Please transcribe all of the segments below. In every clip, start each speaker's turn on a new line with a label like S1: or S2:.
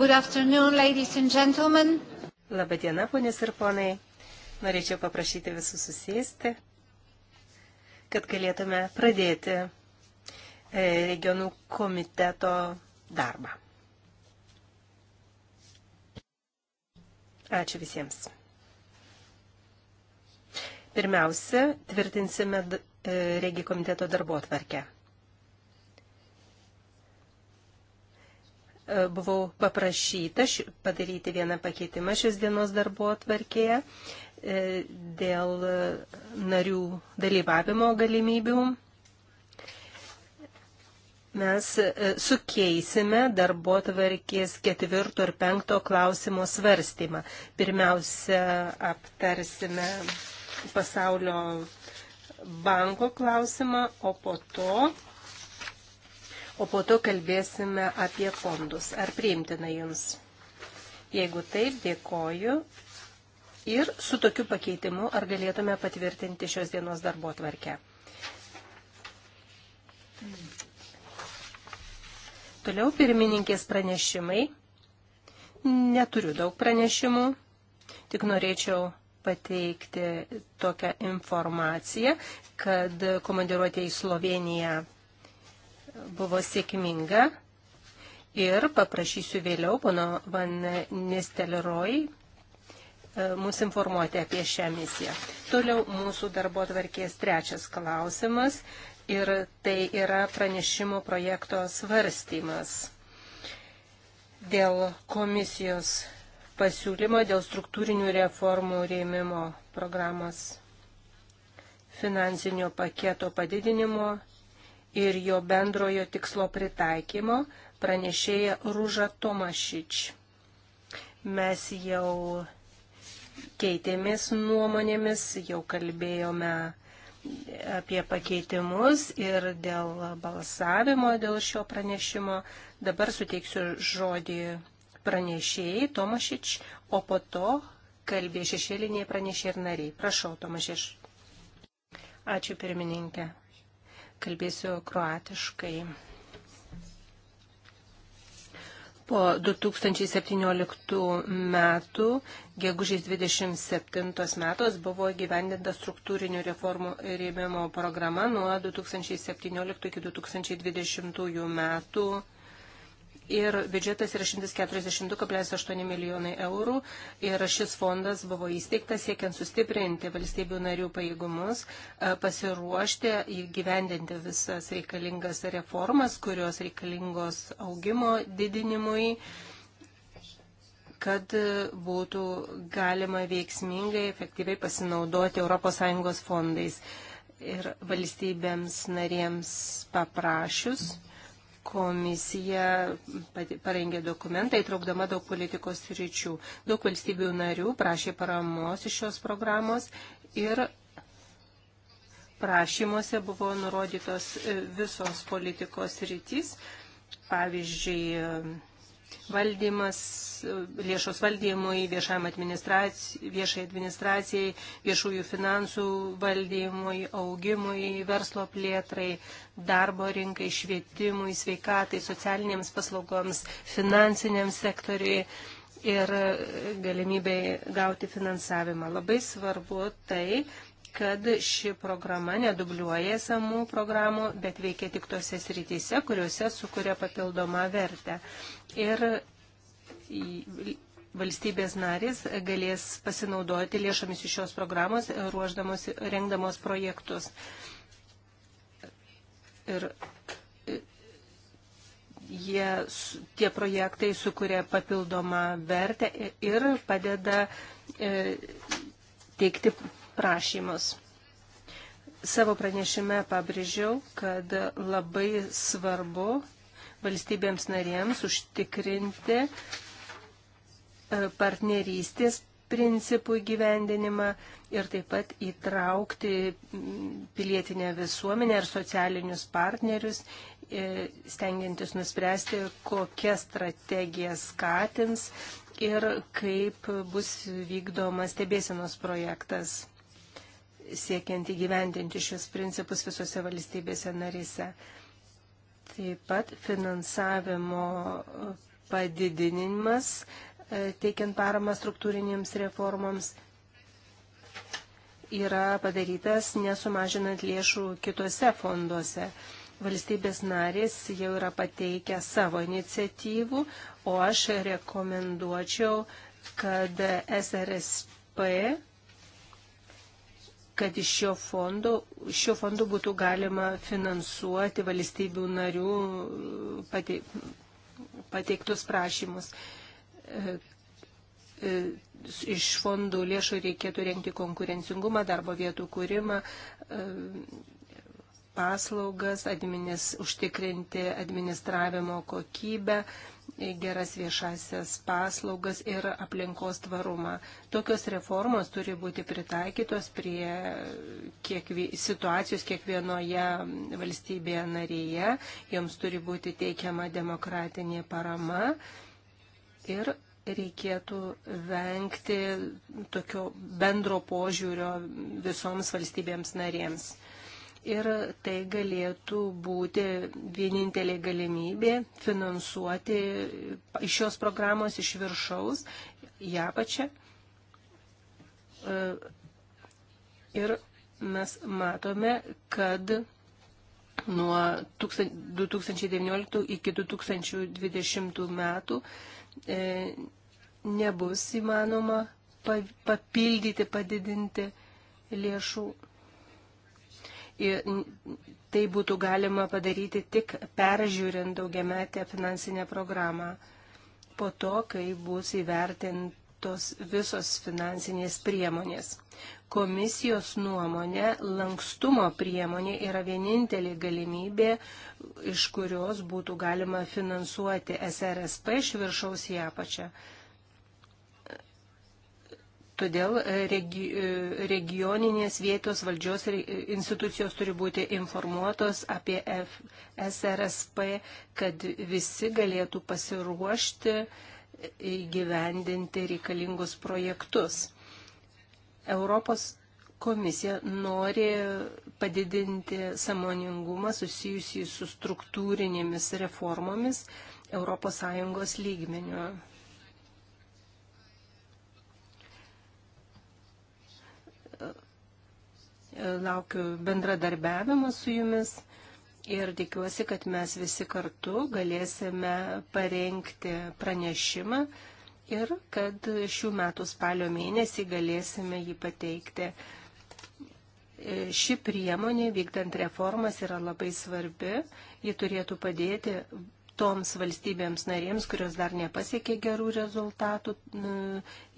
S1: Good afternoon, ladies and gentlemen. Labadiena, ponės ir ponai. Norėčiau paprašyti visus susėsti, kad galėtume pradėti e, regionų komiteto darbą. Ačiū visiems. Pirmiausia, tvirtinsime e, regi komiteto darbo atvarkę. E, buvau paprašyta padaryti vieną pakeitimą šios dienos darbo atvarkėje e, dėl e, narių dalyvavimo galimybių. Mes sukeisime darbo tvarkės ketvirto ir penkto klausimo svarstymą. Pirmiausia, aptarsime pasaulio banko klausimą, o po to o po to kalbėsime apie fondus. Ar priimtina jums? Jeigu taip, dėkoju. Ir su tokiu pakeitimu, ar galėtume patvirtinti šios dienos darbo tvarkę? Toliau pirmininkės pranešimai. Neturiu daug pranešimų, tik norėčiau pateikti tokią informaciją, kad komandiruotė į Sloveniją buvo sėkminga ir paprašysiu vėliau pono Van Nistelrooy e, mus informuoti apie šią misiją. Toliau mūsų darbo tvarkės trečias klausimas ir tai yra pranešimo projekto svarstymas dėl komisijos pasiūlymo dėl struktūrinių reformų rėmimo programos finansinio paketo padidinimo ir jo bendrojo tikslo pritaikymo pranešėja Rūža Tomašič. Mes jau keitėmis nuomonėmis, jau kalbėjome apie pakeitimus ir dėl balsavimo dėl šio pranešimo. Dabar suteiksiu žodį pranešėjai Tomašič, o po to kalbė šešėliniai pranešė ir nariai. Prašau, Tomašič. Ačiū pirmininkė. Kalbėsiu kroatiškai. Po 2017 metų, gegužės 27 metos, buvo gyvendinta struktūrinių reformų rėmimo programa nuo 2017 iki 2020 metų ir biudžetas yra 142,8 milijonai eurų ir šis fondas buvo įsteigtas siekiant sustiprinti valstybių narių pajėgumus, e, pasiruošti įgyvendinti visas reikalingas reformas, kurios reikalingos augimo didinimui kad e, būtų galima veiksmingai, efektyviai pasinaudoti ES fondais. Ir valstybėms narėms paprašius, mm Komisija parengė dokumentą įtraukdama daug politikos ryčių. Daug valstybių narių prašė paramos iš šios programos ir prašymuose buvo nurodytos e, visos politikos rytis, pavyzdžiui, valdymas, lėšos valdymui, viešai administracijai, viešai administracijai, viešųjų finansų valdymui, augimui, verslo plėtrai, darbo rinkai, švietimui, sveikatai, socialinėms paslaugoms, finansiniam sektoriui ir galimybei gauti finansavimą. Labai svarbu tai, kad ši programa nedubliuoja esamų programų, bet veikia tik tose srityse, kuriuose sukuria papildomą vertę. Ir valstybės narės galės pasinaudoti lėšomis iš šios programos, rengdamos projektus. Ir e, jie, tie projektai sukuria papildomą vertę ir padeda e, teikti prašymus. Savo pranešime pabrėžiau, kad labai svarbu valstybėms narėms užtikrinti e, partnerystės principų įgyvendinimą ir taip pat įtraukti pilietinę visuomenę ir socialinius partnerius, e, stengiantis nuspręsti, kokią strategiją skatins ir kaip bus vykdomas stebėsenos projektas siekiant įgyvendinti šios principus visose valstybėse narise. Taip pat finansavimo padidinimas, e, teikiant paramą struktūrinėms reformoms, yra padarytas nesumažinant lėšų kitose fonduose. Valstybės narės jau yra pateikę savo iniciatyvų, o aš rekomenduočiau, kad SRSP kad iš šio fondo, šio fondo būtų galima finansuoti valstybių narių uh, pate, pateiktus prašymus. Uh, uh, iš fondų lėšų reikėtų renkti konkurencingumą, darbo vietų kūrimą, paslaugas, administ, užtikrinti administravimo kokybę, geras viešasias paslaugas ir aplinkos tvarumą. Tokios reformos turi būti pritaikytos prie kiekvi, situacijos kiekvienoje valstybėje narėje, joms turi būti teikiama demokratinė parama ir reikėtų vengti tokio bendro požiūrio visoms valstybėms narėms ir tai galėtų būti vienintelė galimybė finansuoti iš šios programos iš viršaus į apačią. E, ir mes matome, kad nuo 2019 iki 2020 metų e, nebus įmanoma papildyti, padidinti lėšų tai būtų galima padaryti tik peržiūrint daugiametę finansinę programą. Po to, kai bus įvertintos visos finansinės priemonės. Komisijos nuomonė, lankstumo priemonė yra vienintelė galimybė, iš kurios būtų galima finansuoti SRSP iš viršaus į apačią. Todėl e, regi, e, regioninės vietos valdžios e, institucijos turi būti informuotos apie F, SRSP, kad visi galėtų pasiruošti įgyvendinti reikalingus projektus. Europos komisija nori padidinti samoningumą susijusį su struktūrinėmis reformomis ES lygmeniu E, laukiu bendradarbiavimo su jumis ir tikiuosi, kad mes visi kartu galėsime parengti pranešimą ir kad šių metų spalio mėnesį galėsime jį pateikti. E, ši priemonė vykdant reformas yra labai svarbi, ji turėtų padėti toms valstybėms narėms, kurios dar nepasiekė gerų rezultatų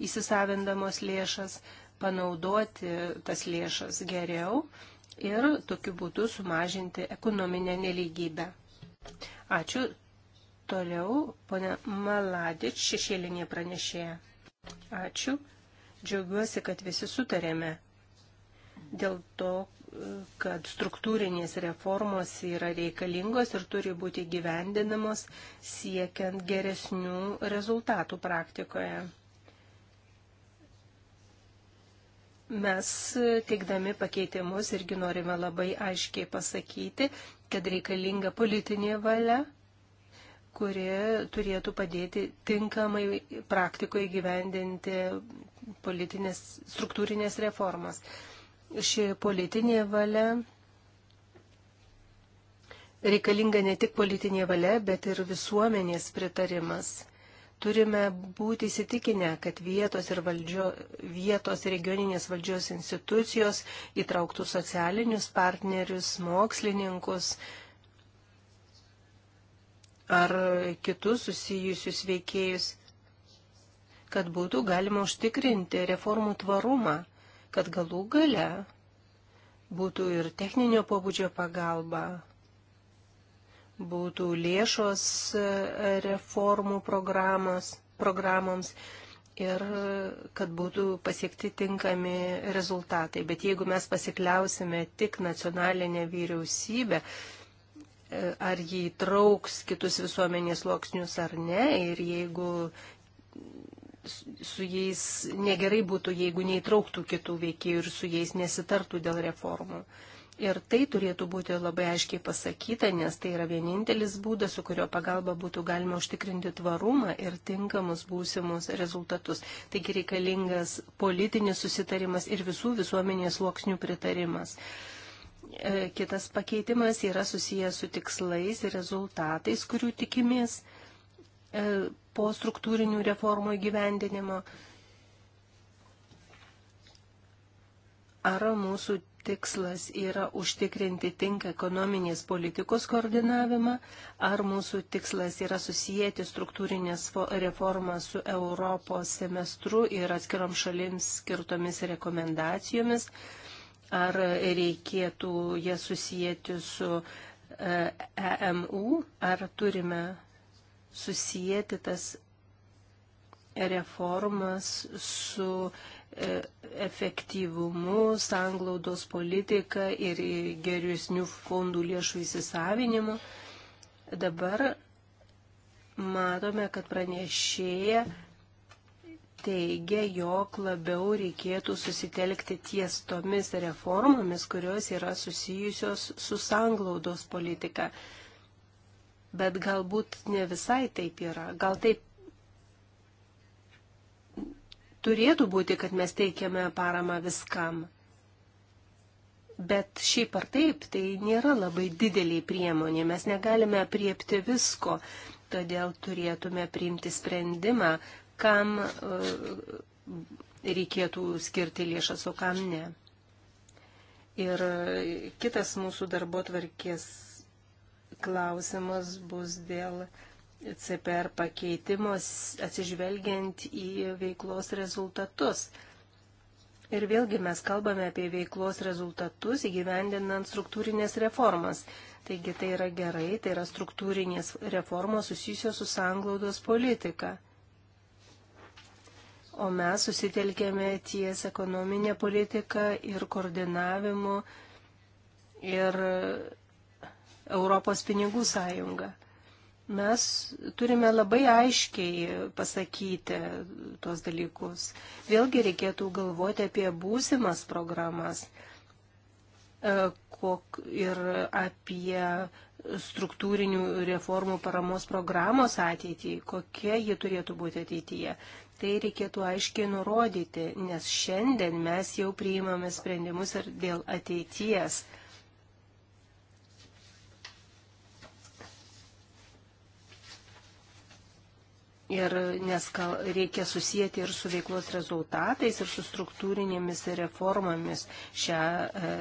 S1: įsisavindamos lėšas panaudoti tas lėšas geriau ir tokiu būdu sumažinti ekonominę neligybę. Ačiū. Toliau, ponia Maladič, šešėlinė pranešėja. Ačiū. Džiaugiuosi, kad visi sutarėme dėl to, kad struktūrinės reformos yra reikalingos ir turi būti gyvendinamos siekiant geresnių rezultatų praktikoje. Mes teikdami pakeitimus irgi norime labai aiškiai pasakyti, kad reikalinga politinė valia, kuri turėtų padėti tinkamai praktikoje gyvendinti politinės struktūrinės reformas. Ši politinė valia reikalinga ne tik politinė valia, bet ir visuomenės pritarimas. Turime būti įsitikinę, kad vietos ir valdžio, vietos regioninės valdžios institucijos įtrauktų socialinius partnerius, mokslininkus ar kitus susijusius veikėjus, kad būtų galima užtikrinti reformų tvarumą, kad galų gale būtų ir techninio pobūdžio pagalba, būtų lėšos e, reformų programoms ir e, kad būtų pasiekti tinkami rezultatai. Bet jeigu mes pasikliausime tik nacionalinę vyriausybę, e, ar jį trauks kitus visuomenės loksnius ar ne, ir jeigu su jais negerai būtų, jeigu neįtrauktų kitų veikėjų ir su jais nesitartų dėl reformų. Ir tai turėtų būti labai aiškiai pasakyta, nes tai yra vienintelis būdas, su kurio pagalba būtų galima užtikrinti tvarumą ir tinkamus būsimus rezultatus. Taigi reikalingas politinis susitarimas ir visų visuomenės sluoksnių pritarimas. E, kitas pakeitimas yra susijęs su tikslais ir rezultatais, kurių tikimės e, po struktūrinių reformų įgyvendinimo. Ar mūsų tikslas yra užtikrinti tinką ekonominės politikos koordinavimą, ar mūsų tikslas yra susijęti struktūrinės reformas su Europos semestru ir atskirom šalims skirtomis rekomendacijomis, ar reikėtų jas susijęti su EMU, e ar turime susijęti tas reformas su E, efektyvumu, sanglaudos politika ir geresnių fondų lėšų įsisavinimu. Dabar matome, kad pranešėja teigia, jog labiau reikėtų susitelkti ties tomis reformomis, kurios yra susijusios su sanglaudos politika. Bet galbūt ne visai taip yra. Gal taip turėtų būti, kad mes teikiame paramą viskam. Bet šiaip ar taip, tai nėra labai didelė priemonė, mes negalime apriepti visko, todėl turėtume priimti sprendimą, kam e, reikėtų skirti lėšas, o kam ne. Ir kitas mūsų darbo tvarkės klausimas bus dėl CPR pakeitimus atsižvelgiant į veiklos rezultatus. Ir vėlgi mes kalbame apie veiklos rezultatus įgyvendinant struktūrinės reformas. Taigi tai yra gerai, tai yra struktūrinės reformos susijusios su sanglaudos politika. O mes susitelkėme ties ekonominė politika ir koordinavimu ir Europos pinigų sąjunga. Mes turime labai aiškiai pasakyti tuos dalykus. Vėlgi reikėtų galvoti apie būsimas programas e, kok, ir apie struktūrinių reformų paramos programos ateitį, kokia ji turėtų būti ateityje. Tai reikėtų aiškiai nurodyti, nes šiandien mes jau priimame sprendimus ir dėl ateities. Ir nes kal, reikia susijęti ir su veiklos rezultatais, ir su struktūrinėmis reformomis šią e,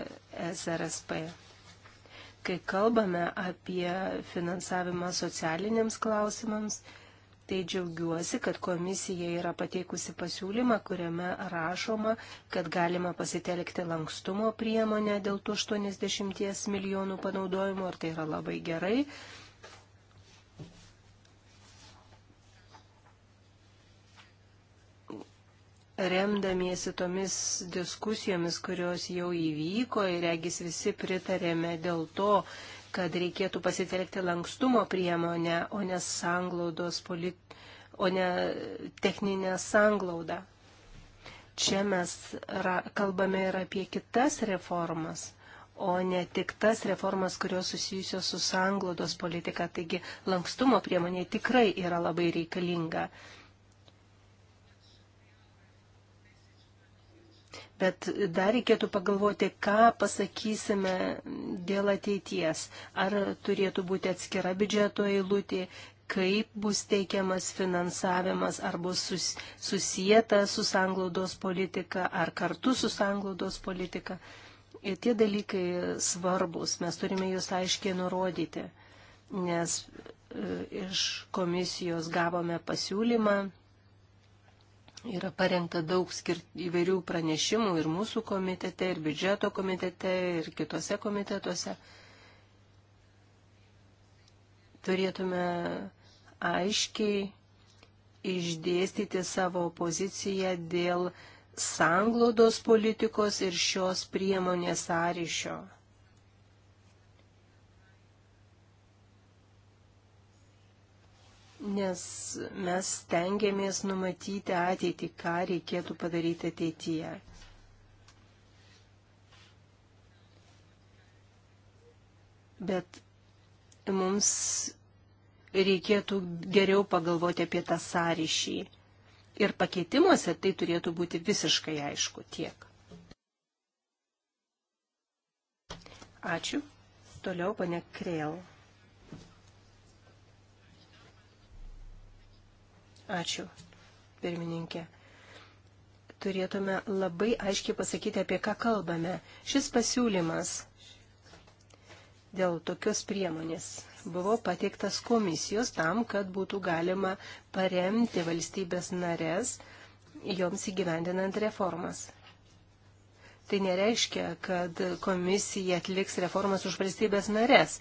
S1: SRSP. Kai kalbame apie finansavimą socialiniams klausimams, tai džiaugiuosi, kad komisija yra pateikusi pasiūlymą, kuriame rašoma, kad galima pasitelkti lankstumo priemonę dėl tų 80 milijonų panaudojimo, ir tai yra labai gerai. remdamiesi tomis diskusijomis, kurios jau įvyko ir regis visi pritarėme dėl to, kad reikėtų pasitelkti lankstumo priemonę, o ne, sanglaudos polit... o ne techninę sanglaudą. Čia mes ra... kalbame ir apie kitas reformas, o ne tik tas reformas, kurios susijusios su sanglaudos politika. Taigi lankstumo priemonė tikrai yra labai reikalinga. bet dar reikėtų pagalvoti, ką pasakysime dėl ateities. Ar turėtų būti atskira biudžeto eilutė, kaip bus teikiamas finansavimas, ar bus sus, susijęta su sanglaudos politika, ar kartu su sanglaudos politika. Ir tie dalykai svarbus, mes turime juos aiškiai nurodyti, nes e, iš komisijos gavome pasiūlymą Yra parengta daug skirt, įvairių pranešimų ir mūsų komitete, ir biudžeto komitete, ir kitose komitetuose. Turėtume aiškiai išdėstyti savo poziciją dėl sanglodos politikos ir šios priemonės sąryšio. nes mes tengiamės numatyti ateitį, ką reikėtų padaryti ateityje. Bet mums reikėtų geriau pagalvoti apie tą sąryšį. Ir pakeitimuose tai turėtų būti visiškai aišku tiek. Ačiū. Toliau pane Kreil. Ačiū, pirmininkė. Turėtume labai aiškiai pasakyti, apie ką kalbame. Šis pasiūlymas dėl tokios priemonės buvo pateiktas komisijos tam, kad būtų galima paremti valstybės narės joms įgyvendinant reformas. Tai nereiškia, kad komisija atliks reformas už valstybės narės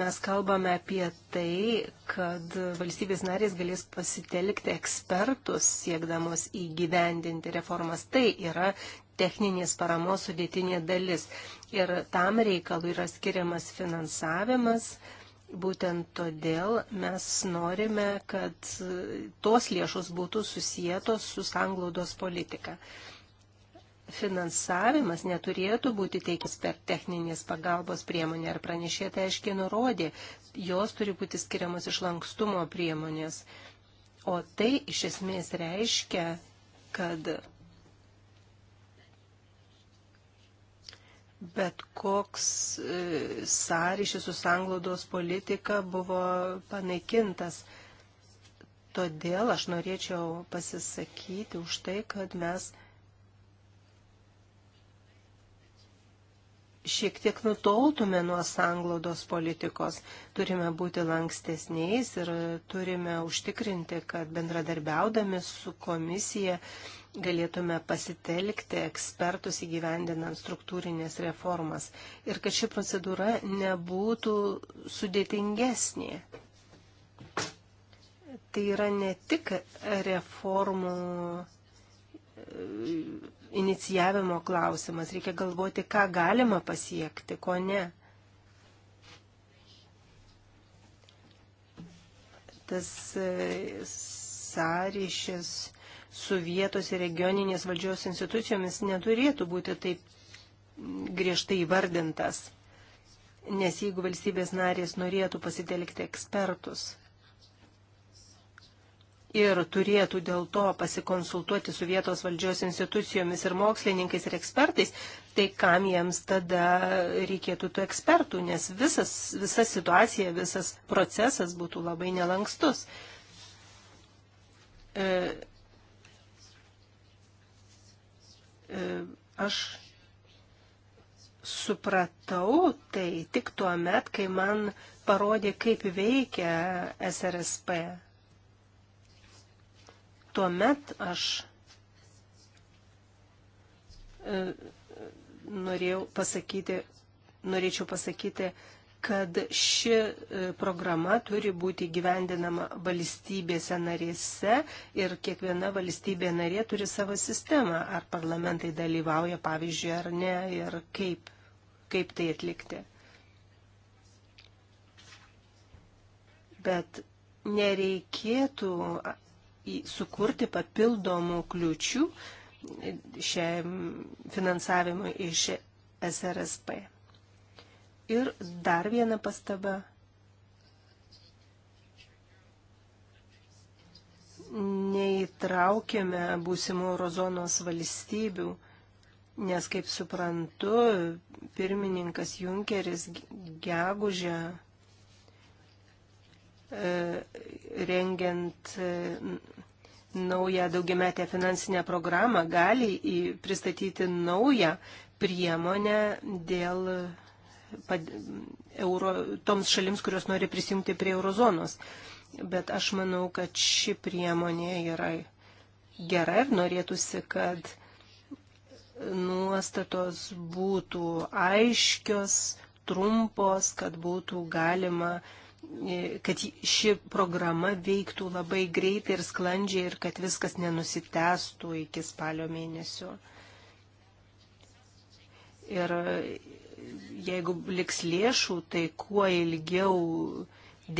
S1: mes kalbame apie tai, kad valstybės narės galės pasitelkti ekspertus siekdamos įgyvendinti reformas. Tai yra techninės paramos sudėtinė dalis. Ir tam reikalui yra skiriamas finansavimas. Būtent todėl mes norime, kad tos lėšos būtų susijėtos su sanglaudos politika. Uh, finansavimas neturėtų būti teikiamas per techninės pagalbos priemonę ar pranešė, tai aiškiai nurodė, jos turi būti skiriamos iš lankstumo priemonės. O tai iš esmės reiškia, kad bet koks e, sąryšis su sanglaudos politika buvo panaikintas. Todėl aš norėčiau pasisakyti už tai, kad mes šiek tiek nutoltume nuo sanglaudos politikos. Turime būti lankstesniais ir turime užtikrinti, kad bendradarbiaudami su komisija galėtume pasitelkti ekspertus įgyvendinant struktūrinės reformas ir kad ši procedūra nebūtų sudėtingesnė. Tai yra ne tik reformų inicijavimo klausimas. Reikia galvoti, ką galima pasiekti, ko ne. Tas e, sąryšis su vietos ir regioninės valdžios institucijomis neturėtų būti taip griežtai įvardintas. Nes jeigu valstybės narės norėtų pasitelkti ekspertus, ir turėtų dėl to pasikonsultuoti su vietos valdžios institucijomis ir mokslininkais ir ekspertais, tai kam jiems tada reikėtų tų ekspertų, nes visas, visa situacija, visas procesas būtų labai nelankstus. E, e, aš supratau tai tik tuo met, kai man parodė, kaip veikia SRSP Tuomet aš e, norėjau pasakyti, norėčiau pasakyti, kad ši e, programa turi būti gyvendinama valstybėse narėse ir kiekviena valstybė narė turi savo sistemą, ar parlamentai dalyvauja, pavyzdžiui, ar ne, ir kaip, kaip tai atlikti. Bet nereikėtų sukurti papildomų kliučių šiam finansavimui iš SRSP. Ir dar viena pastaba. Neįtraukėme būsimų eurozonos valstybių, nes, kaip suprantu, pirmininkas Junkeris gegužę e, rengiant naują daugiametę finansinę programą, gali pristatyti naują priemonę dėl euro, toms šalims, kurios nori prisijungti prie eurozonos. Bet aš manau, kad ši priemonė yra gera ir norėtųsi, kad nuostatos būtų aiškios, trumpos, kad būtų galima uh, E, kad ši programa veiktų labai greitai ir sklandžiai ir kad viskas nenusitestų iki spalio mėnesio. Ir e, jeigu liks lėšų, tai kuo ilgiau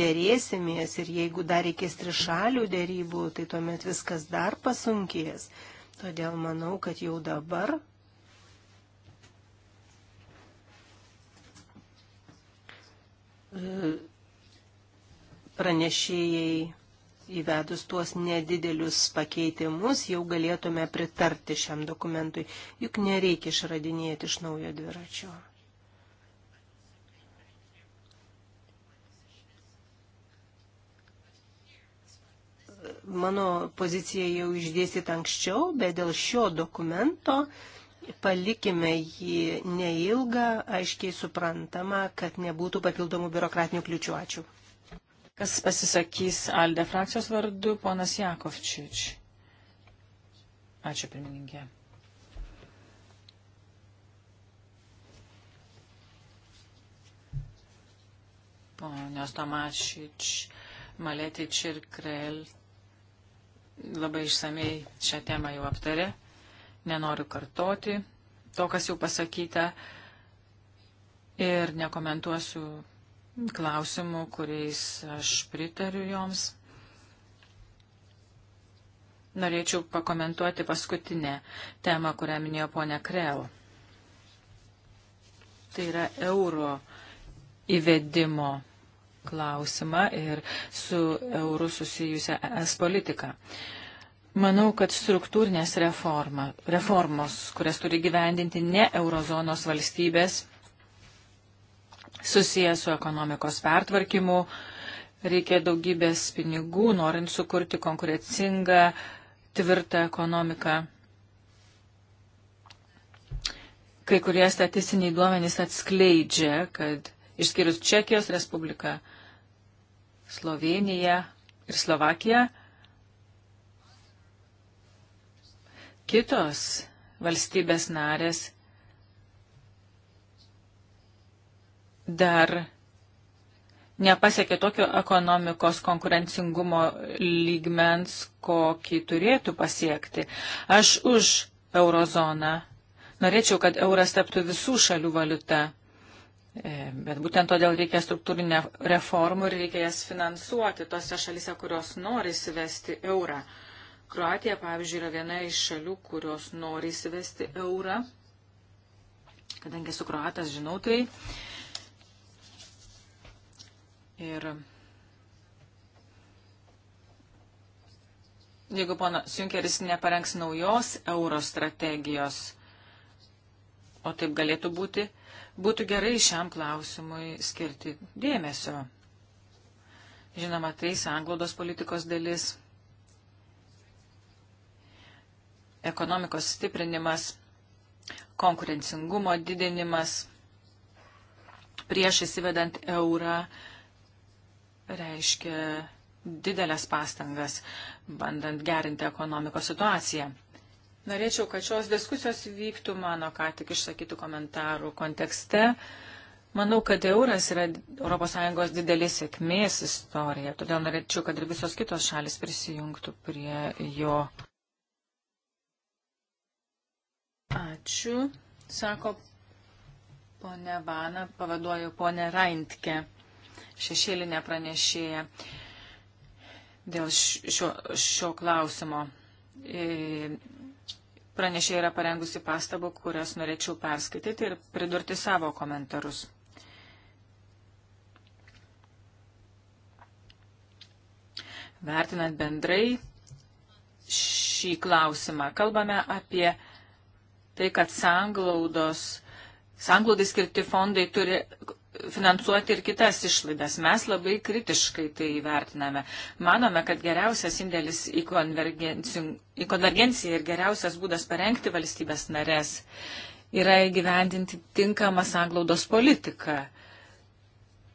S1: dėrėsimės ir jeigu dar reikės trišalių dėrybų, tai tuomet viskas dar pasunkės. Todėl manau, kad jau dabar e, pranešėjai įvedus tuos nedidelius pakeitimus jau galėtume pritarti šiam dokumentui, juk nereikia išradinėti iš naujo dviračio. Mano pozicija jau išdėstyta anksčiau, bet dėl šio dokumento palikime jį neilgą, aiškiai suprantama, kad nebūtų papildomų biurokratinių kliučių. Ačiū. Kas pasisakys Alde frakcijos vardu, ponas Jakovčič.
S2: Ačiū, pirmininkė. Ponios Tomašič, Maletič ir Krell labai išsamei šią temą jau aptarė. Nenoriu kartoti to, kas jau pasakyta ir nekomentuosiu klausimų, kuriais aš pritariu joms. Norėčiau pakomentuoti paskutinę temą, kurią minėjo ponia Krell. Tai yra euro įvedimo klausimą ir su eurų susijusią es politiką. Manau, kad struktūrinės reforma, reformos, kurias turi gyvendinti ne eurozonos valstybės, susijęs su ekonomikos pertvarkymu. Reikia daugybės pinigų, norint sukurti konkurencingą, tvirtą ekonomiką. Kai kurie statistiniai duomenys atskleidžia, kad išskyrus Čekijos Respubliką, Sloveniją ir Slovakiją, kitos valstybės narės dar nepasiekė tokio ekonomikos konkurencingumo lygmens, kokį turėtų pasiekti. Aš už eurozoną. Norėčiau, kad euras taptų visų šalių valiuta. E, bet būtent todėl reikia struktūrinę reformų ir reikia jas finansuoti tose šalise, kurios nori įsivesti eurą. Kroatija, pavyzdžiui, yra viena iš šalių, kurios nori įsivesti eurą. Kadangi esu kroatas, žinau tai. E, Ir jeigu ponas Junkeris neparengs naujos euro strategijos, o taip galėtų būti, būtų gerai šiam klausimui skirti dėmesio. Žinoma, tai sanglodos politikos dalis, ekonomikos stiprinimas, konkurencingumo didinimas, prieš įsivedant eurą, reiškia didelės pastangas, bandant gerinti ekonomikos situaciją. Norėčiau, kad šios diskusijos vyktų mano ką tik išsakytų komentarų kontekste. Manau, kad euras yra ES didelis sėkmės istorija, todėl norėčiau, kad ir visos kitos šalis prisijungtų prie jo. Ačiū, sako ponė Vana, pavaduoju ponė Raintke šešėlinę pranešėją dėl šio, šio klausimo. E, pranešėja yra parengusi pastabų, kurias norėčiau perskaityti ir pridurti savo komentarus. Vertinant bendrai šį klausimą, kalbame apie tai, kad sanglaudos Sanglaudai skirti fondai turi finansuoti ir kitas išlaidas. Mes labai kritiškai tai vertiname. Manome, kad geriausias indėlis į, į konvergenciją ir geriausias būdas parengti valstybės narės yra įgyvendinti tinkamą sanglaudos politiką.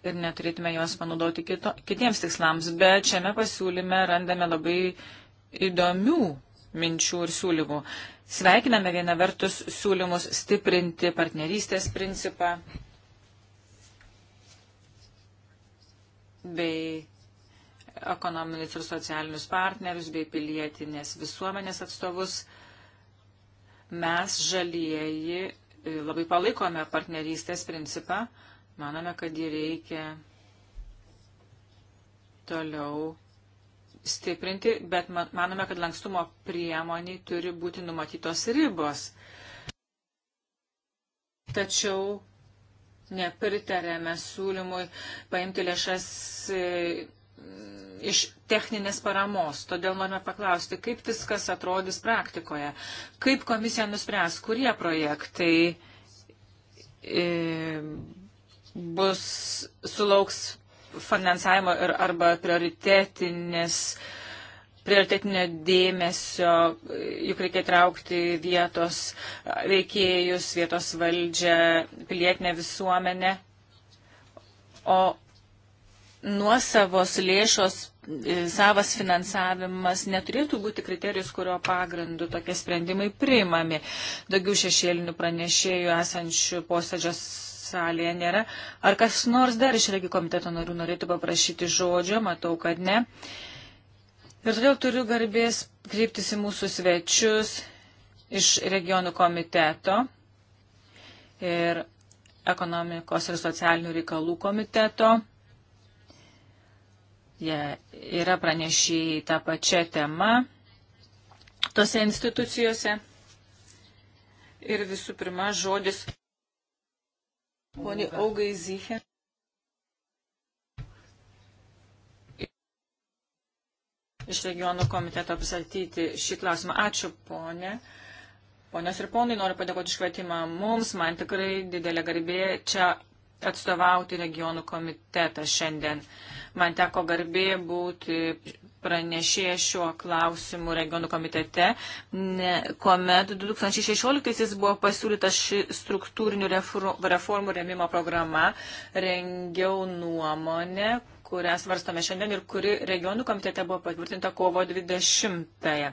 S2: Ir neturėtume jos panaudoti kito, kitiems tikslams. Bet šiame pasiūlyme randame labai įdomių minčių ir siūlymų. Sveikiname viena vertus siūlymus stiprinti partnerystės principą bei ekonominius ir socialinius partnerius bei pilietinės visuomenės atstovus. Mes žalieji labai palaikome partnerystės principą, manome, kad jį reikia toliau stiprinti, bet manome, kad lankstumo priemoniai turi būti numatytos ribos. Tačiau nepritarėme siūlymui paimti lėšas e, iš techninės paramos. Todėl norime paklausti, kaip viskas atrodys praktikoje. Kaip komisija nuspręs, kurie projektai e, bus sulauks finansavimo ir arba prioritetinės uh, prioritetinio dėmesio, juk reikia traukti vietos veikėjus, vietos valdžią, pilietinę visuomenę. O nuosavos lėšos, e, savas finansavimas neturėtų būti kriterijus, kurio pagrindu tokie sprendimai priimami. Daugiau šešėlinių pranešėjų esančių posėdžios salėje nėra. Ar kas nors dar iš regi komiteto narių norėtų paprašyti žodžio? Matau, kad ne. Uh, Ir todėl turiu garbės kreiptis į mūsų svečius iš regionų komiteto ir ekonomikos ir socialinių reikalų komiteto. Jie yra pranešėjai tą pačią temą tose institucijose. Ir visų pirma, žodis
S3: poniai Augai
S2: Zyche. iš regionų komiteto apsatyti šį klausimą. Ačiū, ponė. Ponios ir ponai, noriu padėkoti iš kvietimą mums. Man tikrai didelė garbė čia atstovauti regionų komitetą šiandien. Man teko garbė būti pranešė šiuo klausimu regionų komitete, ne, kuomet 2016-aisiais buvo pasiūlyta ši struktūrinių reformų remimo programa, rengiau nuomonę, kurią svarstome šiandien ir kuri regionų komitete buvo patvirtinta kovo 20-ąją.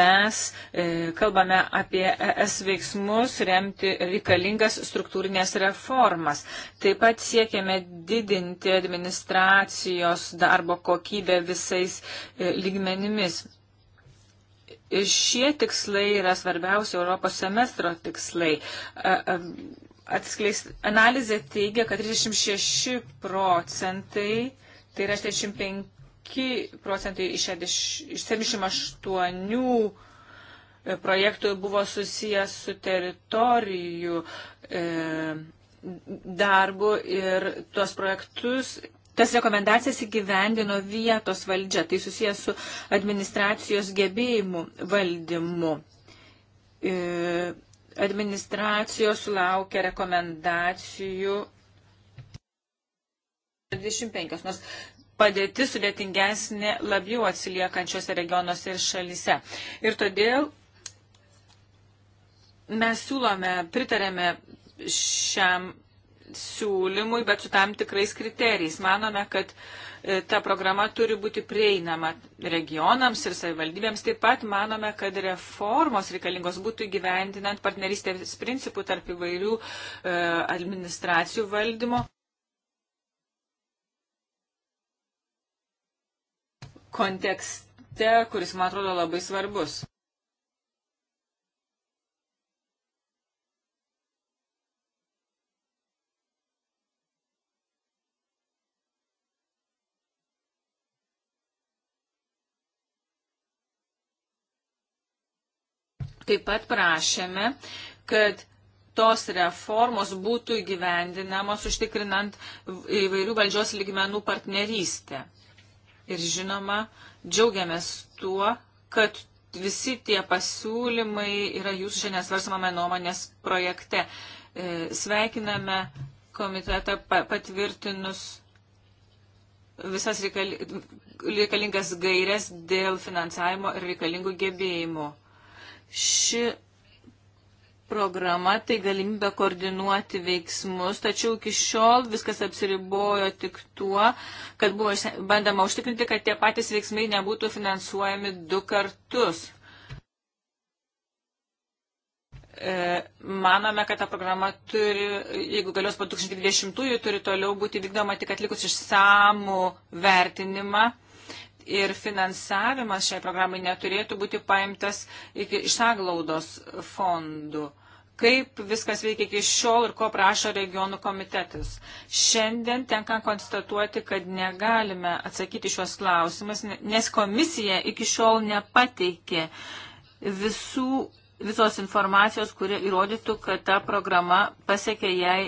S2: Mes e, kalbame apie ES veiksmus remti reikalingas struktūrinės reformas. Taip pat siekiame didinti administracijos darbo kokybę visais e, lygmenimis. Šie tikslai yra svarbiausi Europos semestro tikslai. E, e, atskleis, analizė teigia, kad 36 procentai Tai yra 65 procentai iš 78 e, projektų buvo susijęs su teritorijų e, darbu ir tuos projektus, tas rekomendacijas įgyvendino vietos valdžia. Tai susijęs su administracijos gebėjimu valdymu. E, administracijos sulaukia rekomendacijų 25, nors padėtis sudėtingesnė labiau atsiliekančiose regionuose ir šalyse. Ir todėl mes siūlome, pritarėme šiam siūlymui, bet su tam tikrais kriterijais. Manome, kad e, ta programa turi būti prieinama regionams ir savivaldybėms. Taip pat manome, kad reformos reikalingos būtų gyvendinant partnerystės principų tarp įvairių e, administracijų valdymo. kontekste, kuris man atrodo labai svarbus. Taip pat prašėme, kad tos reformos būtų įgyvendinamos užtikrinant įvairių valdžios lygmenų partnerystę. Ir žinoma, džiaugiamės tuo, kad visi tie pasiūlymai yra jūsų šiandien svarstamame nuomonės projekte. E, sveikiname komitetą patvirtinus visas reikali, reikalingas gairias dėl finansavimo ir reikalingų gebėjimų. Ši programa, tai galimybė koordinuoti veiksmus, tačiau iki šiol viskas apsiribojo tik tuo, kad buvo bandama užtikrinti, kad tie patys veiksmai nebūtų finansuojami du kartus. E, manome, kad ta programa turi, jeigu galios po 2020-ųjų, turi toliau būti vykdoma tik atlikus išsamų vertinimą ir finansavimas šiai programai neturėtų būti paimtas iki išsaglaudos fondų. Kaip viskas veikia iki šiol ir ko prašo regionų komitetas. Šiandien tenka konstatuoti, kad negalime atsakyti šios klausimus, nes komisija iki šiol nepateikė visų, visos informacijos, kurie įrodytų, kad ta programa pasiekė jai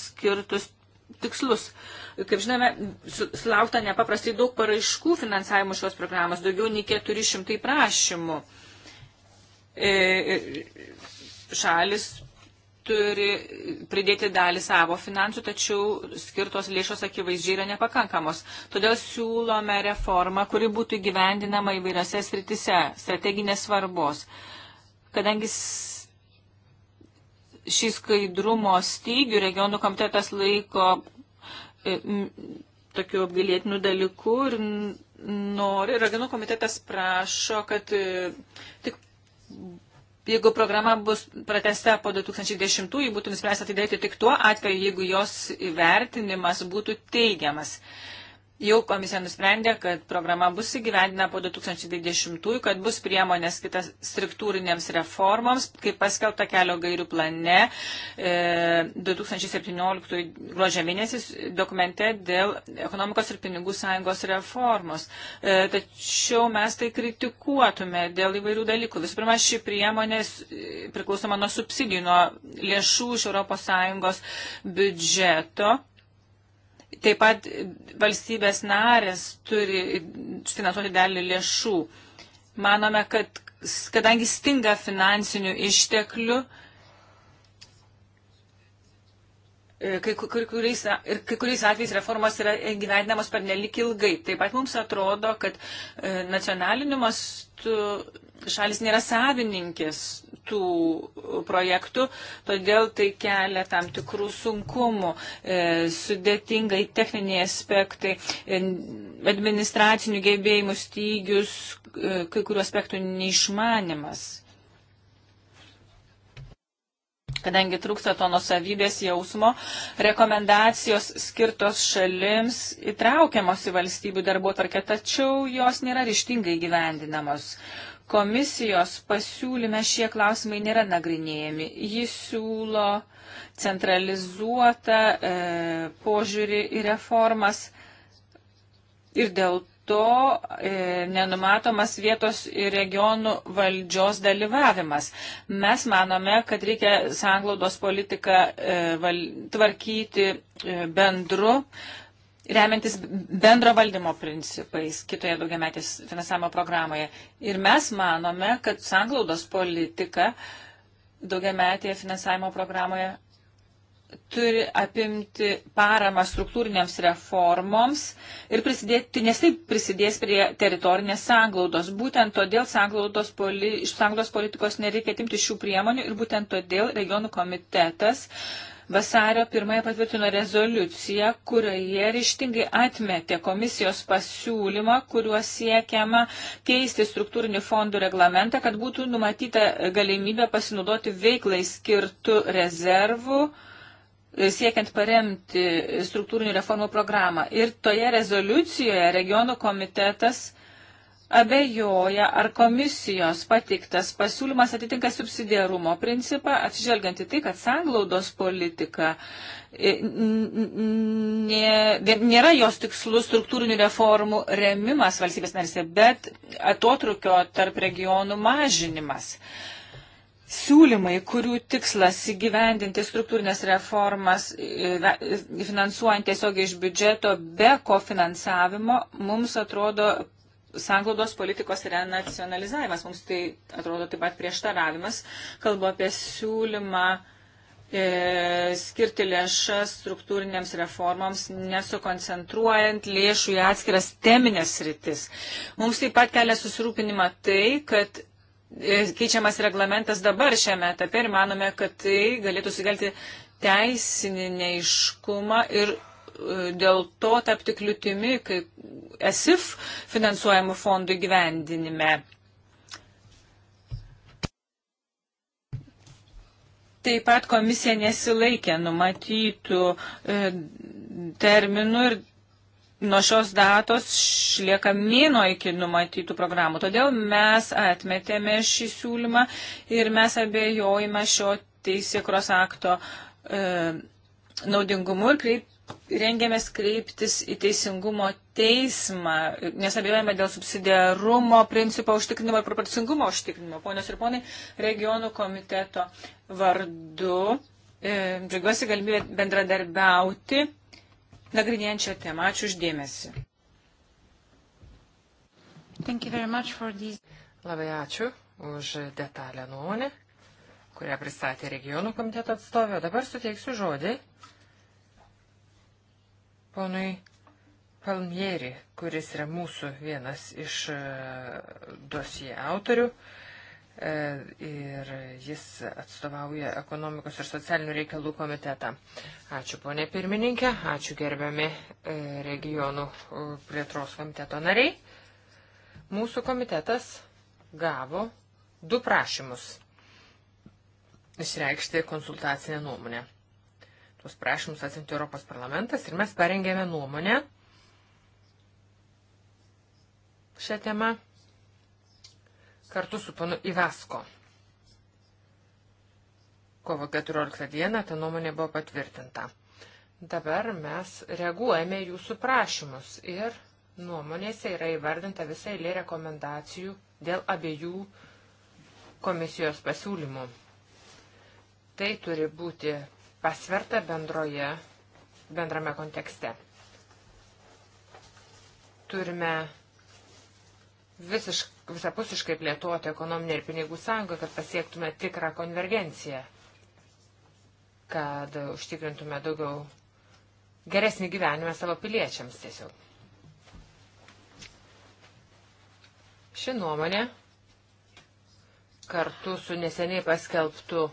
S2: skirtus tikslus. Kaip žinome, sulaukta nepaprastai daug paraiškų finansavimo šios programos, daugiau nei 400 prašymų. E, e, šalis turi pridėti dalį savo finansų, tačiau skirtos lėšos akivaizdžiai yra nepakankamos. Todėl siūlome reformą, kuri būtų gyvendinama įvairiose sritise, strateginės svarbos. Kadangi šį skaidrumo stygių regionų komitetas laiko e, tokiu apgailėtinu dalyku ir nori, regionų komitetas prašo, kad e, tik jeigu programa bus pratesta po 2010, jį būtų nuspręsta atidėti tik tuo atveju, jeigu jos įvertinimas būtų teigiamas. Jau komisija nusprendė, kad programa bus įgyvendina po 2020-ųjų, kad bus priemonės kitas struktūrinėms reformoms, kaip paskelbta kelio gairių plane e, 2017 gruodžio mėnesis dokumente dėl ekonomikos ir pinigų sąjungos reformos. E, tačiau mes tai kritikuotume dėl įvairių dalykų. Visų pirma, ši priemonė e, priklausoma nuo subsidijų, nuo lėšų iš ES biudžeto Taip pat valstybės narės turi finansuoti dalį lėšų. Manome, kad kadangi stinga finansinių išteklių, e, kai, kuriais, ir kai kuriais atvejais reformos yra gyvendinamos per nelik ilgai. Taip pat mums atrodo, kad e, nacionaliniu mastu šalis nėra savininkis tų projektų, todėl tai kelia tam tikrų sunkumų, e, sudėtingai techniniai aspektai, e, administracinių gebėjimų stygius, e, kai kurių aspektų neišmanimas. Kadangi trūksta to nusavybės jausmo, rekomendacijos skirtos šalims įtraukiamos į valstybių darbo tarkę, tačiau jos nėra ryštingai gyvendinamos. Komisijos pasiūlyme šie klausimai nėra nagrinėjami. Jis siūlo centralizuotą e, požiūrį į reformas ir dėl to e, nenumatomas vietos ir regionų valdžios dalyvavimas. Mes manome, kad reikia sanglaudos politiką e, val, tvarkyti e, bendru remiantis bendro valdymo principais kitoje daugiametės finansavimo programoje. Ir mes manome, kad sanglaudos politika daugiametėje finansavimo programoje turi apimti paramą struktūriniams reformoms ir prisidėti, nes tai prisidės prie teritorinės sanglaudos. Būtent todėl sanglaudos poli, iš sanglaudos politikos nereikia atimti šių priemonių ir būtent todėl regionų komitetas uh, vasario pirmąją patvirtino rezoliuciją, kurioje ryštingai atmetė komisijos pasiūlymą, kuriuo siekiama keisti struktūrinį fondų reglamentą, kad būtų numatyta galimybė pasinaudoti veiklai skirtų rezervų e, siekiant paremti struktūrinių reformų programą. Ir toje rezoliucijoje regionų komitetas abejoja, ar komisijos pateiktas pasiūlymas atitinka subsidiarumo principą, atsižvelgiant į tai, kad sanglaudos politika e, nėra jos tikslų struktūrinių reformų remimas valstybės narėse, bet atotrukio tarp regionų mažinimas. Siūlymai, kurių tikslas įgyvendinti struktūrinės reformas, e, e, finansuojant tiesiog iš biudžeto be kofinansavimo, mums atrodo sanglaudos politikos renacionalizavimas. Mums tai atrodo taip pat prieštaravimas. Kalbu apie siūlymą e, skirti lėšas struktūrinėms reformoms, nesukoncentruojant lėšų į atskiras teminės rytis. Mums taip pat kelia susirūpinimą tai, kad e, keičiamas reglamentas dabar šiame etape ir manome, kad tai galėtų sugelti teisininį neiškumą ir dėl to tapti kliūtimi, kai ESIF finansuojamų fondų gyvendinime. Taip pat komisija nesilaikė numatytų e, terminų ir nuo šios datos šlieka mėno iki numatytų programų. Todėl mes atmetėme šį siūlymą ir mes abejojame šio teisėkros akto e, naudingumu ir kreip, rengiamės kreiptis į teisingumo teismą, nes abejojame dėl subsidiarumo principo užtikrinimo ir proporcingumo užtikrinimo. Ponios ir ponai, regionų komiteto vardu e, džiaugiuosi galimybę bendradarbiauti nagrinėjančią temą. Ačiū uždėmesi.
S4: Labai ačiū už detalę nuomonę, kurią pristatė regionų komiteto atstovė. Dabar suteiksiu žodį ponui Palmieri, kuris yra mūsų vienas iš e, dosijų autorių e, ir jis atstovauja ekonomikos ir socialinių reikalų komitetą. Ačiū ponė pirmininkė, ačiū gerbiami e, regionų plėtros komiteto nariai. Mūsų komitetas gavo du prašymus išreikšti konsultacinę nuomonę. Tuos prašymus atsinti Europos parlamentas ir mes parengėme nuomonę šią temą kartu su panu Ivesko. Kovo 14 dieną ta nuomonė buvo patvirtinta. Dabar mes reaguojame jūsų prašymus ir nuomonėse yra įvardinta visa eilė rekomendacijų dėl abiejų komisijos pasiūlymų. Tai turi būti pasverta bendroje, bendrame kontekste. Turime visiškai visapusiškai plėtoti ekonominę ir pinigų sąjungą, kad pasiektume tikrą konvergenciją, kad užtikrintume daugiau geresnį gyvenimą savo piliečiams tiesiog. Ši nuomonė kartu su neseniai paskelbtu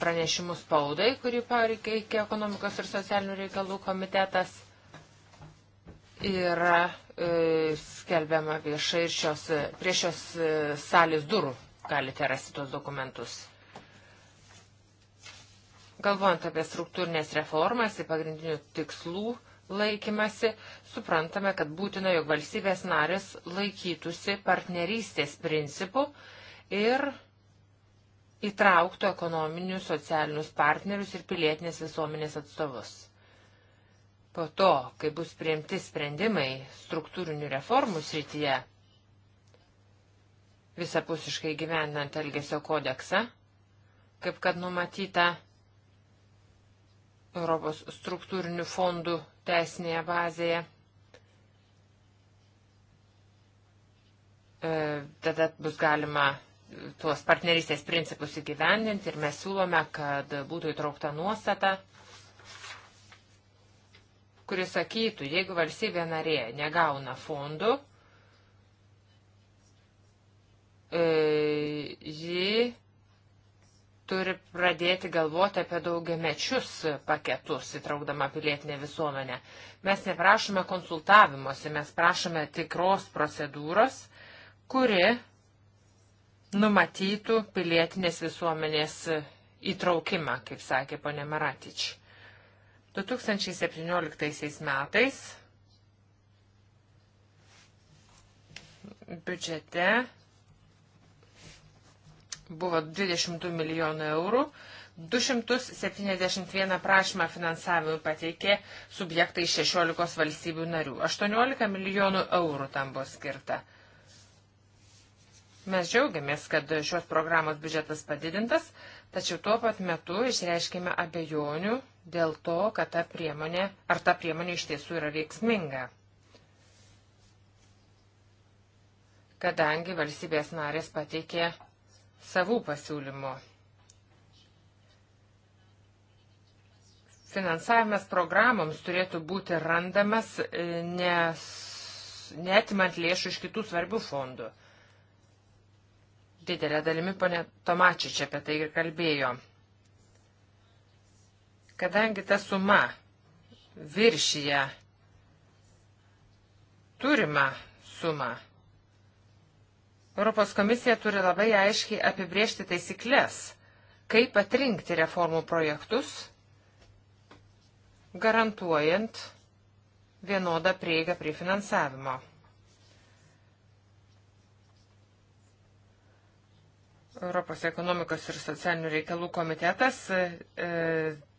S4: pranešimus spaudai, kurį pareikia ekonomikos ir socialinių reikalų komitetas. Yra e, skelbiama viešai ir šios, prie šios e, salės durų galite rasti tos dokumentus. Galvojant apie struktūrinės reformas ir pagrindinių tikslų laikymasi, suprantame, kad būtina, jog valstybės narės laikytųsi partnerystės principų ir įtrauktų ekonominius, socialinius partnerius ir pilietinės visuomenės atstovus. Po to, kai bus priimti sprendimai struktūrinių reformų srityje, visapusiškai gyvenant Elgesio kodeksą, kaip kad numatyta Europos struktūrinių fondų teisinėje bazėje, e, tada bus galima tuos partnerystės principus įgyvendinti ir mes siūlome, kad būtų įtraukta nuostata, kuris sakytų, jeigu valstybė narė negauna fondų, e, ji turi pradėti galvoti apie daugiamečius paketus, įtraukdama pilietinę visuomenę. Mes neprašome konsultavimuose, mes prašome tikros procedūros, kuri numatytų pilietinės visuomenės įtraukimą, kaip sakė ponė Maratič. 2017 metais biudžete buvo 22 milijonų eurų, 271 prašymą finansavimui pateikė subjektai 16 valstybių narių, 18 milijonų eurų tam buvo skirta. Mes džiaugiamės, kad šios programos biudžetas padidintas, tačiau tuo pat metu išreiškime abejonių dėl to, kad ta priemonė, ar ta priemonė iš tiesų yra veiksminga. Kadangi valstybės narės pateikė savų pasiūlymų. Finansavimas programoms turėtų būti randamas, e, nes netimant lėšų iš kitų svarbių fondų. Didelė dalimi ponė Tomačič apie tai ir kalbėjo. Kadangi ta suma viršyje turimą sumą, Europos komisija turi labai aiškiai apibriežti taisyklės, kaip atrinkti reformų projektus, garantuojant vienodą prieigą prie finansavimo. Europos ekonomikos ir socialinių reikalų komitetas e, e,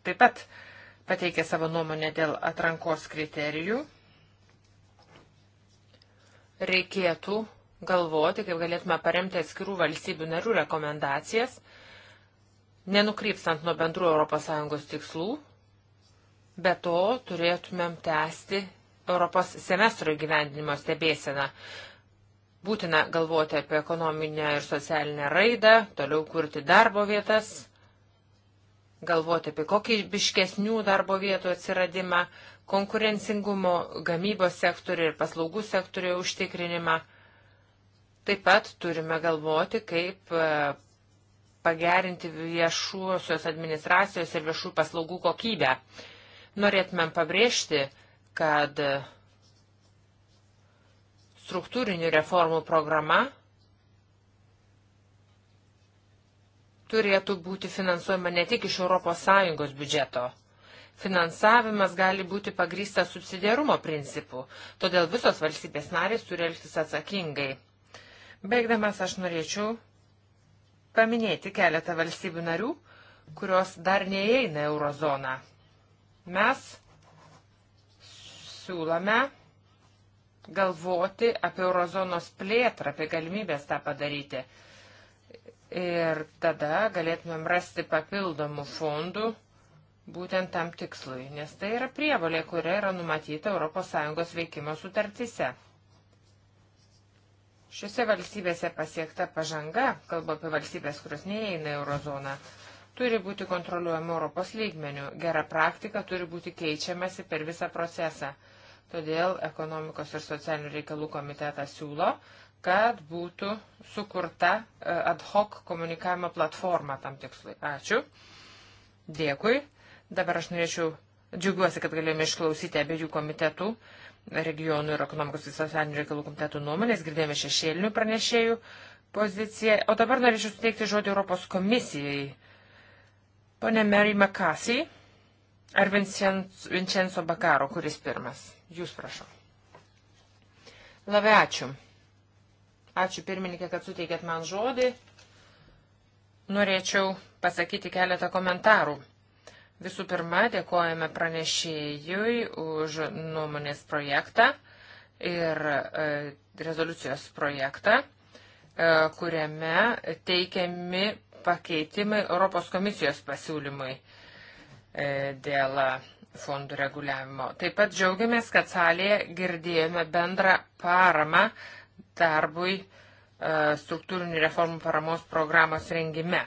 S4: taip pat pateikė savo nuomonę dėl atrankos kriterijų. Reikėtų galvoti, kaip galėtume paremti atskirų valstybių narių rekomendacijas, nenukrypstant nuo bendrų ES tikslų, be to turėtumėm tęsti Europos semestro gyvendinimo stebėseną. Būtina galvoti apie ekonominę ir socialinę raidą, toliau kurti darbo vietas, galvoti apie kokybiškesnių darbo vietų atsiradimą, konkurencingumo gamybos sektorių ir paslaugų sektorių užtikrinimą. Taip pat turime galvoti, kaip e, pagerinti viešuosios administracijos ir viešų paslaugų kokybę. Norėtumėm pabrėžti, kad struktūrinių reformų programa turėtų būti finansuojama ne tik iš ES biudžeto. Finansavimas gali būti pagrįstas subsidiarumo principu, todėl visos valstybės narės turi elgtis atsakingai. Baigdamas aš norėčiau paminėti keletą valstybių narių, kurios dar neįeina eurozoną. Mes siūlome galvoti apie eurozonos plėtrą, apie galimybės tą padaryti. Ir tada galėtumėm rasti papildomų fondų būtent tam tikslui, nes tai yra prievalė, kuria yra numatyta ES veikimo sutartyse. Šiuose valstybėse pasiekta pažanga, kalbu apie valstybės, kurios neįeina eurozoną, turi būti kontroliuojama Europos lygmenių. Gera praktika turi būti keičiamasi per visą procesą. Todėl ekonomikos ir socialinių reikalų komitetas siūlo, kad būtų sukurta e, ad hoc komunikavimo platforma tam tikslui. Ačiū. Dėkui. Dabar aš norėčiau, džiugiuosi, kad galėjome išklausyti abiejų komitetų regionų ir ekonomikos ir socialinių reikalų komitetų nuomonės, girdėjome šešėlinių pranešėjų poziciją. O dabar norėčiau suteikti žodį Europos komisijai. Pone Mary McCasey ar Vincenzo Bakaro, kuris pirmas? Jūs prašau. Labai ačiū. Ačiū pirmininkė, kad suteikėt man žodį. Norėčiau pasakyti keletą komentarų. Visų pirma, dėkojame pranešėjui už nuomonės projektą ir e, rezoliucijos projektą, e, kuriame teikiami pakeitimai Europos komisijos pasiūlymui e, dėl fondų reguliavimo. Taip pat džiaugiamės, kad salėje girdėjome bendrą paramą darbui e, struktūrinių reformų paramos programos rengime.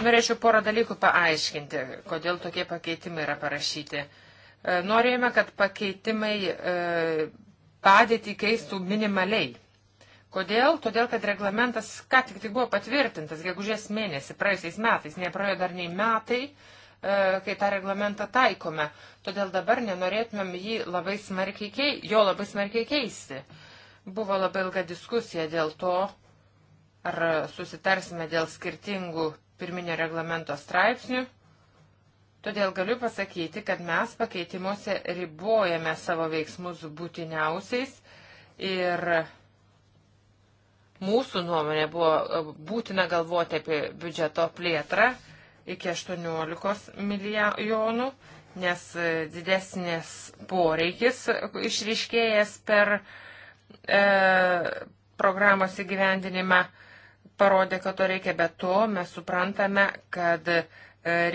S4: Norėčiau porą dalykų paaiškinti, kodėl tokie pakeitimai yra parašyti. E, norėjome, kad pakeitimai e, padėtį keistų minimaliai. Kodėl? Todėl, kad reglamentas ką tik tai buvo patvirtintas, gegužės mėnesį, praėjusiais metais, nepraėjo dar nei metai, uh, E, kai tą reglamentą taikome. Todėl dabar nenorėtumėm jį labai smarkiai, kei, jo labai smarkiai keisti. Buvo labai ilga diskusija dėl to, ar susitarsime dėl skirtingų pirminio reglamento straipsnių. Todėl galiu pasakyti, kad mes pakeitimuose ribojame savo veiksmus būtiniausiais ir mūsų nuomonė buvo būtina galvoti apie biudžeto plėtrą iki 18 milijonų, nes didesnis poreikis išriškėjęs per e, programos įgyvendinimą parodė, kad to reikia, bet to mes suprantame, kad e,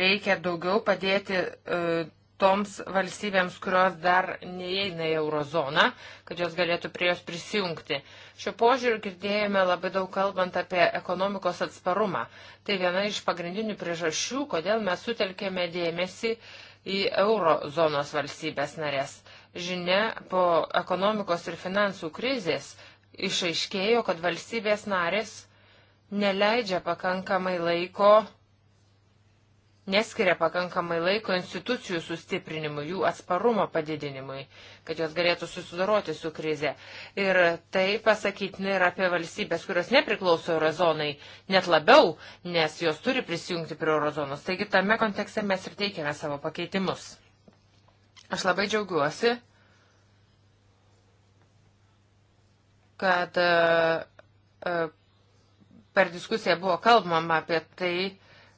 S4: reikia daugiau padėti e, toms valstybėms, kurios dar neįeina į eurozoną, kad jos galėtų prie jos prisijungti. Šiuo požiūriu girdėjome labai daug kalbant apie ekonomikos atsparumą. Tai viena iš pagrindinių priežasčių, kodėl mes sutelkėme dėmesį į eurozonos valstybės narės. Žinia, po ekonomikos ir finansų krizės išaiškėjo, kad valstybės narės neleidžia pakankamai laiko neskiria pakankamai laiko institucijų sustiprinimui, jų atsparumo padidinimui, kad jos galėtų susidoroti su krize. Ir tai pasakytina ir apie valstybės, kurios nepriklauso eurozonai, net labiau, nes jos turi prisijungti prie eurozonos. Taigi tame kontekste mes ir teikiame savo pakeitimus. Aš labai džiaugiuosi, kad e, e, per diskusiją buvo kalbama apie tai,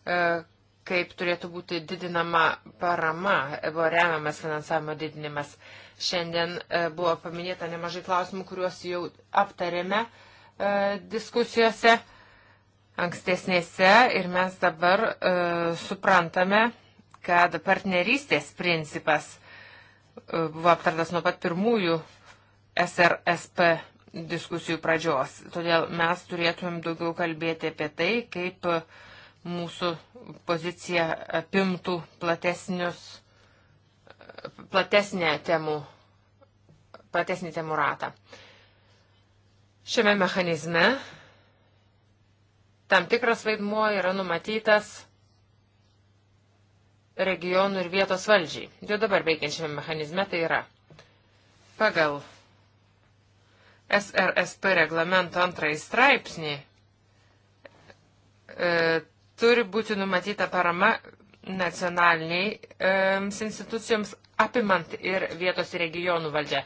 S4: e, kaip turėtų būti didinama parama, buvo remiamas finansavimo didinimas. Šiandien e, buvo paminėta nemažai klausimų, kuriuos jau aptarėme e, diskusijose ankstesnėse ir mes dabar e, suprantame, kad partnerystės principas buvo aptartas nuo pat pirmųjų SRSP diskusijų pradžios. Todėl mes turėtumėm daugiau kalbėti apie tai, kaip uh, mūsų pozicija apimtų platesnius, platesnę temų, platesnį temų ratą. Šiame mechanizme tam tikras vaidmuo yra numatytas regionų ir vietos valdžiai. Jau dabar veikiančiame mechanizme tai yra. Pagal SRSP reglamento antrąjį straipsnį e, Turi būti numatyta parama nacionaliniai e, institucijoms, apimant ir vietos ir regionų valdžią.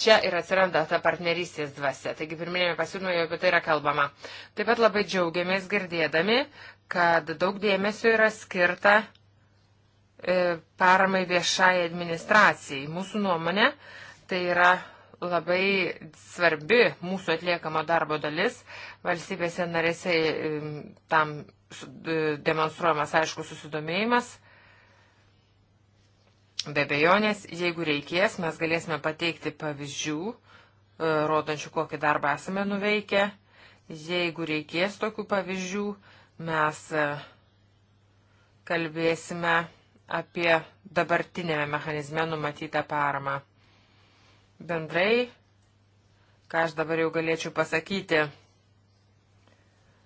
S4: Čia ir atsiranda ta partnerystės dvasia. Taigi pirminėme pasiūlyme jau apie tai yra kalbama. Taip pat labai džiaugiamės girdėdami, kad daug dėmesio yra skirta e, paramai viešai administracijai. Mūsų nuomonė tai yra labai svarbi mūsų atliekamo darbo dalis. Valstybėse narėse e, tam E, demonstruojamas aišku susidomėjimas. Be bejonės, jeigu reikės, mes galėsime pateikti pavyzdžių, e, rodančių, kokį darbą esame nuveikę. Jeigu reikės tokių pavyzdžių, mes e, kalbėsime apie dabartinėme mechanizme numatytą paramą. Bendrai, ką aš dabar jau galėčiau pasakyti,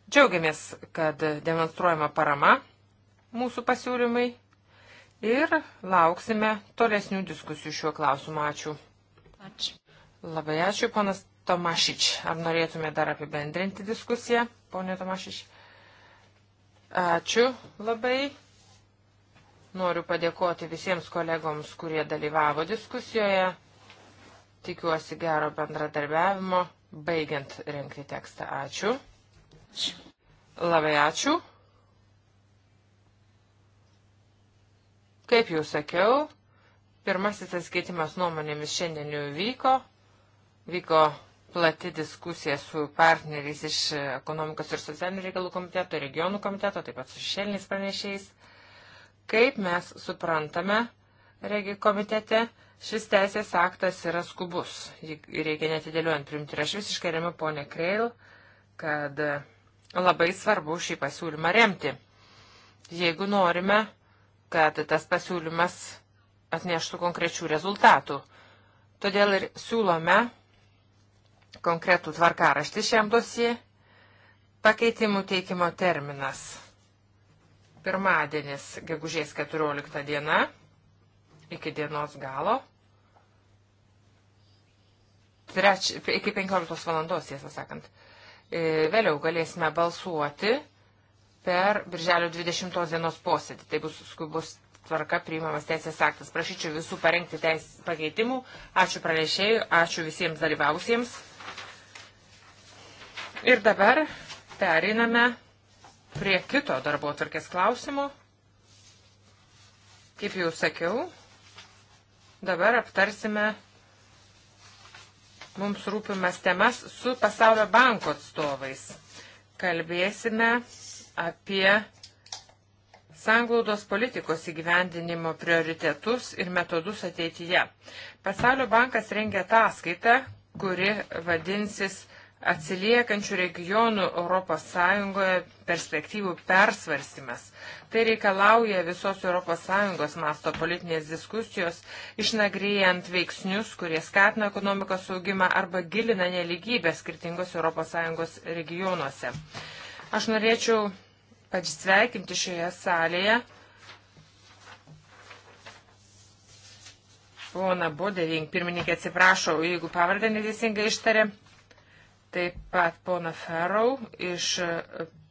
S4: Džiaugiamės, kad demonstruojama parama mūsų pasiūlymai ir lauksime tolesnių diskusijų šiuo klausimu. Ačiū. Ačiū. Labai ačiū, ponas Tomašič. Ar norėtume dar apibendrinti diskusiją, ponė Tomašič? Ačiū labai. Noriu padėkoti visiems kolegoms, kurie dalyvavo diskusijoje. Tikiuosi gero bendradarbiavimo, baigiant renkti tekstą. Ačiū. Labai ačiū. Kaip jau sakiau, pirmasis atskaitimas nuomonėmis šiandien jau vyko. Vyko plati diskusija su partneriais iš ekonomikos ir socialinių reikalų komiteto, regionų komiteto, taip pat su šešėliniais pranešėjais. Kaip mes suprantame, regi komitete, šis teisės aktas yra skubus. Jį reikia netidėliuojant primti. Ir aš visiškai remiu ponę Kreil, kad labai svarbu šį pasiūlymą remti. Jeigu norime, kad tas pasiūlymas atneštų konkrečių rezultatų. Todėl ir siūlome konkretų tvarkaraštį šiam dosie pakeitimų teikimo terminas. Pirmadienis, gegužės 14 diena, iki dienos galo. Treč, iki 15 valandos, tiesą sakant. E, vėliau galėsime balsuoti per Birželio 20 dienos posėdį. Tai bus skubus tvarka priimamas teisės aktas. Prašyčiau visų parengti teis pakeitimų. Ačiū pranešėjui, ačiū visiems dalyvausiems. Ir dabar periname prie kito darbo tvarkės klausimo. Kaip jau sakiau, dabar aptarsime mums rūpimas temas su Pasaulio banko atstovais. Kalbėsime apie sanglaudos politikos įgyvendinimo prioritetus ir metodus ateityje. Pasaulio bankas rengia ataskaitą, kuri vadinsis atsiliekančių regionų ES perspektyvų persvarstymas. Tai reikalauja visos ES masto politinės diskusijos, išnagrinėjant veiksnius, kurie skatina ekonomikos augimą arba gilina neligybę skirtingos ES regionuose. Aš norėčiau pasveikinti šioje salėje Pona Bodering, pirmininkė atsiprašau, jeigu pavardę neteisingai ištarė taip pat pona Ferrau iš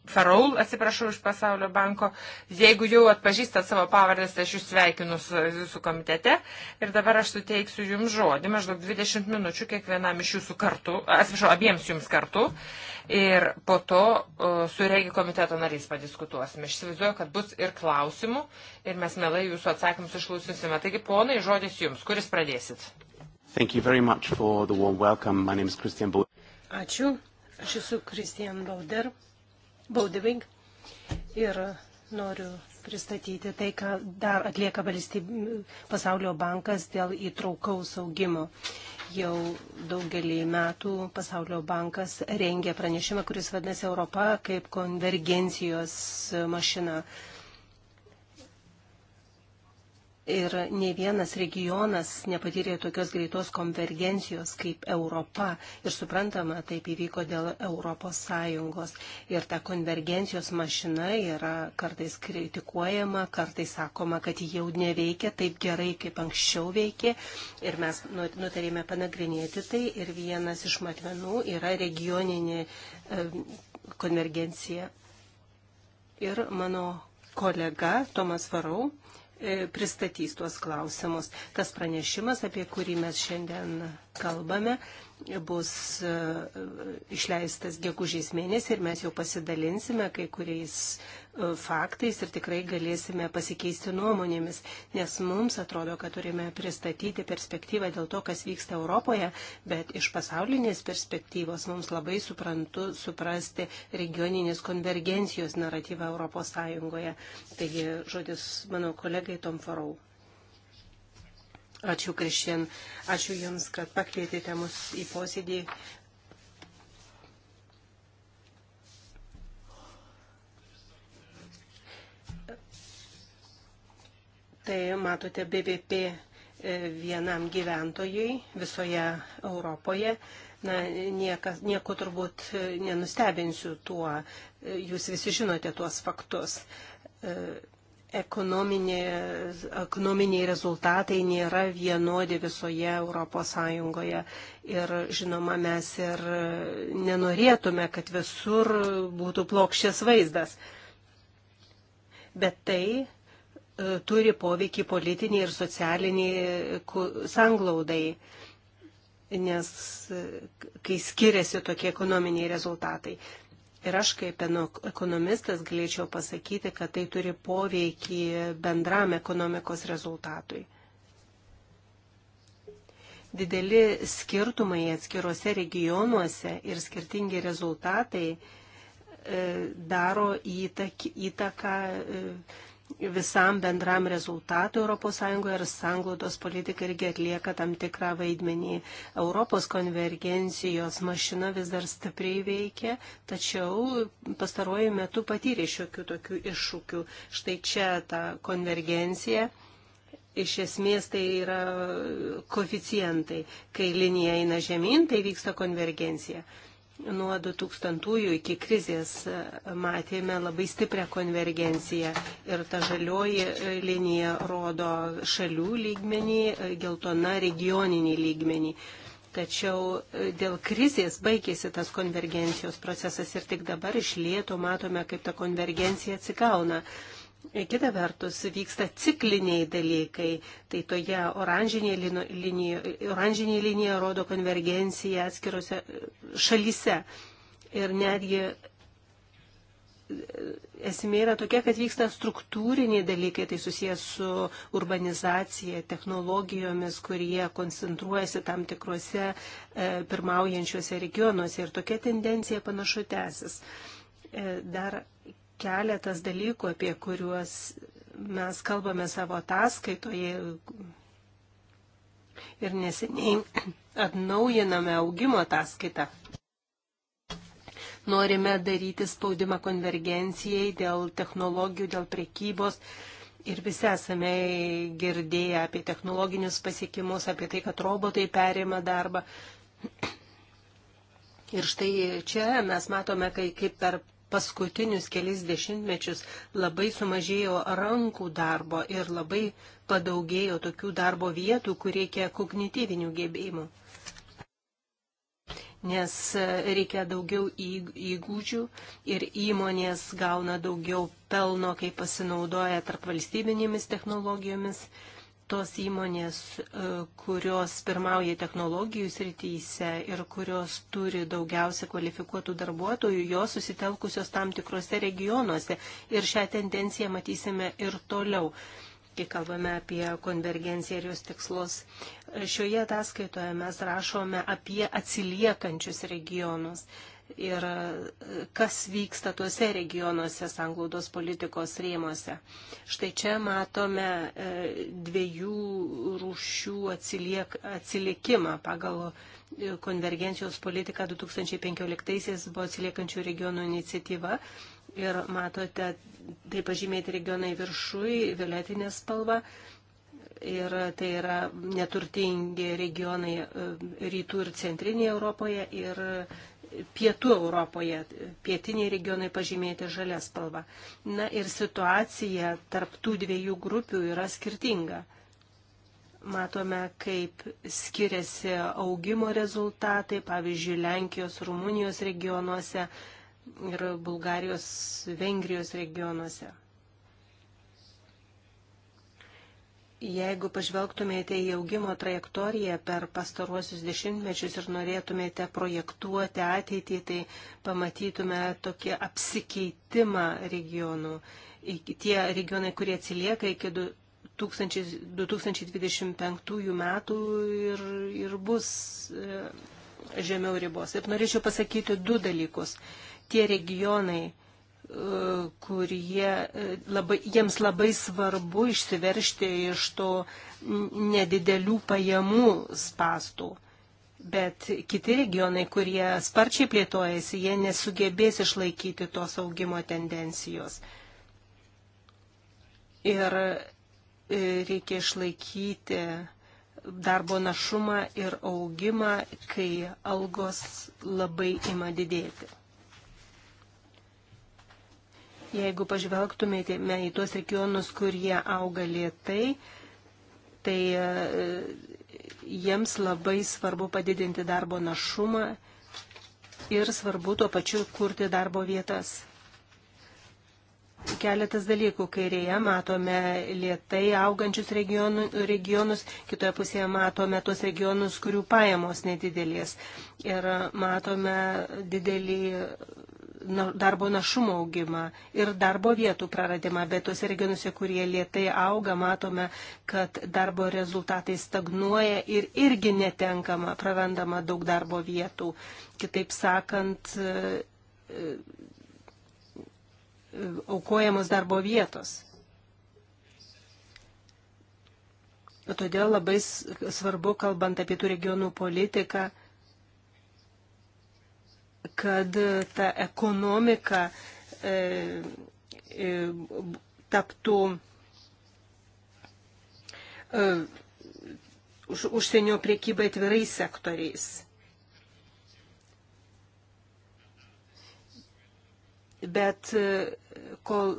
S4: Ferraul, atsiprašau, iš Pasaulio banko. Jeigu jau atpažįstat savo pavardės, tai aš jūs sveikinu su jūsų komitete. Ir dabar aš suteiksiu jums žodį, maždaug 20 minučių kiekvienam iš jūsų kartu, atsiprašau, abiems jums kartu. Ir po to uh, su regi komiteto nariais padiskutuosime. Aš įsivaizduoju, kad bus ir klausimų, ir mes mielai jūsų atsakymus išklausysime. Taigi, ponai, žodis jums. Kuris pradėsit?
S3: Thank you very much for the warm welcome. My
S1: name is Christian Bull.
S4: Ačiū. Aš esu Kristijan Bauder, Baudeving
S1: ir noriu pristatyti tai, ką dar atlieka valstyb... pasaulio bankas dėl įtraukaus augimo. Jau daugelį metų pasaulio bankas rengia pranešimą, kuris vadinasi Europa kaip konvergencijos mašina. Uh, Ir ne vienas regionas nepatyrė tokios greitos konvergencijos kaip Europa. Ir suprantama, taip įvyko dėl Europos Sąjungos. Ir ta konvergencijos mašina yra kartais kritikuojama, kartais sakoma, kad ji jau neveikia taip gerai, kaip anksčiau veikė. Ir mes nu, nutarėme panagrinėti tai. Ir vienas iš matmenų yra regioninė konvergencija. Ir mano kolega Tomas Varau E, pristatys tuos klausimus. Tas pranešimas, apie kurį mes šiandien kalbame, bus e, išleistas gegužės mėnesį ir mes jau pasidalinsime kai kuriais e, faktais ir tikrai galėsime pasikeisti nuomonėmis, nes mums atrodo, kad turime pristatyti perspektyvą dėl to, kas vyksta Europoje, bet iš pasaulinės perspektyvos mums labai suprantu suprasti regioninės konvergencijos naratyvą Europos Sąjungoje. Taigi, žodis mano kolegai Tom Farau. Ačiū, Krišien. Ačiū Jums, kad pakvietėte mus į posėdį. Tai matote BVP e, vienam gyventojui visoje Europoje. Na, niekas, nieko turbūt e, nenustebinsiu tuo. E, Jūs visi žinote tuos faktus. Ekonominė, ekonominiai rezultatai nėra vienodi visoje Europos Sąjungoje. Ir žinoma, mes ir nenorėtume, kad visur būtų plokščias vaizdas. Bet tai e, turi poveikį politiniai ir socialiniai sanglaudai, nes e, kai skiriasi tokie ekonominiai rezultatai. Ir aš kaip ekonomistas galėčiau pasakyti, kad tai turi poveikį bendram ekonomikos rezultatui. Dideli skirtumai atskiruose regionuose ir skirtingi rezultatai e, daro įtaką e, visam bendram rezultatui ES ir sanglaudos politika irgi atlieka tam tikrą vaidmenį. Europos konvergencijos mašina vis dar stipriai veikia, tačiau pastaruoju metu patyrė šiokių tokių iššūkių. Štai čia ta konvergencija. Iš esmės tai yra koficijantai. Kai linija eina žemyn, tai vyksta konvergencija. Nuo 2000 iki krizės e, matėme labai stiprią konvergenciją ir ta žalioji e, linija rodo šalių lygmenį, e, geltona regioninį lygmenį. Tačiau dėl krizės baigėsi tas konvergencijos procesas ir tik dabar iš lėto matome, kaip ta konvergencija atsigauna. E, kita vertus, vyksta cikliniai dalykai, tai toje oranžinėje linijoje, oranžinėje linijoje rodo konvergenciją atskirose e, šalyse. Ir netgi e, esmė yra tokia, kad vyksta struktūriniai dalykai, tai susijęs su urbanizacija, technologijomis, kurie koncentruojasi tam tikrose e, pirmaujančiuose regionuose. Ir tokia tendencija panašu tęsis. E, dar keletas dalykų, apie kuriuos mes kalbame savo ataskaitoje ir neseniai atnaujiname augimo ataskaitą. Norime daryti spaudimą konvergencijai dėl technologijų, dėl prekybos. Ir visi esame girdėję apie technologinius pasiekimus, apie tai, kad robotai perima darbą. Ir štai čia mes matome, kai, kaip per paskutinius kelis dešimtmečius labai sumažėjo rankų darbo ir labai padaugėjo tokių darbo vietų, kur reikia kognityvinių gebėjimų. Nes reikia daugiau įgūdžių ir įmonės gauna daugiau pelno, kai pasinaudoja tarp valstybinėmis technologijomis tos įmonės, e, kurios pirmauja technologijų srityse ir kurios turi daugiausia kvalifikuotų darbuotojų, jos susitelkusios tam tikrose regionuose. Ir šią tendenciją matysime ir toliau, kai kalbame apie konvergenciją ir jos tikslus. Šioje ataskaitoje mes rašome apie atsiliekančius regionus ir e, kas vyksta tuose regionuose sanglaudos politikos rėmose. Štai čia matome e, dviejų rūšių atsiliek, atsilikimą pagal e, konvergencijos politiką 2015-aisiais buvo atsiliekančių regionų iniciatyva ir matote, tai pažymėti regionai viršui, violetinė spalva. Ir tai yra neturtingi regionai rytų ir centrinėje Europoje ir pietų Europoje, pietiniai regionai pažymėti žalia spalva. Na ir situacija tarp tų dviejų grupių yra skirtinga. Matome, kaip skiriasi augimo rezultatai, pavyzdžiui, Lenkijos, Rumunijos regionuose ir Bulgarijos, Vengrijos regionuose. Jeigu pažvelgtumėte į augimo trajektoriją per pastaruosius dešimtmečius ir norėtumėte projektuoti ateitį, tai pamatytume tokį apsikeitimą regionų. Tie regionai, kurie atsilieka iki 2025 metų ir, ir bus e, žemiau ribos. Ir norėčiau pasakyti du dalykus. Tie regionai, kurie e, labai, jiems labai svarbu išsiveršti iš to nedidelių pajamų spastų. Bet kiti regionai, kurie sparčiai plėtojasi, jie nesugebės išlaikyti tos augimo tendencijos. Ir e, reikia išlaikyti darbo našumą ir augimą, kai algos labai ima didėti. Jeigu pažvelgtumėte į tuos regionus, kurie auga lietai, tai e, jiems labai svarbu padidinti darbo našumą ir svarbu tuo pačiu kurti darbo vietas. Keletas dalykų. Kairėje matome lietai augančius regionų, regionus, kitoje pusėje matome tos regionus, kurių pajamos nedidelės. Ir matome didelį darbo našumo augimą ir darbo vietų praradimą, bet tuose regionuose, kurie lietai auga, matome, kad darbo rezultatai stagnuoja ir irgi netenkama, prarandama daug darbo vietų. Kitaip sakant, e, e, aukojamos darbo vietos. Todėl labai svarbu, kalbant apie tų regionų politiką, kad e, ta ekonomika e, e, taptų užsienio priekybai atvirais sektoriais. Bet kol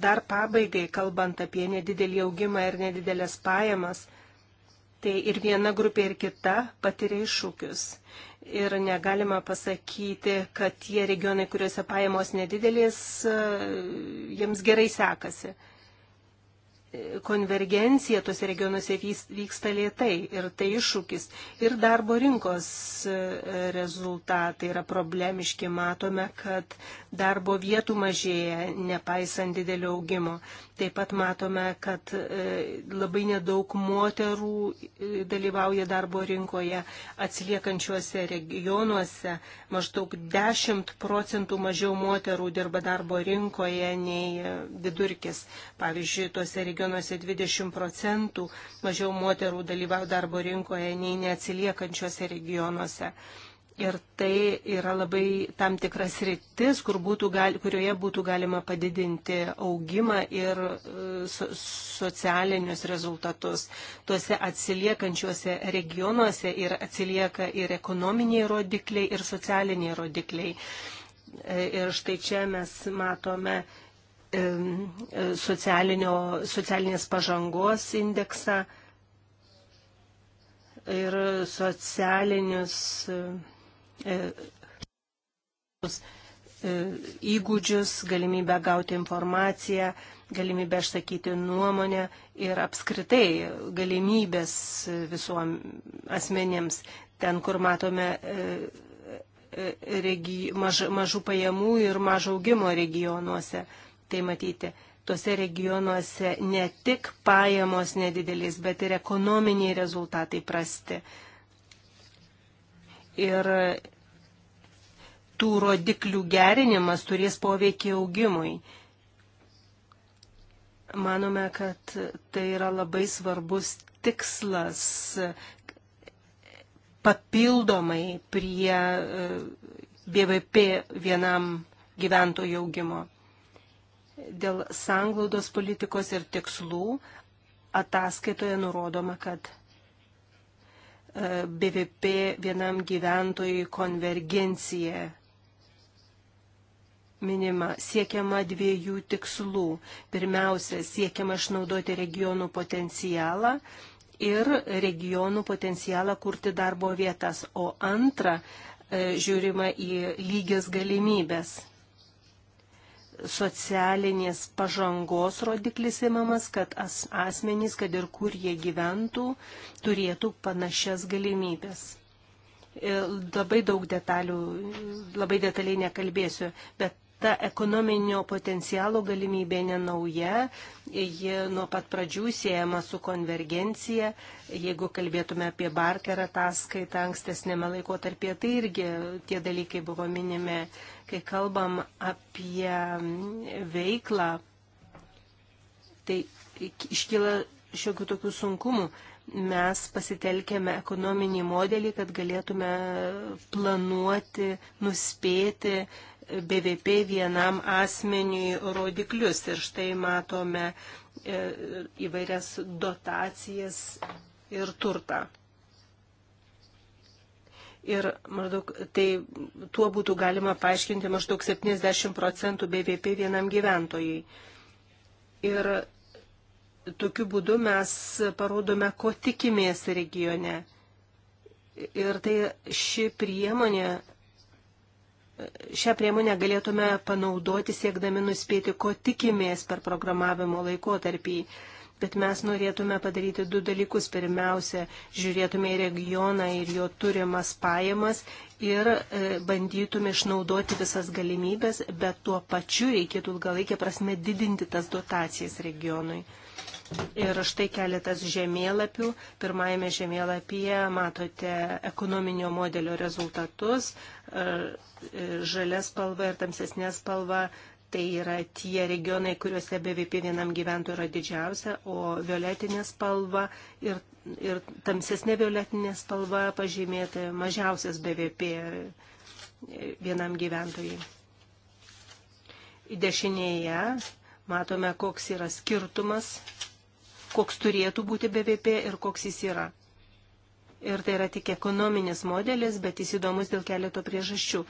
S1: dar pabaigai, kalbant apie nedidelį augimą ir nedidelės pajamas, tai ir viena grupė ir kita patiria iššūkius. Ir negalima pasakyti, kad tie regionai, kuriuose pajamos nedidelės, jiems gerai sekasi konvergencija tose regionuose vyksta lietai ir tai iššūkis. Ir darbo rinkos e, rezultatai yra problemiški. Matome, kad darbo vietų mažėja, nepaisant didelio augimo. Taip pat matome, kad e, labai nedaug moterų e, dalyvauja darbo rinkoje atsiliekančiuose regionuose. Maždaug 10 procentų mažiau moterų dirba darbo rinkoje nei vidurkis. Pavyzdžiui, tuose regionuose regionuose 20 procentų mažiau moterų dalyvauja darbo rinkoje nei neatsiliekančiose regionuose. Ir tai yra labai tam tikras rytis, kur būtų gal, kurioje būtų galima padidinti augimą ir e, so, socialinius rezultatus. Tuose atsiliekančiuose regionuose ir atsilieka ir ekonominiai rodikliai, ir socialiniai rodikliai. E, ir štai čia mes matome socialinės pažangos indeksą ir socialinius e, e, įgūdžius, galimybę gauti informaciją, galimybę išsakyti nuomonę ir apskritai galimybės visuom asmenėms ten, kur matome e, regi, maž, mažų pajamų ir mažo augimo regionuose tai matyti. Tuose regionuose ne tik pajamos nedidelės, bet ir ekonominiai rezultatai prasti. Ir tų rodiklių gerinimas turės poveikį augimui. Manome, kad tai yra labai svarbus tikslas papildomai prie e, BVP vienam gyventojų augimo dėl sanglaudos politikos ir tikslų ataskaitoje nurodoma, kad e, BVP vienam gyventojui konvergencija minima siekiama dviejų tikslų. Pirmiausia, siekiama išnaudoti regionų potencialą ir regionų potencialą kurti darbo vietas, o antra, e, žiūrima į lygias galimybės socialinės pažangos rodiklis įmamas, kad as, asmenys, kad ir kur jie gyventų, turėtų panašias galimybės. Ir labai daug detalių, labai detaliai nekalbėsiu, bet ta ekonominio potencialo galimybė nenauja, ji nuo pat pradžių siejama su konvergencija. Jeigu kalbėtume apie Barker ataskaitą ankstesnėme laikotarpyje, tai irgi tie dalykai buvo minimi, kai kalbam apie veiklą, tai iškyla šiokių tokių sunkumų mes pasitelkėme ekonominį modelį, kad galėtume planuoti, nuspėti BVP vienam asmeniui rodiklius. Ir štai matome e, įvairias dotacijas ir turtą. Ir maždaug tai tuo būtų galima paaiškinti maždaug 70 procentų BVP vienam gyventojui. Ir tokiu būdu mes parodome, ko tikimės regione. Ir tai ši priemonė šią priemonę galėtume panaudoti siekdami nuspėti, ko tikimės per programavimo laikotarpį. Bet mes norėtume padaryti du dalykus. Pirmiausia, žiūrėtume į regioną ir jo turimas pajamas ir e, bandytume išnaudoti visas galimybės, bet tuo pačiu reikėtų ilgalaikė prasme didinti tas dotacijas regionui. Ir štai keletas žemėlapių. Pirmajame žemėlapyje matote ekonominio modelio rezultatus. E, Žalias spalva ir tamsesnė spalva tai yra tie regionai, kuriuose BVP vienam gyventojui yra didžiausia, o violetinė spalva ir, ir tamsesnė violetinė spalva pažymėta mažiausias BVP vienam gyventojui. Dešinėje matome, koks yra skirtumas koks turėtų būti BVP ir koks jis yra. Ir tai yra tik ekonominis modelis, bet jis įdomus dėl keleto priežasčių.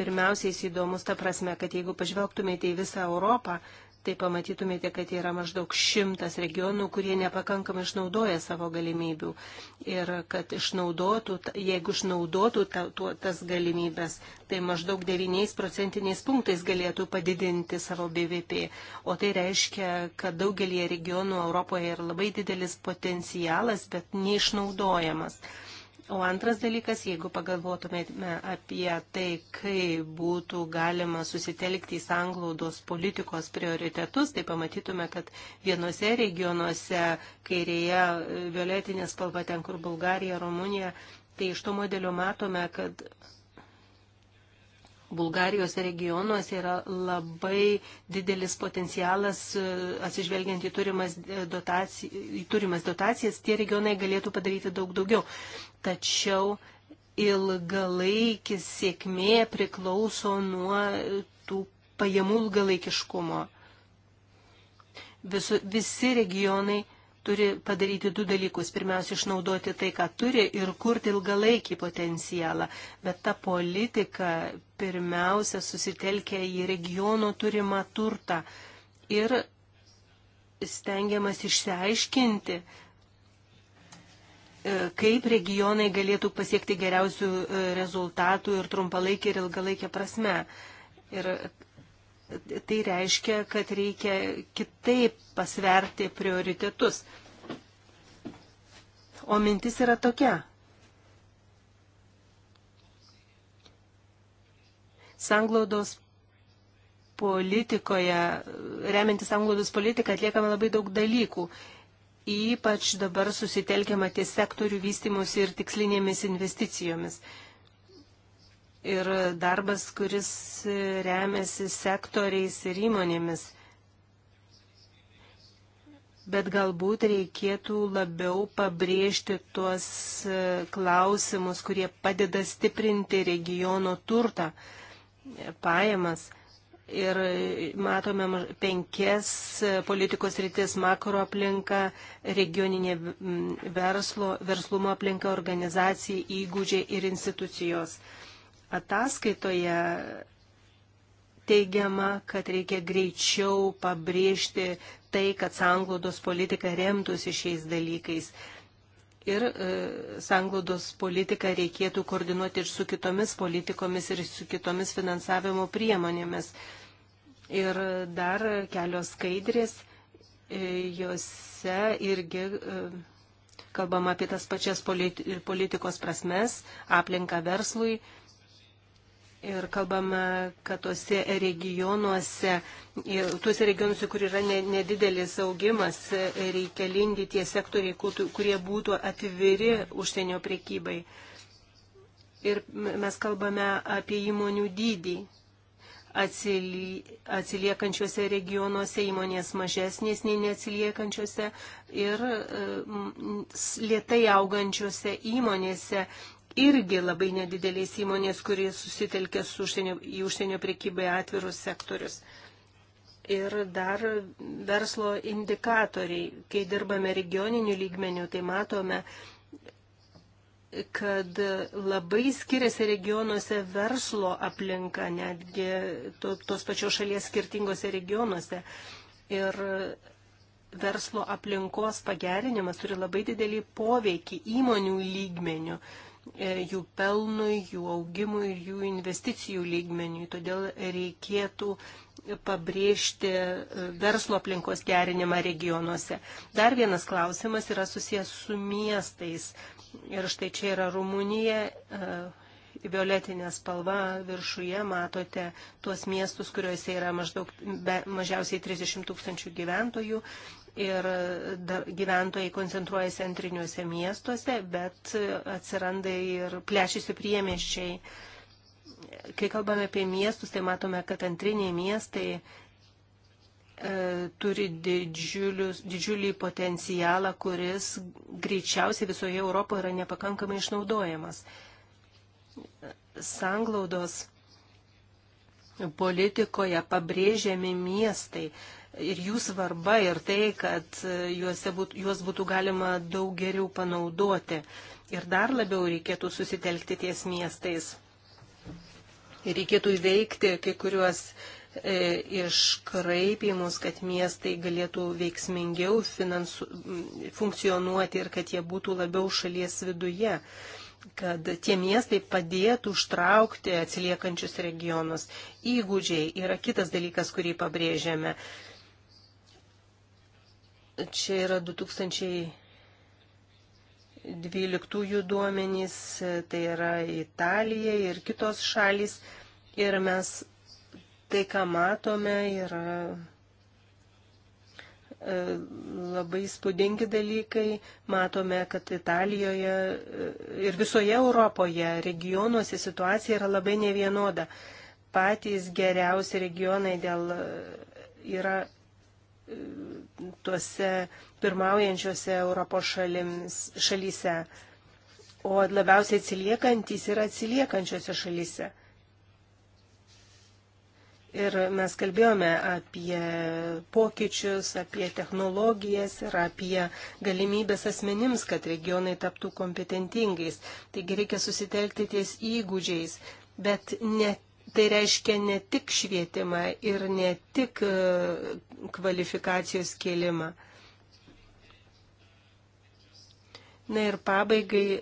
S1: Pirmiausia, jis įdomus ta prasme, kad jeigu pažvelgtumėte į visą Europą, tai pamatytumėte, kad yra maždaug šimtas regionų, kurie nepakankamai išnaudoja savo galimybių. Ir kad išnaudotų, jeigu išnaudotų ta, tuo, tas galimybės, tai maždaug 9 procentiniais punktais galėtų padidinti savo BVP. O tai reiškia, kad daugelie regionų Europoje yra labai didelis potencialas, bet neišnaudojamas. O antras dalykas, jeigu pagalvotumėme apie tai, kaip būtų galima susitelkti į sanglaudos politikos prioritetus, tai pamatytume, kad vienose regionuose kairėje e, violetinė spalva ten, kur Bulgarija, Rumunija, tai iš to modelio matome, kad Bulgarijos regionuose yra labai didelis potencialas, e, atsižvelgiant į turimas, e, dotaci, į turimas dotacijas, tie regionai galėtų padaryti daug daugiau. Tačiau ilgalaikis sėkmė priklauso nuo tų pajamų ilgalaikiškumo. Visu, visi regionai turi padaryti du dalykus. Pirmiausia, išnaudoti tai, ką turi ir kurti ilgalaikį potencialą. Bet ta politika pirmiausia susitelkia į regiono turimą turtą ir stengiamas išsiaiškinti, e, kaip regionai galėtų pasiekti geriausių e, rezultatų ir trumpalaikį ir ilgalaikį prasme. Ir tai reiškia, kad reikia kitaip pasverti prioritetus. O mintis yra tokia. Sanglaudos politikoje, remiantis sanglaudos politiką, atliekame labai daug dalykų. Ypač dabar susitelkiama ties sektorių vystimus ir tikslinėmis investicijomis ir darbas, kuris remiasi sektoriais ir įmonėmis. Bet galbūt reikėtų labiau pabrėžti tuos e, klausimus, kurie padeda stiprinti regiono turtą, e, pajamas. Ir e, matome penkias politikos rytis - makro aplinka, regioninė verslo, verslumo aplinka, organizacija, įgūdžiai ir institucijos ataskaitoje teigiama, kad reikia greičiau pabrėžti tai, kad sanglaudos politika remtųsi šiais dalykais. Ir e, sanglaudos politiką reikėtų koordinuoti ir su kitomis politikomis, ir su kitomis finansavimo priemonėmis. Ir dar kelios skaidrės, e, jose irgi. E, kalbama apie tas pačias politikos prasmes, aplinką verslui, Ir kalbame, kad tuose regionuose, tuose regionuose, kur yra nedidelis augimas, reikalingi tie sektoriai, kurie būtų atviri užsienio priekybai. Ir mes kalbame apie įmonių dydį. Atsiliekančiuose regionuose įmonės mažesnės nei neatsiliekančiuose ir lietai augančiuose įmonėse irgi labai nedidelės įmonės, kurie susitelkė su užsienio, į užsienio priekybę atvirus sektorius. Ir dar verslo indikatoriai. Kai dirbame regioninių lygmenių, tai matome, kad labai skiriasi regionuose verslo aplinka, netgi to, tos pačios šalies skirtingose regionuose. Ir verslo aplinkos pagerinimas turi labai didelį poveikį įmonių lygmenių. Uh, E, jų pelnui, jų augimui ir jų investicijų lygmeniui. Todėl reikėtų pabrėžti e, verslo aplinkos gerinimą regionuose. Dar vienas klausimas yra susijęs su miestais. Ir štai čia yra Rumunija, e, violetinė spalva viršuje matote tuos miestus, kuriuose yra maždaug, be, mažiausiai 30 tūkstančių gyventojų ir gyventojai koncentruoja centriniuose miestuose, bet atsiranda ir plešiasi priemiščiai. Kai kalbame apie miestus, tai matome, kad antriniai miestai e, turi didžiulius, didžiulį potencialą, kuris greičiausiai visoje Europoje yra nepakankamai išnaudojamas. Sanglaudos politikoje pabrėžiami miestai, ir jų svarba ir tai, kad e, būt, juos būtų galima daug geriau panaudoti. Ir dar labiau reikėtų susitelkti ties miestais. Ir reikėtų įveikti kai kuriuos e, iškraipimus, kad miestai galėtų veiksmingiau finansu, funkcionuoti ir kad jie būtų labiau šalies viduje kad tie miestai padėtų užtraukti atsiliekančius regionus. Įgūdžiai yra kitas dalykas, kurį pabrėžėme. E, Čia yra 2012 duomenys, tai yra Italija ir kitos šalys. Ir mes tai, ką matome, yra e, labai spūdingi dalykai. Matome, kad Italijoje e, ir visoje Europoje regionuose situacija yra labai nevienoda. Patys geriausi regionai dėl, e, yra tuose pirmaujančiuose Europos šalims, šalyse, o labiausiai atsiliekantys yra atsiliekančiuose šalyse. Ir mes kalbėjome apie pokyčius, apie technologijas ir apie galimybės asmenims, kad regionai taptų kompetentingais. Taigi reikia susitelkti ties įgūdžiais, bet ne tai reiškia ne tik švietimą ir ne tik e, kvalifikacijos kėlimą. Na ir pabaigai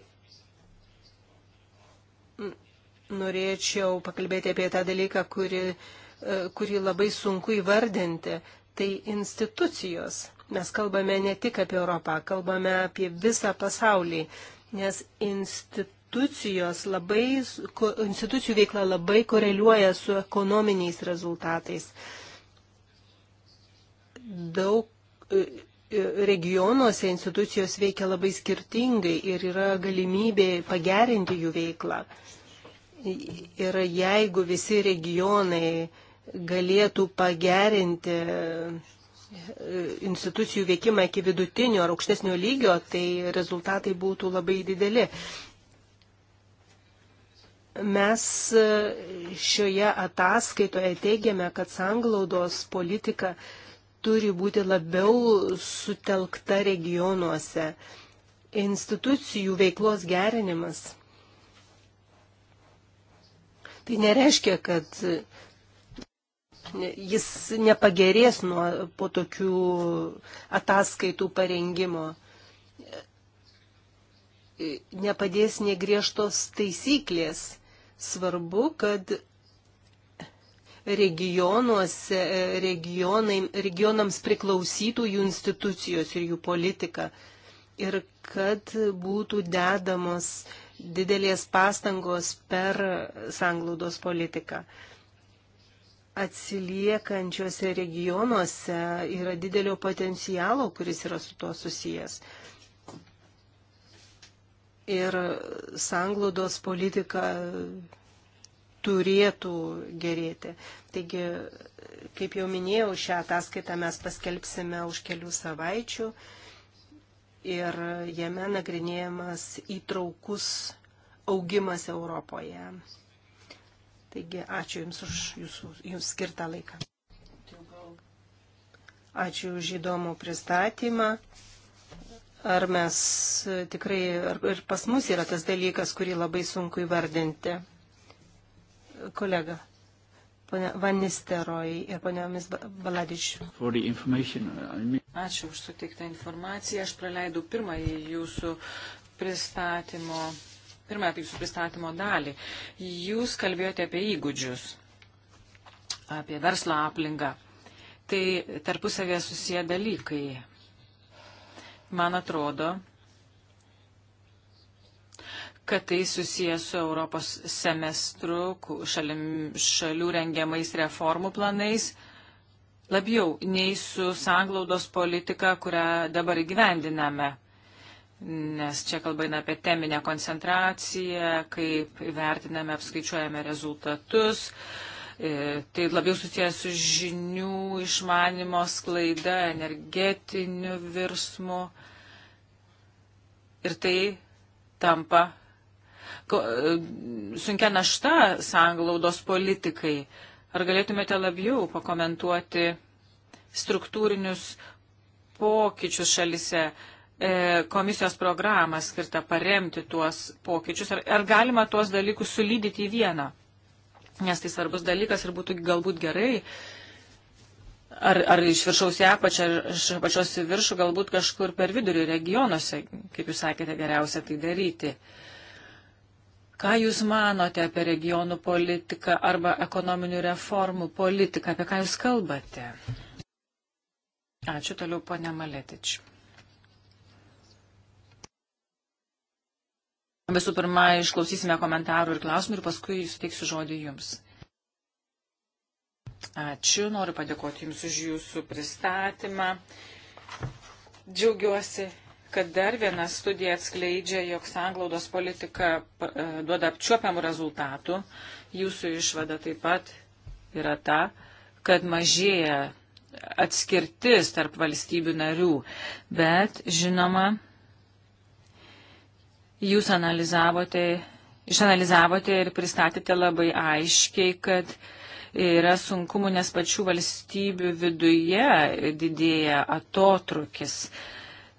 S1: norėčiau pakalbėti apie tą dalyką, kuri, e, kurį labai sunku įvardinti. Tai institucijos. Mes kalbame ne tik apie Europą, kalbame apie visą pasaulį, nes institucijos institucijos labai, institucijų veikla labai koreliuoja su ekonominiais rezultatais. Daug e, e, regionuose institucijos veikia labai skirtingai ir yra galimybė pagerinti jų veiklą. Ir jeigu visi regionai galėtų pagerinti e, institucijų veikimą iki vidutinio ar aukštesnio lygio, tai rezultatai būtų labai dideli. Mes e, šioje ataskaitoje teigiame, kad sanglaudos politika turi būti labiau sutelkta regionuose. Institucijų veiklos gerinimas. Tai nereiškia, kad jis nepagerės nuo po tokių ataskaitų parengimo. Nepadės negriežtos taisyklės svarbu, kad regionuose, regionai, regionams priklausytų jų institucijos ir jų politika ir kad būtų dedamos didelės pastangos per sanglaudos politiką. Atsiliekančiose regionuose yra didelio potencialo, kuris yra su tuo susijęs ir sanglaudos politika turėtų gerėti. Taigi, kaip jau minėjau, šią ataskaitą mes paskelbsime už kelių savaičių ir jame nagrinėjamas įtraukus augimas Europoje. Taigi, ačiū Jums už Jūsų jums skirtą laiką. Ačiū už įdomų pristatymą. Ar mes e, tikrai, ar ir pas mus yra tas dalykas, kurį labai sunku įvardinti. Kolega, ponia Vanisteroj ir poniomis Baladič. Uh, Ačiū už suteiktą informaciją. Aš praleidau pirmąjį jūsų
S2: pristatymo, pirmąją jūsų pristatymo dalį. Jūs kalbėjote apie įgūdžius, apie verslo aplinką. Tai tarpusavė susiję dalykai. Man atrodo, kad tai susijęs su Europos semestru, šalim, šalių rengiamais reformų planais, labiau nei su sanglaudos politika, kurią dabar įgyvendiname. Nes čia kalbame apie teminę koncentraciją, kaip vertiname, apskaičiuojame rezultatus, uh, E, tai labiau susijęs su žinių išmanimo sklaida, energetiniu virsmu. Ir tai tampa e, sunkia našta sanglaudos politikai. Ar galėtumėte labiau pakomentuoti struktūrinius pokyčius šalise, e, komisijos programą skirtą paremti tuos pokyčius? Ar, ar galima tuos dalykus sulydyti į vieną? nes tai svarbus dalykas ir būtų galbūt gerai. Ar, ar iš viršaus į apačią, ar iš apačios į viršų, galbūt kažkur per vidurį regionuose, kaip jūs sakėte, geriausia tai daryti. Ką Jūs manote apie regionų politiką arba ekonominių reformų politiką, apie ką Jūs kalbate? Ačiū toliau, ponė Maletič. Visų pirma, išklausysime komentarų ir klausimų ir paskui suteiksiu žodį jums. Ačiū, noriu padėkoti jums už jūsų pristatymą. Džiaugiuosi, kad dar viena studija atskleidžia, jog sanglaudos politika e, duoda apčiuopiamų rezultatų. Jūsų išvada taip pat yra ta, kad mažėja atskirtis tarp valstybių narių, bet žinoma, Jūs analizavote, išanalizavote ir pristatėte labai aiškiai, kad yra sunkumų, nes pačių valstybių viduje didėja atotrukis.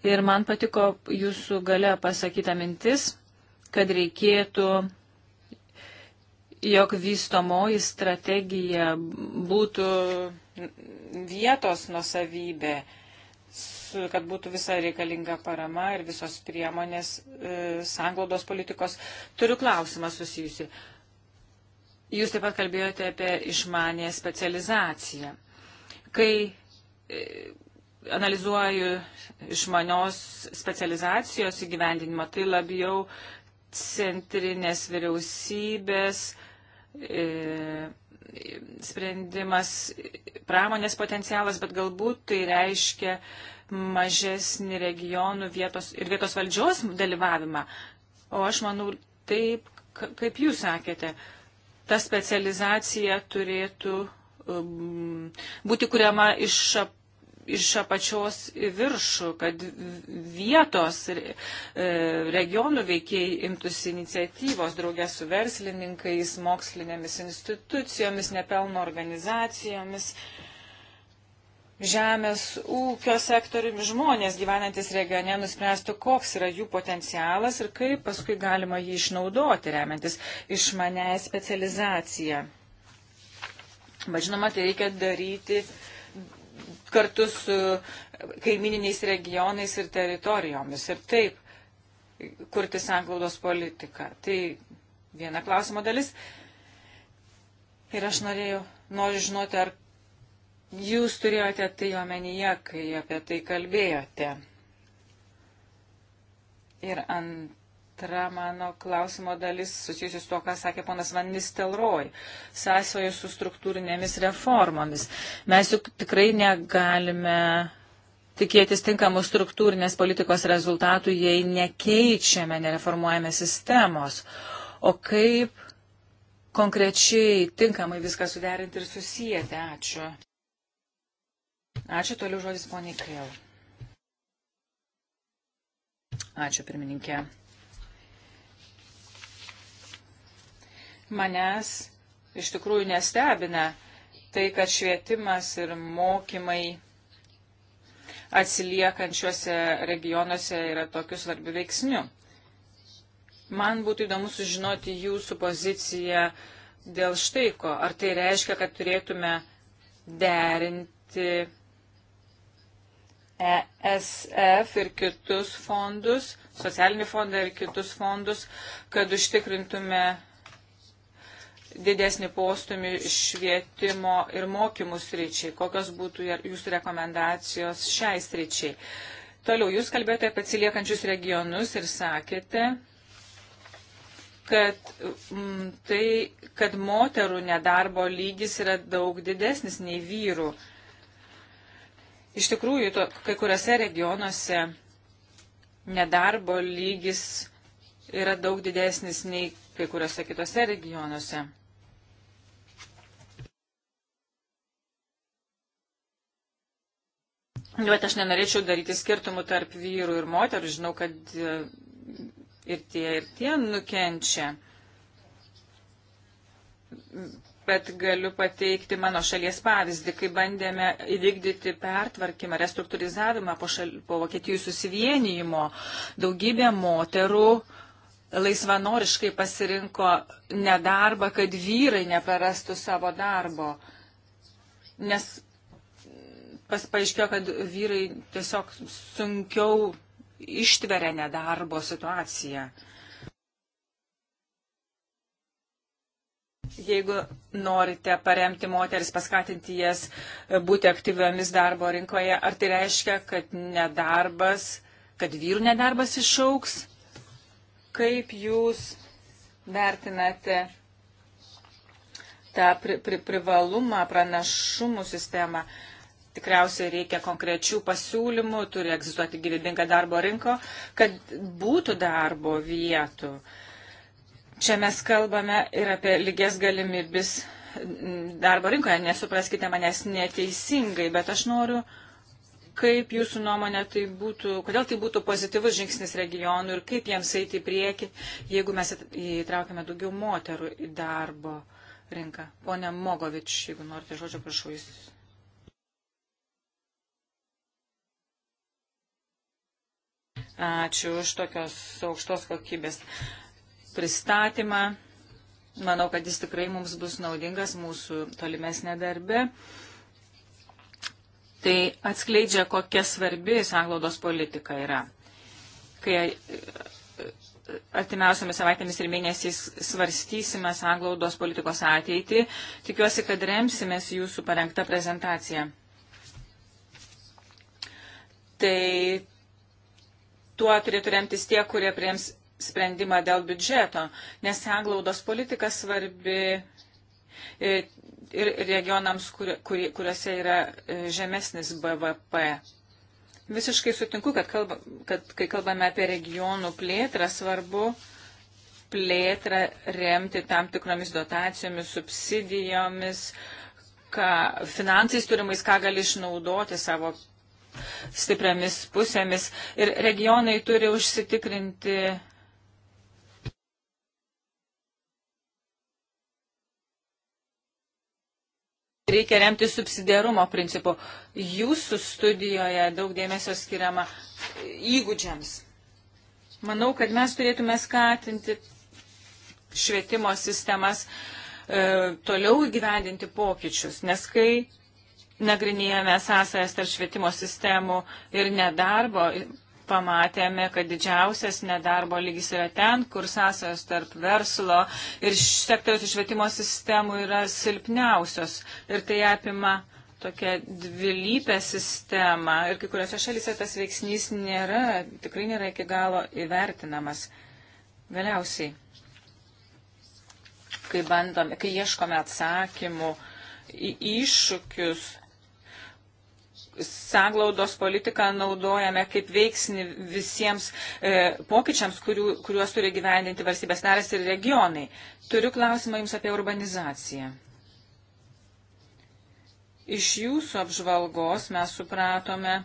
S2: Ir man patiko jūsų gale pasakyta mintis, kad reikėtų, jog vystomoji strategija būtų vietos nusavybė su, kad būtų visa reikalinga parama ir visos priemonės e, sanglaudos politikos. Turiu klausimą susijusi. Jūs taip pat kalbėjote apie išmanę specializaciją. Kai e, analizuoju išmanios specializacijos įgyvendinimą, tai labiau centrinės vyriausybės. E, sprendimas pramonės potencialas, bet galbūt tai reiškia mažesnį regionų vietos ir vietos valdžios dalyvavimą. O aš manau, taip, kaip jūs sakėte, ta specializacija turėtų um, būti kuriama iš iš apačios į viršų, kad vietos e, regionų veikiai imtųsi iniciatyvos draugės su verslininkais, mokslinėmis institucijomis, nepelno organizacijomis, žemės ūkio sektoriumi žmonės gyvenantis regione nuspręstų, koks yra jų potencialas ir kaip paskui galima jį išnaudoti, remiantis išmanę specializaciją. Bet žinoma, tai reikia daryti kartu su kaimininiais regionais ir teritorijomis. Ir taip kurti sanglaudos politiką. Tai viena klausimo dalis. Ir aš norėjau, noriu žinoti, ar jūs turėjote tai omenyje, kai apie tai kalbėjote. Ir ant antra mano klausimo dalis susijusi su to, ką sakė ponas Van Nistelroj, sąsojo su struktūrinėmis reformomis. Mes juk tikrai negalime tikėtis tinkamų struktūrinės politikos rezultatų, jei nekeičiame, nereformuojame sistemos. O kaip konkrečiai tinkamai viską suderinti ir susijęti? Ačiū. Ačiū toliau žodis poniai Krėl. Ačiū pirmininkė. Manęs iš tikrųjų nestebina tai, kad švietimas ir mokymai atsiliekančiuose regionuose yra tokiu svarbiu veiksniu. Man būtų įdomu sužinoti jūsų poziciją dėl štai ko. Ar tai reiškia, kad turėtume derinti ESF ir kitus fondus, socialinį fondą ir kitus fondus, kad užtikrintume didesnį postumį švietimo ir mokymų sričiai. Kokios būtų jūsų rekomendacijos šiai sričiai? Toliau, jūs kalbėjote apie atsiliekančius regionus ir sakėte, kad, m, mm, tai, kad moterų nedarbo lygis yra daug didesnis nei vyrų. Iš tikrųjų, to, kai kuriuose regionuose nedarbo lygis yra daug didesnis nei kai kuriuose kitose regionuose. Bet aš nenorėčiau daryti skirtumų tarp vyrų ir moterų. Žinau, kad e, ir tie, ir tie nukenčia. Bet galiu pateikti mano šalies pavyzdį, kai bandėme įvykdyti pertvarkymą, restruktūrizavimą po, šal, po Vokietijų susivienijimo. Daugybė moterų laisvanoriškai pasirinko nedarbą, kad vyrai neprarastų savo darbo. Nes pas, paaiškėjo, kad vyrai tiesiog sunkiau ištveria nedarbo situaciją. Jeigu norite paremti moteris, paskatinti jas būti aktyviomis darbo rinkoje, ar tai reiškia, kad nedarbas, kad vyrų nedarbas išauks? Kaip jūs vertinate tą pri, pri, privalumą, pranašumų sistemą? Uh, tikriausiai reikia konkrečių pasiūlymų, turi egzistuoti gyvybinga darbo rinko, kad būtų darbo vietų. Čia mes kalbame ir apie lygias galimybės darbo rinkoje, nesupraskite manęs neteisingai, bet aš noriu, kaip jūsų nuomonė tai būtų, kodėl tai būtų pozityvus žingsnis regionų ir kaip jiems eiti į priekį, jeigu mes įtraukime daugiau moterų į darbo rinką. Pone Mogovič, jeigu norite žodžio, prašau jūs Ačiū už tokios aukštos kokybės pristatymą. Manau, kad jis tikrai mums bus naudingas mūsų tolimesnė darbe. Tai atskleidžia, kokia svarbi sanglaudos politika yra. Kai e, artimiausiamis savaitėmis ir mėnesiais svarstysime sanglaudos politikos ateitį, tikiuosi, kad remsimės jūsų parengtą prezentaciją. Tai Tuo turėtų remtis tie, kurie priems sprendimą dėl biudžeto, nes senglaudos politika svarbi e, ir regionams, kur, kur, kuriuose yra e, žemesnis BVP. Visiškai sutinku, kad, kalba, kad kai kalbame apie regionų plėtrą, svarbu plėtrą remti tam tikromis dotacijomis, subsidijomis, ką, finansais turimais, ką gali išnaudoti savo stipriamis pusėmis ir regionai turi užsitikrinti. Reikia remti subsidiarumo principu. Jūsų studijoje daug dėmesio skiriama įgūdžiams. Manau, kad mes turėtume skatinti švietimo sistemas e, toliau įgyvendinti pokyčius, nes kai nagrinėjome sąsajas tarp švietimo sistemų ir nedarbo, pamatėme, kad didžiausias nedarbo lygis yra ten, kur sąsajos tarp verslo ir sektoriaus švietimo sistemų yra silpniausios. Ir tai apima tokia dvilypė sistema ir kai kuriuose šalyse tas veiksnys nėra, tikrai nėra iki galo įvertinamas. Galiausiai, kai bandome, kai ieškome atsakymų į iššūkius, sanglaudos politiką naudojame kaip veiksnį visiems e, pokyčiams, kurių, kuriuos turi gyvendinti valstybės narės ir regionai. Turiu klausimą Jums apie urbanizaciją. Iš Jūsų apžvalgos mes supratome,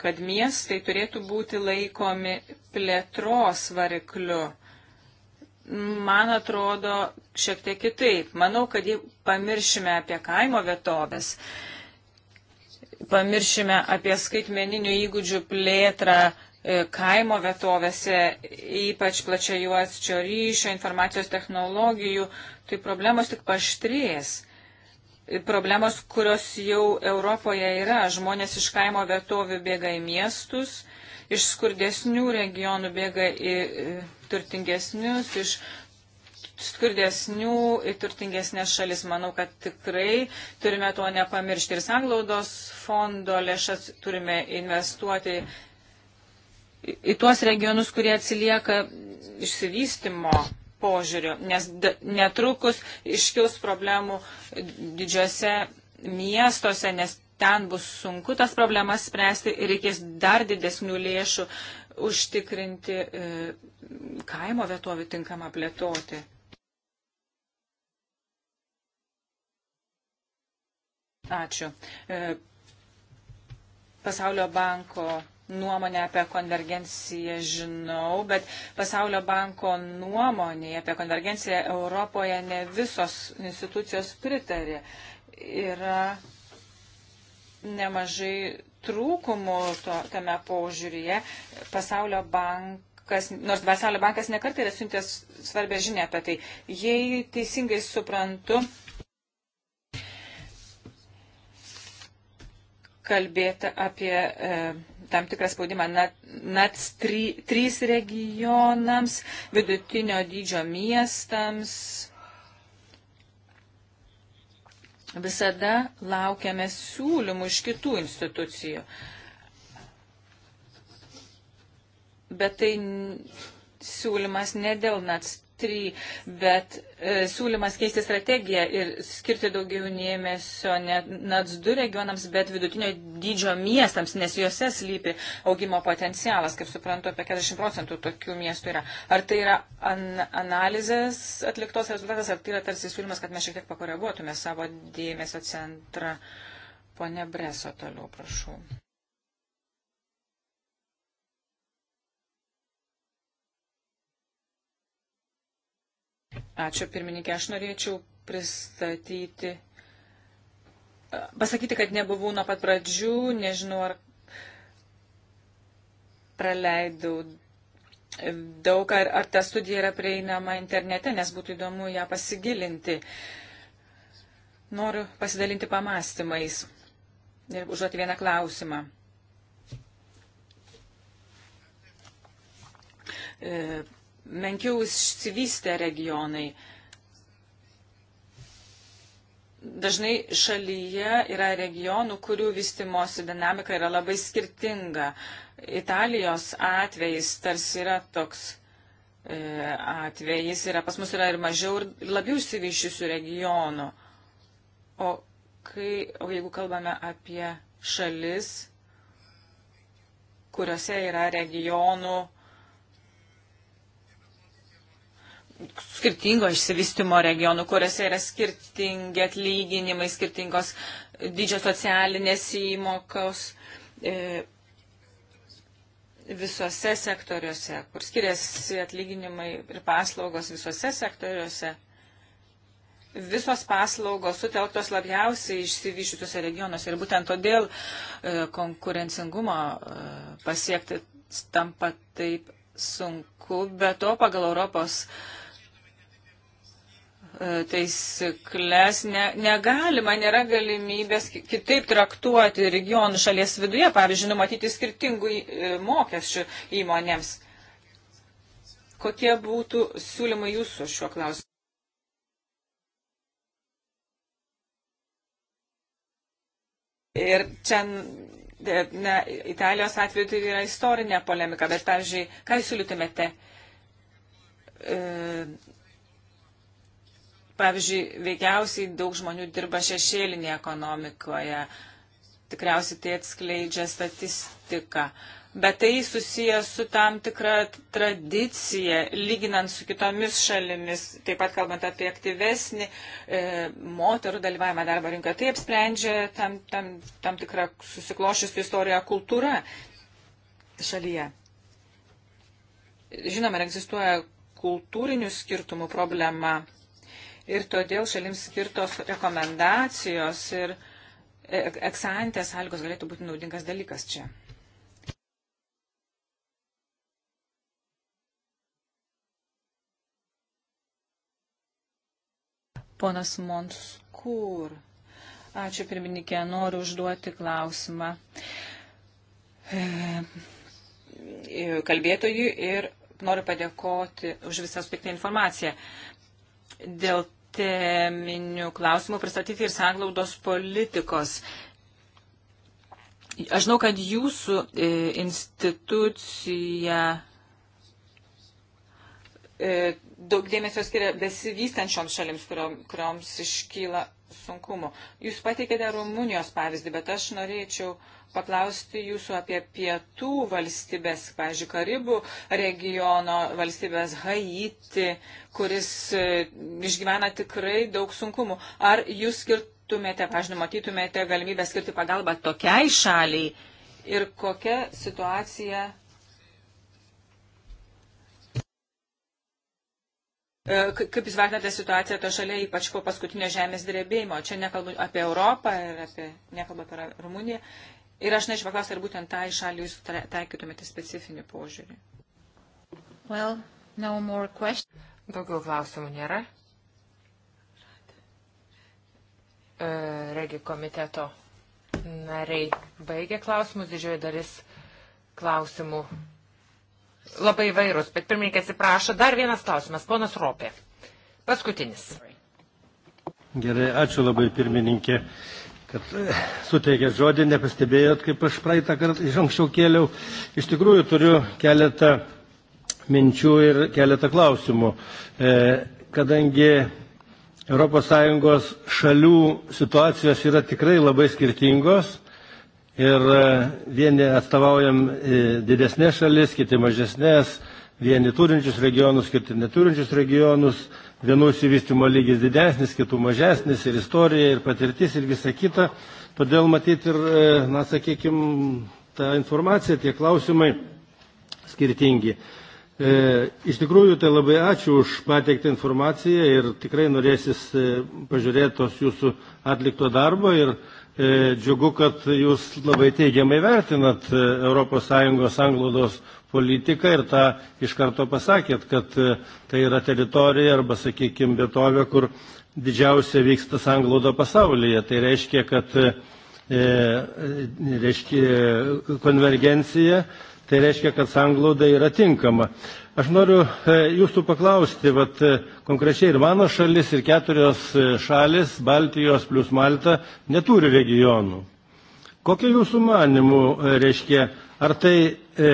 S2: kad miestai turėtų būti laikomi plėtros varikliu. Man atrodo šiek tiek kitaip. Manau, kad jei pamiršime apie kaimo vietovės, e, pamiršime apie skaitmeninių įgūdžių plėtrą e, kaimo vietovėse, ypač plačia juosčio ryšio, informacijos technologijų, tai problemos tik paštrės. E, problemos, kurios jau Europoje yra, žmonės iš kaimo vietovių bėga į miestus, iš skurdesnių regionų bėga į e, turtingesnius, iš skurdesnių ir turtingesnės šalis. Manau, kad tikrai turime to nepamiršti. Ir sanglaudos fondo lėšas turime investuoti į, į tuos regionus, kurie atsilieka išsivystimo požiūriu, nes netrukus iškils problemų didžiose miestuose, nes ten bus sunku tas problemas spręsti ir reikės dar didesnių lėšų užtikrinti e, kaimo vietovių tinkamą plėtoti. Ačiū. E, pasaulio banko nuomonę apie konvergenciją žinau, bet Pasaulio banko nuomonė apie konvergenciją Europoje ne visos institucijos pritarė. Yra nemažai trūkumų to, tame požiūryje. Pasaulio bankas, nors Pasaulio bankas nekartai yra siuntęs svarbę žinę apie tai. Jei teisingai suprantu, kalbėta apie e, tam tikrą spaudimą NATS 3 regionams, vidutinio dydžio miestams. Visada laukiame siūlymų iš kitų institucijų. Bet tai siūlymas ne dėl NATS 3, bet e, siūlymas keisti strategiją ir skirti daugiau dėmesio ne NATS 2 regionams, bet vidutinio dydžio miestams, nes juose slypi augimo potencialas, kaip suprantu, apie 40 procentų tokių miestų yra. Ar tai yra an analizės atliktos rezultatas, ar tai yra tarsi siūlymas, kad mes šiek tiek pakoreguotume savo dėmesio centrą? Pone Breso toliau, prašau. Ačiū pirmininkė, aš norėčiau pristatyti, e, pasakyti, kad nebuvau nuo pat pradžių, nežinau, ar praleidau daug, ar, ar ta studija yra prieinama internete, nes būtų įdomu ją pasigilinti. Noriu pasidalinti pamastymais ir užduoti vieną klausimą. E, menkiau išsivystę regionai. Dažnai šalyje yra regionų, kurių vystimosi dinamika yra labai skirtinga. Italijos atvejis tarsi yra toks e, atvejis, yra, pas mus yra ir mažiau ir labiau išsivyščiusių regionų. O, kai, o jeigu kalbame apie šalis, kuriuose yra regionų, skirtingo išsivystimo regionų, kuriuose yra skirtingi atlyginimai, skirtingos didžios socialinės įmokos e, visose sektoriuose, kur skiriasi atlyginimai ir paslaugos visose sektoriuose. Visos paslaugos sutelktos labiausiai išsivyščiusiuose regionuose ir būtent todėl e, konkurencingumo e, pasiekti tampa taip sunku, bet to pagal Europos e, E, taisyklės ne, negalima, nėra galimybės kitaip traktuoti regionų šalies viduje, pavyzdžiui, numatyti skirtingų e, mokesčių įmonėms. Kokie būtų siūlymai jūsų šiuo klausimu? Ir čia ne, Italijos atveju tai yra istorinė polemika, bet, pavyzdžiui, ką jūs siūlytumėte? E, Pavyzdžiui, veikiausiai daug žmonių dirba šešėlinėje ekonomikoje. Tikriausiai tai atskleidžia statistika. Bet tai susijęs su tam tikra tradicija, lyginant su kitomis šalimis, taip pat kalbant apie aktyvesnį e, moterų dalyvavimą darbo rinkoje. Tai apsprendžia tam, tam, tam tikrą susiklošusių istoriją kultūrą šalyje. Žinoma, egzistuoja kultūrinių skirtumų problema ir todėl šalims skirtos rekomendacijos ir e, eksantės sąlygos galėtų būti naudingas dalykas čia. Ponas Monskur. Ačiū pirmininkė, noriu užduoti klausimą e, e, kalbėtojui ir noriu padėkoti už visą sutikti informaciją. Dėl teminių klausimų pristatyti ir sanglaudos politikos. Aš žinau, kad jūsų e, institucija e, daug dėmesio skiria besivystančioms šalims, kurioms iškyla sunkumų. Jūs pateikėte Rumunijos pavyzdį, bet aš norėčiau paklausti jūsų apie pietų valstybės, pavyzdžiui, Karibų regiono valstybės Haiti, kuris e, išgyvena tikrai daug sunkumų. Ar jūs skirtumėte, pažiūrėjau, matytumėte galimybę skirti pagalbą tokiai šaliai ir kokia situacija E, kaip Jūs vertinate situaciją to šalia, ypač po paskutinio žemės drebėjimo? Čia nekalbu apie Europą ir apie, nekalbu apie Rumuniją. Ir aš norėčiau paklausti, ar būtent tai šaliai Jūs taikytumėte specifinį požiūrį. Well,
S4: no more questions. Daugiau klausimų nėra. E, regi komiteto nariai baigė klausimus, didžioji dalis klausimų labai vairūs, bet pirmininkė atsiprašo. Dar vienas klausimas, ponas Ropė. Paskutinis.
S3: Gerai, ačiū labai pirmininkė, kad e, suteikė žodį, nepastebėjot, kaip aš praeitą kartą iš anksčiau kėliau. Iš tikrųjų turiu keletą minčių ir keletą klausimų. E, kadangi ES šalių situacijos yra tikrai labai skirtingos, ir e, vieni atstovaujam e, didesnės šalis, kiti mažesnės, vieni turinčius regionus, kiti neturinčius regionus, vienų įsivystimo lygis didesnis, kitų mažesnis ir istorija, ir patirtis, ir visa kita. Todėl matyti ir, e, na, sakykime, ta informacija, tie klausimai skirtingi. E, iš tikrųjų, tai labai ačiū už pateiktą informaciją ir tikrai norėsis e, pažiūrėti tos jūsų atlikto darbo ir e, džiugu, kad jūs labai teigiamai vertinat ES anglodos politiką ir tą iš karto pasakėt, kad tai yra teritorija arba, sakykime, vietovė, kur didžiausia vyksta sangloda pasaulyje. Tai reiškia, kad reiškia konvergencija Tai reiškia, kad sanglauda yra tinkama. Aš noriu e, jūsų paklausti, vat, e, konkrečiai ir mano šalis, ir keturios e, šalis, Baltijos plus Malta, neturi regionų. Kokia jūsų manimų reiškia, ar tai e,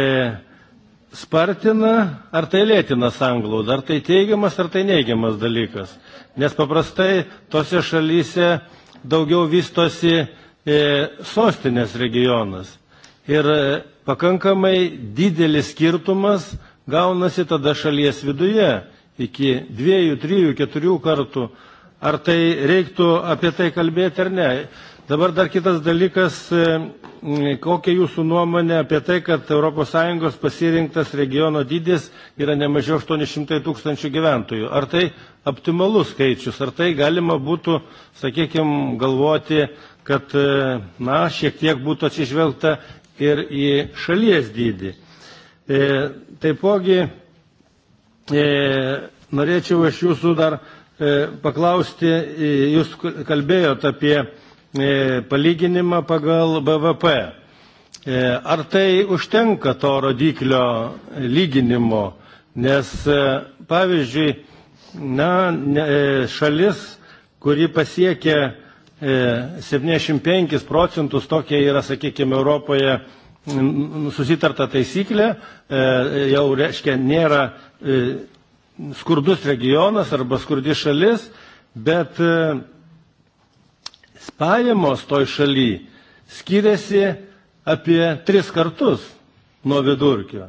S3: spartina, ar tai lėtina sanglaudą, ar tai teigiamas, ar tai neigiamas dalykas. Nes paprastai tose šalyse daugiau vystosi e, sostinės regionas ir e, pakankamai didelis skirtumas gaunasi tada šalies viduje iki dviejų, trijų, keturių kartų. Ar tai reiktų apie tai kalbėti ar ne? Dabar dar kitas dalykas, e, kokia jūsų nuomonė apie tai, kad ES pasirinktas regiono dydis yra ne mažiau 800 tūkstančių gyventojų. Ar tai optimalus skaičius, ar tai galima būtų, sakykime, galvoti, kad, e, na, šiek tiek būtų atsižvelgta ir į šalies dydį. E, taipogi e, norėčiau iš jūsų dar e, paklausti, e, jūs kalbėjote apie e, palyginimą pagal BVP. E, ar tai užtenka to rodiklio lyginimo? Nes e, pavyzdžiui, na, ne, e, šalis, kuri pasiekia 75 e, procentus tokia yra, sakykime, Europoje susitarta taisyklė, e, jau reiškia nėra e, skurdus regionas arba skurdi šalis, bet pajamos toj šaly skiriasi apie tris kartus nuo vidurkio.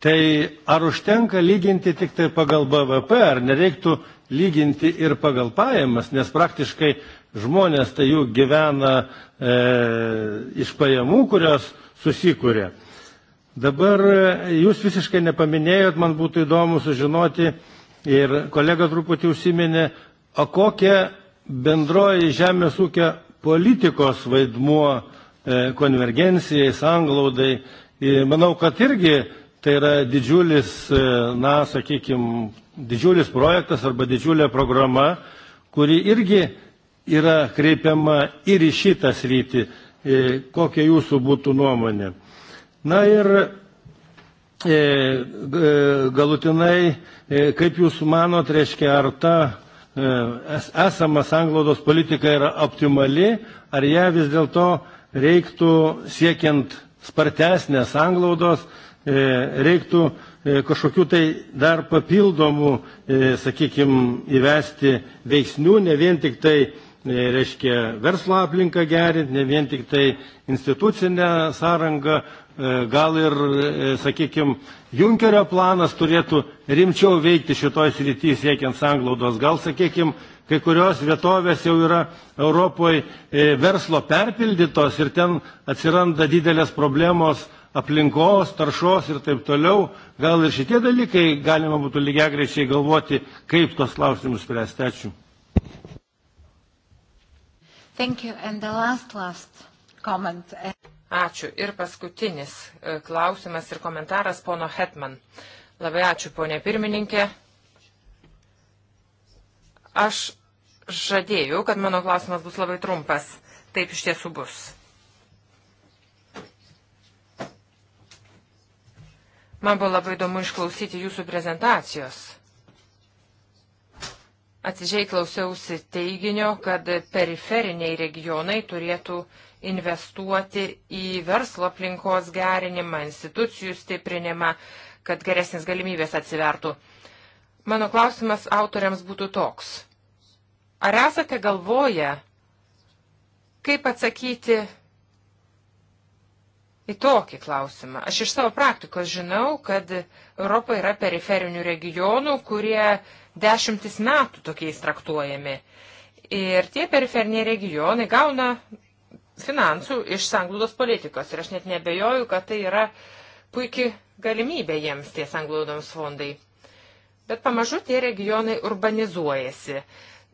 S3: Tai ar užtenka lyginti tik tai pagal BVP, ar nereiktų lyginti ir pagal pajamas, nes praktiškai žmonės tai jų gyvena e, iš pajamų, kurios susikūrė. Dabar e, jūs visiškai nepaminėjot, man būtų įdomu sužinoti ir kolega truputį užsiminė, o kokia bendroji žemės ūkio politikos vaidmuo e, konvergencijai, sanglaudai. E, manau, kad irgi tai yra didžiulis, na, sakykime, didžiulis projektas arba didžiulė programa, kuri irgi yra kreipiama ir į šitą sritį, e, kokia jūsų būtų nuomonė. Na ir e, e, galutinai, kaip jūs manot, reiškia, ar ta esama sanglaudos politika yra optimali, ar ją vis dėlto reiktų siekiant spartesnės sanglaudos, reiktų kažkokių tai dar papildomų, sakykime, įvesti veiksnių, ne vien tik tai E, reiškia verslo aplinką gerinti, ne vien tik tai institucinę sąrangą, e, gal ir, e, sakykime, Junkerio planas turėtų rimčiau veikti šitoj srityje siekiant sanglaudos. Gal, sakykime, kai kurios vietovės jau yra Europoje verslo perpildytos ir ten atsiranda didelės problemos aplinkos, taršos ir taip toliau. Gal ir šitie dalykai galima būtų lygiagrečiai galvoti, kaip tos klausimus spręsti. Ačiū.
S4: Thank you. And the last, last comment. Ačiū. Ir paskutinis e, klausimas ir komentaras pono Hetman. Labai ačiū, ponė pirmininkė. Aš žadėjau, kad mano klausimas bus labai trumpas. Taip iš tiesų bus. Man buvo labai įdomu išklausyti jūsų prezentacijos. Atsižiai klausiausi teiginio, kad periferiniai regionai turėtų investuoti į verslo aplinkos gerinimą, institucijų stiprinimą, kad geresnės galimybės atsivertų. Mano klausimas autoriams būtų toks. Ar esate galvoję, kaip atsakyti į tokį klausimą? Aš iš savo praktikos žinau, kad Europoje yra periferinių regionų, kurie dešimtis metų tokiais traktuojami. Ir tie periferiniai regionai gauna finansų iš sanglaudos politikos. Ir aš net nebejoju, kad tai yra puikia galimybė jiems tie sanglaudoms fondai. Bet pamažu tie regionai urbanizuojasi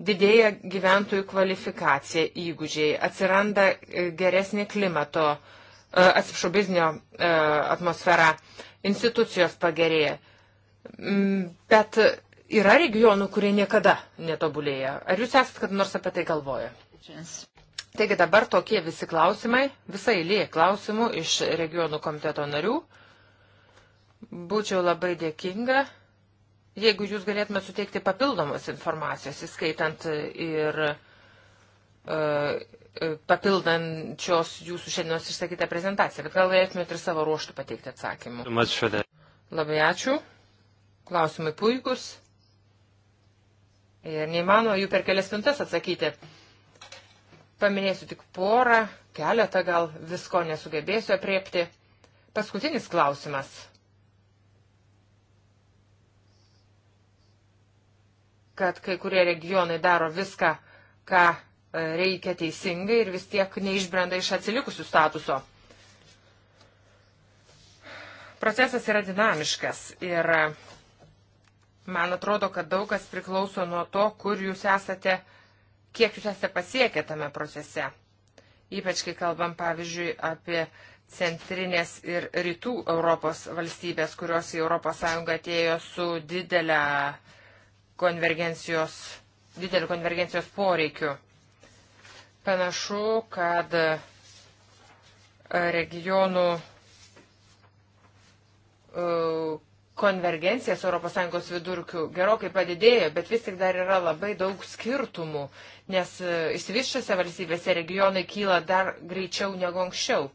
S4: didėja gyventojų kvalifikacija, įgūdžiai, atsiranda e, geresnė klimato, e, atsiprašau, biznio e, atmosfera, institucijos pagerėja. Mm, bet Yra regionų, kurie niekada netobulėja. Ar jūs esat kad nors apie tai galvoję? Taigi dabar tokie visi klausimai, visai lė klausimų iš regionų komiteto narių. Būčiau labai dėkinga, jeigu jūs galėtumėte suteikti papildomos informacijos, įskaitant ir e, e, papildančios jūsų šiandienos išsakytą prezentaciją, bet gal galėtumėte ir savo ruoštų pateikti atsakymų. Labai ačiū. Klausimai puikus. Ir neįmanoma jų per kelias mintas atsakyti. Paminėsiu tik porą, keletą gal, visko nesugebėsiu apriepti. Paskutinis klausimas. Kad kai kurie regionai daro viską, ką e, reikia teisingai ir vis tiek neišbrenda iš atsilikusių statuso. Procesas yra dinamiškas ir e, Man atrodo, kad daug kas priklauso nuo to, kur jūs esate, kiek jūs esate pasiekę tame procese. Ypač kai kalbam, pavyzdžiui, apie centrinės ir rytų Europos valstybės, kurios į ES atėjo su didelė konvergencijos, dideliu konvergencijos poreikiu. Panašu, kad e, regionų e, konvergencija su ES vidurkiu gerokai padidėjo, bet vis tik dar yra labai daug skirtumų, nes e, išsivyščiose valstybėse regionai kyla dar greičiau negu anksčiau.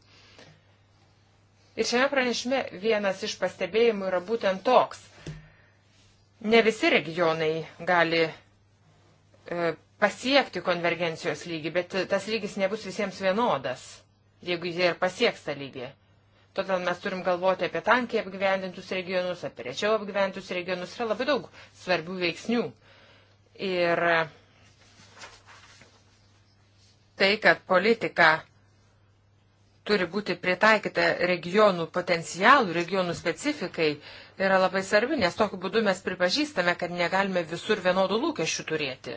S4: Ir šiame pranešime vienas iš pastebėjimų yra būtent toks. Ne visi regionai gali e, pasiekti konvergencijos lygį, bet tas lygis nebus visiems vienodas, jeigu jie ir pasieks tą lygį. Todėl mes turim galvoti apie tankiai apgyvendintus regionus, apie rečiau apgyvendintus regionus. Yra labai daug svarbių veiksnių. Ir tai, kad politika turi būti pritaikyta regionų potencialų, regionų specifikai, yra labai svarbi, nes tokiu būdu mes pripažįstame, kad negalime visur vienodų lūkesčių turėti.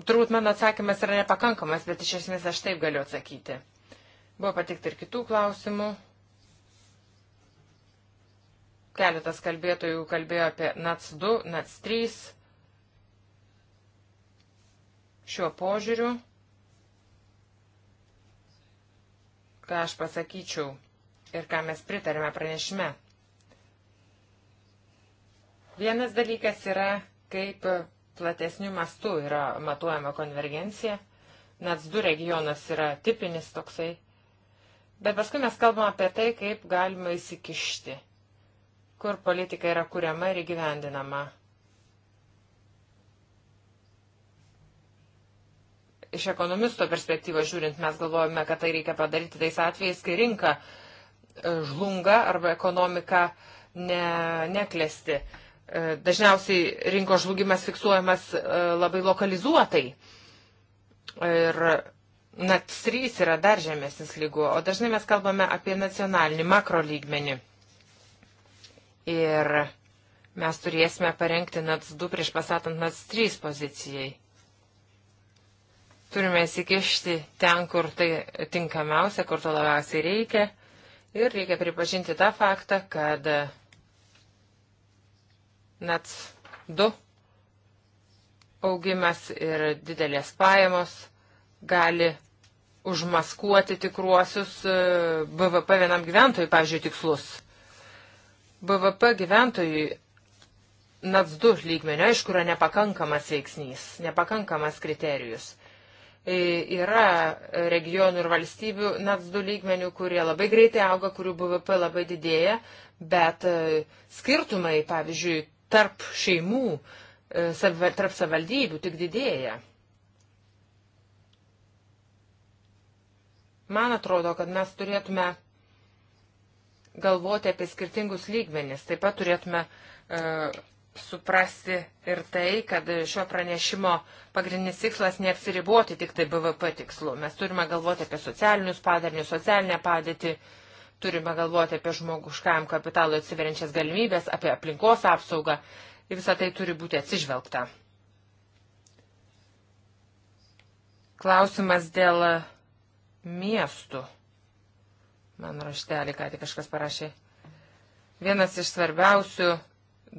S4: Turbūt mano atsakymas yra nepakankamas, bet iš esmės aš taip galiu atsakyti. Buvo patikta ir kitų klausimų. Keletas kalbėtojų kalbėjo apie NATS 2, NATS 3. Šiuo požiūriu, ką aš pasakyčiau ir ką mes pritarėme pranešime. Vienas dalykas yra, kaip platesnių mastų yra matuojama konvergencija. NATS 2 regionas yra tipinis toksai Bet paskui mes kalbam apie tai, kaip galima įsikišti, kur politika yra kuriama ir įgyvendinama. Iš ekonomisto perspektyvos žiūrint, mes galvojame, kad tai reikia padaryti tais atvejais, kai rinka e, žlunga arba ekonomika ne, neklesti. E, dažniausiai rinkos žlugimas fiksuojamas e, labai lokalizuotai. Ir NAT 3 yra dar žemesnis lyguo, o dažnai mes kalbame apie nacionalinį makro lygmenį. Ir mes turėsime parengti NAT 2 prieš pasatant NAT 3 pozicijai. Turime įsikišti ten, kur tai tinkamiausia, kur to labiausiai reikia. Ir reikia pripažinti tą faktą, kad NAT 2 augimas ir didelės pajamos gali užmaskuoti tikruosius e, BVP vienam gyventojui, pavyzdžiui, tikslus. BVP gyventojui NATS 2 lygmenio, aišku, yra nepakankamas veiksnys, nepakankamas kriterijus. E, yra regionų ir valstybių NATS 2 lygmenių, kurie labai greitai auga, kurių BVP labai didėja, bet e, skirtumai, pavyzdžiui, tarp šeimų, tarp savivaldybių tik didėja. Man atrodo, kad mes turėtume galvoti apie skirtingus lygmenis. Taip pat turėtume uh, suprasti ir tai, kad šio pranešimo pagrindinis tikslas neapsiriboti tik tai BVP tikslu. Mes turime galvoti apie socialinius padarinius, socialinę padėtį, turime galvoti apie žmoguškajam kapitalui atsiveriančias galimybės, apie aplinkos apsaugą. Ir visą tai turi būti atsižvelgta. Klausimas dėl uh, miestų. Mano raštelį ką tik kažkas parašė. Vienas iš svarbiausių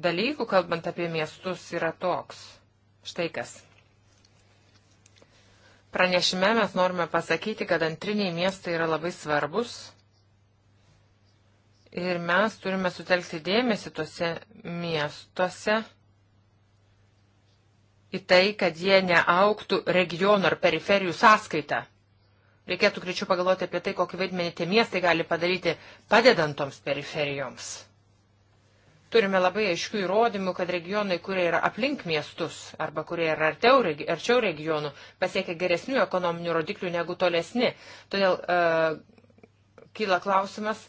S4: dalykų, kalbant apie miestus, yra toks. Štai kas. Pranešime mes norime pasakyti, kad antriniai miestai yra labai svarbus ir mes turime sutelkti dėmesį tuose miestuose į tai, kad jie neauktų regionų ar periferijų sąskaitą. Reikėtų greičiau pagalvoti apie tai, kokį vaidmenį tie miestai gali padaryti padedant toms periferijoms. Turime labai aiškių įrodymų, kad regionai, kurie yra aplink miestus arba kurie yra artiau, arčiau regionų, pasiekia geresnių ekonominių rodiklių negu tolesni. Todėl e, kyla klausimas,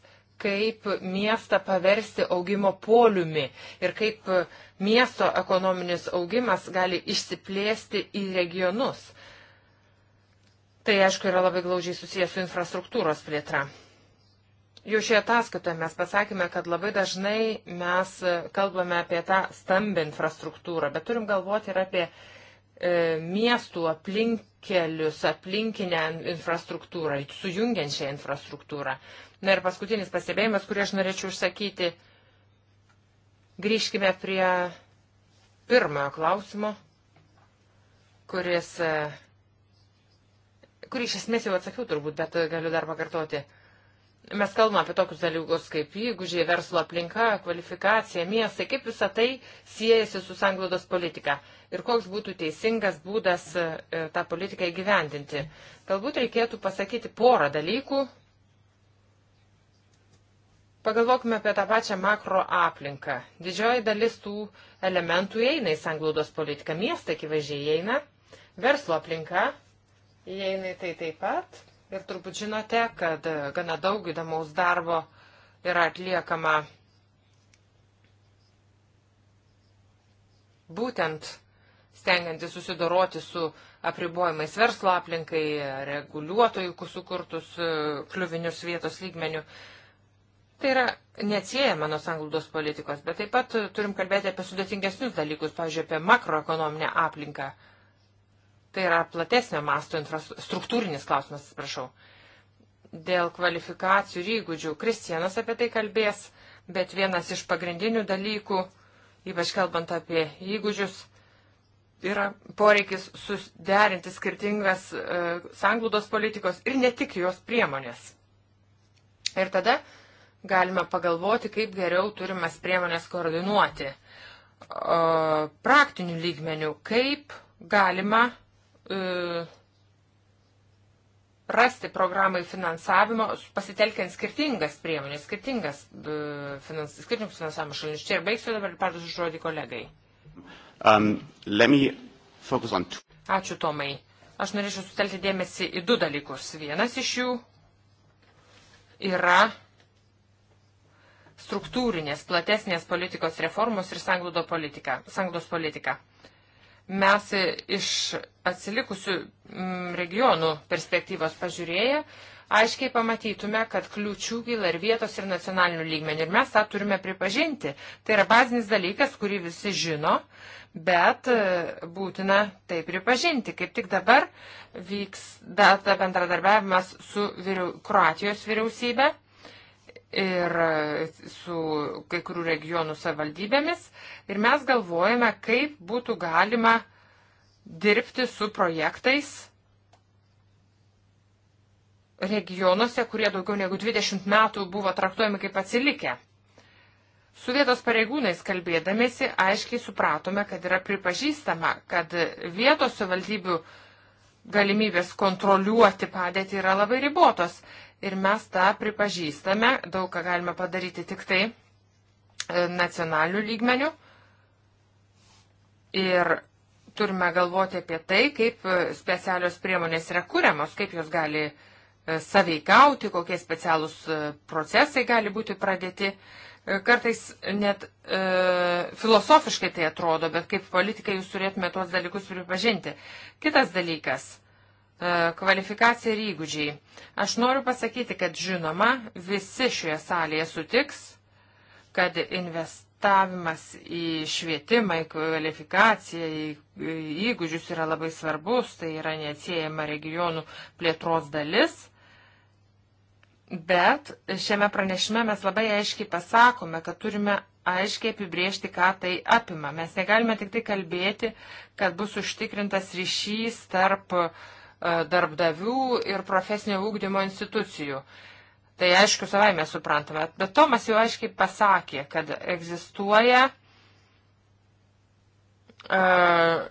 S4: kaip miestą paversti augimo poliumi ir kaip miesto ekonominis augimas gali išsiplėsti į regionus. Tai aišku yra labai glaužiai susijęs su infrastruktūros plėtra. Jau šioje ataskaitoje mes pasakėme, kad labai dažnai mes kalbame apie tą stambę infrastruktūrą, bet turim galvoti ir apie e, miestų aplinkelius, aplinkinę infrastruktūrą, sujungiančią infrastruktūrą. Na ir paskutinis pastebėjimas, kurį aš norėčiau užsakyti, grįžkime prie pirmojo klausimo, kuris e, kurį iš esmės jau atsakiau turbūt, bet e, galiu dar pakartoti. Mes kalbame apie tokius dalykus kaip įgūdžiai, verslo aplinka, kvalifikacija, miestai, kaip visa tai siejasi su sanglaudos politika ir koks būtų teisingas būdas e, e, tą politiką įgyvendinti. Galbūt reikėtų pasakyti porą dalykų. Pagalvokime apie tą pačią makro aplinką. Didžioji dalis tų elementų įeina į sanglaudos politiką. Miestai akivaizdžiai įeina, verslo aplinka įeina į tai taip pat. Ir turbūt žinote, kad e, gana daug įdomaus darbo yra atliekama būtent stengiantis susidoroti su apribojimais verslo aplinkai, reguliuotojų sukurtus e, kliuvinius vietos lygmenių. Tai yra neatsiejama nuo sanglaudos politikos, bet taip pat turim kalbėti apie sudėtingesnius dalykus, pavyzdžiui, apie makroekonominę aplinką. Tai yra platesnio masto struktūrinis klausimas, atsiprašau. Dėl kvalifikacijų ir įgūdžių Kristianas apie tai kalbės, bet vienas iš pagrindinių dalykų, ypač kalbant apie įgūdžius, yra poreikis suderinti skirtingas e, sanglūdos politikos ir ne tik jos priemonės. Ir tada galime pagalvoti, kaip geriau turimas priemonės koordinuoti. E, praktinių lygmenių, kaip galima e, rasti programai finansavimo, pasitelkiant skirtingas priemonės, skirtingas, e, finans, skirtingus finansavimo šalinius. Čia ir baigsiu dabar ir perduosiu žodį kolegai. Um, Ačiū, Tomai. Aš norėčiau sutelti dėmesį į du dalykus. Vienas iš jų yra struktūrinės, platesnės politikos reformos ir sanglaudos politika. Sanglaudos politika. Uh, mes iš atsilikusių mm, regionų perspektyvos pažiūrėję, aiškiai pamatytume, kad kliučių kyla ir vietos, ir nacionalinių lygmenių. Ir mes tą turime pripažinti. Tai yra bazinis dalykas, kurį visi žino, bet e, būtina tai pripažinti. Kaip tik dabar vyks data bendradarbiavimas su vyriau, Kroatijos vyriausybė ir su kai kurių regionų savivaldybėmis. Ir mes galvojame, kaip būtų galima dirbti su projektais regionuose, kurie daugiau negu 20 metų buvo traktuojami kaip atsilikę. Su vietos pareigūnais kalbėdamėsi aiškiai supratome, kad yra pripažįstama, kad vietos savivaldybių galimybės kontroliuoti padėtį yra labai ribotos ir mes tą pripažįstame, daug ką galime padaryti tik tai e, nacionalių lygmenių. Ir turime galvoti apie tai, kaip e, specialios priemonės yra kuriamos, kaip jos gali e, saveikauti, kokie specialūs procesai gali būti pradėti. Kartais net e, filosofiškai tai atrodo, bet kaip politikai jūs turėtume tuos dalykus pripažinti. Kitas dalykas e, E, kvalifikacija ir įgūdžiai. Aš noriu pasakyti, kad žinoma, visi šioje salėje sutiks, kad investavimas į švietimą, į kvalifikaciją, į įgūdžius yra labai svarbus, tai yra neatsiejama regionų plėtros dalis. Bet šiame pranešime mes labai aiškiai pasakome, kad turime aiškiai apibriežti, ką tai apima. Mes negalime tik tai kalbėti, kad bus užtikrintas ryšys tarp uh, E, darbdavių ir profesinio ūkdymo institucijų. Tai aišku, savai mes suprantame. Bet Tomas jau aiškiai pasakė, kad egzistuoja uh,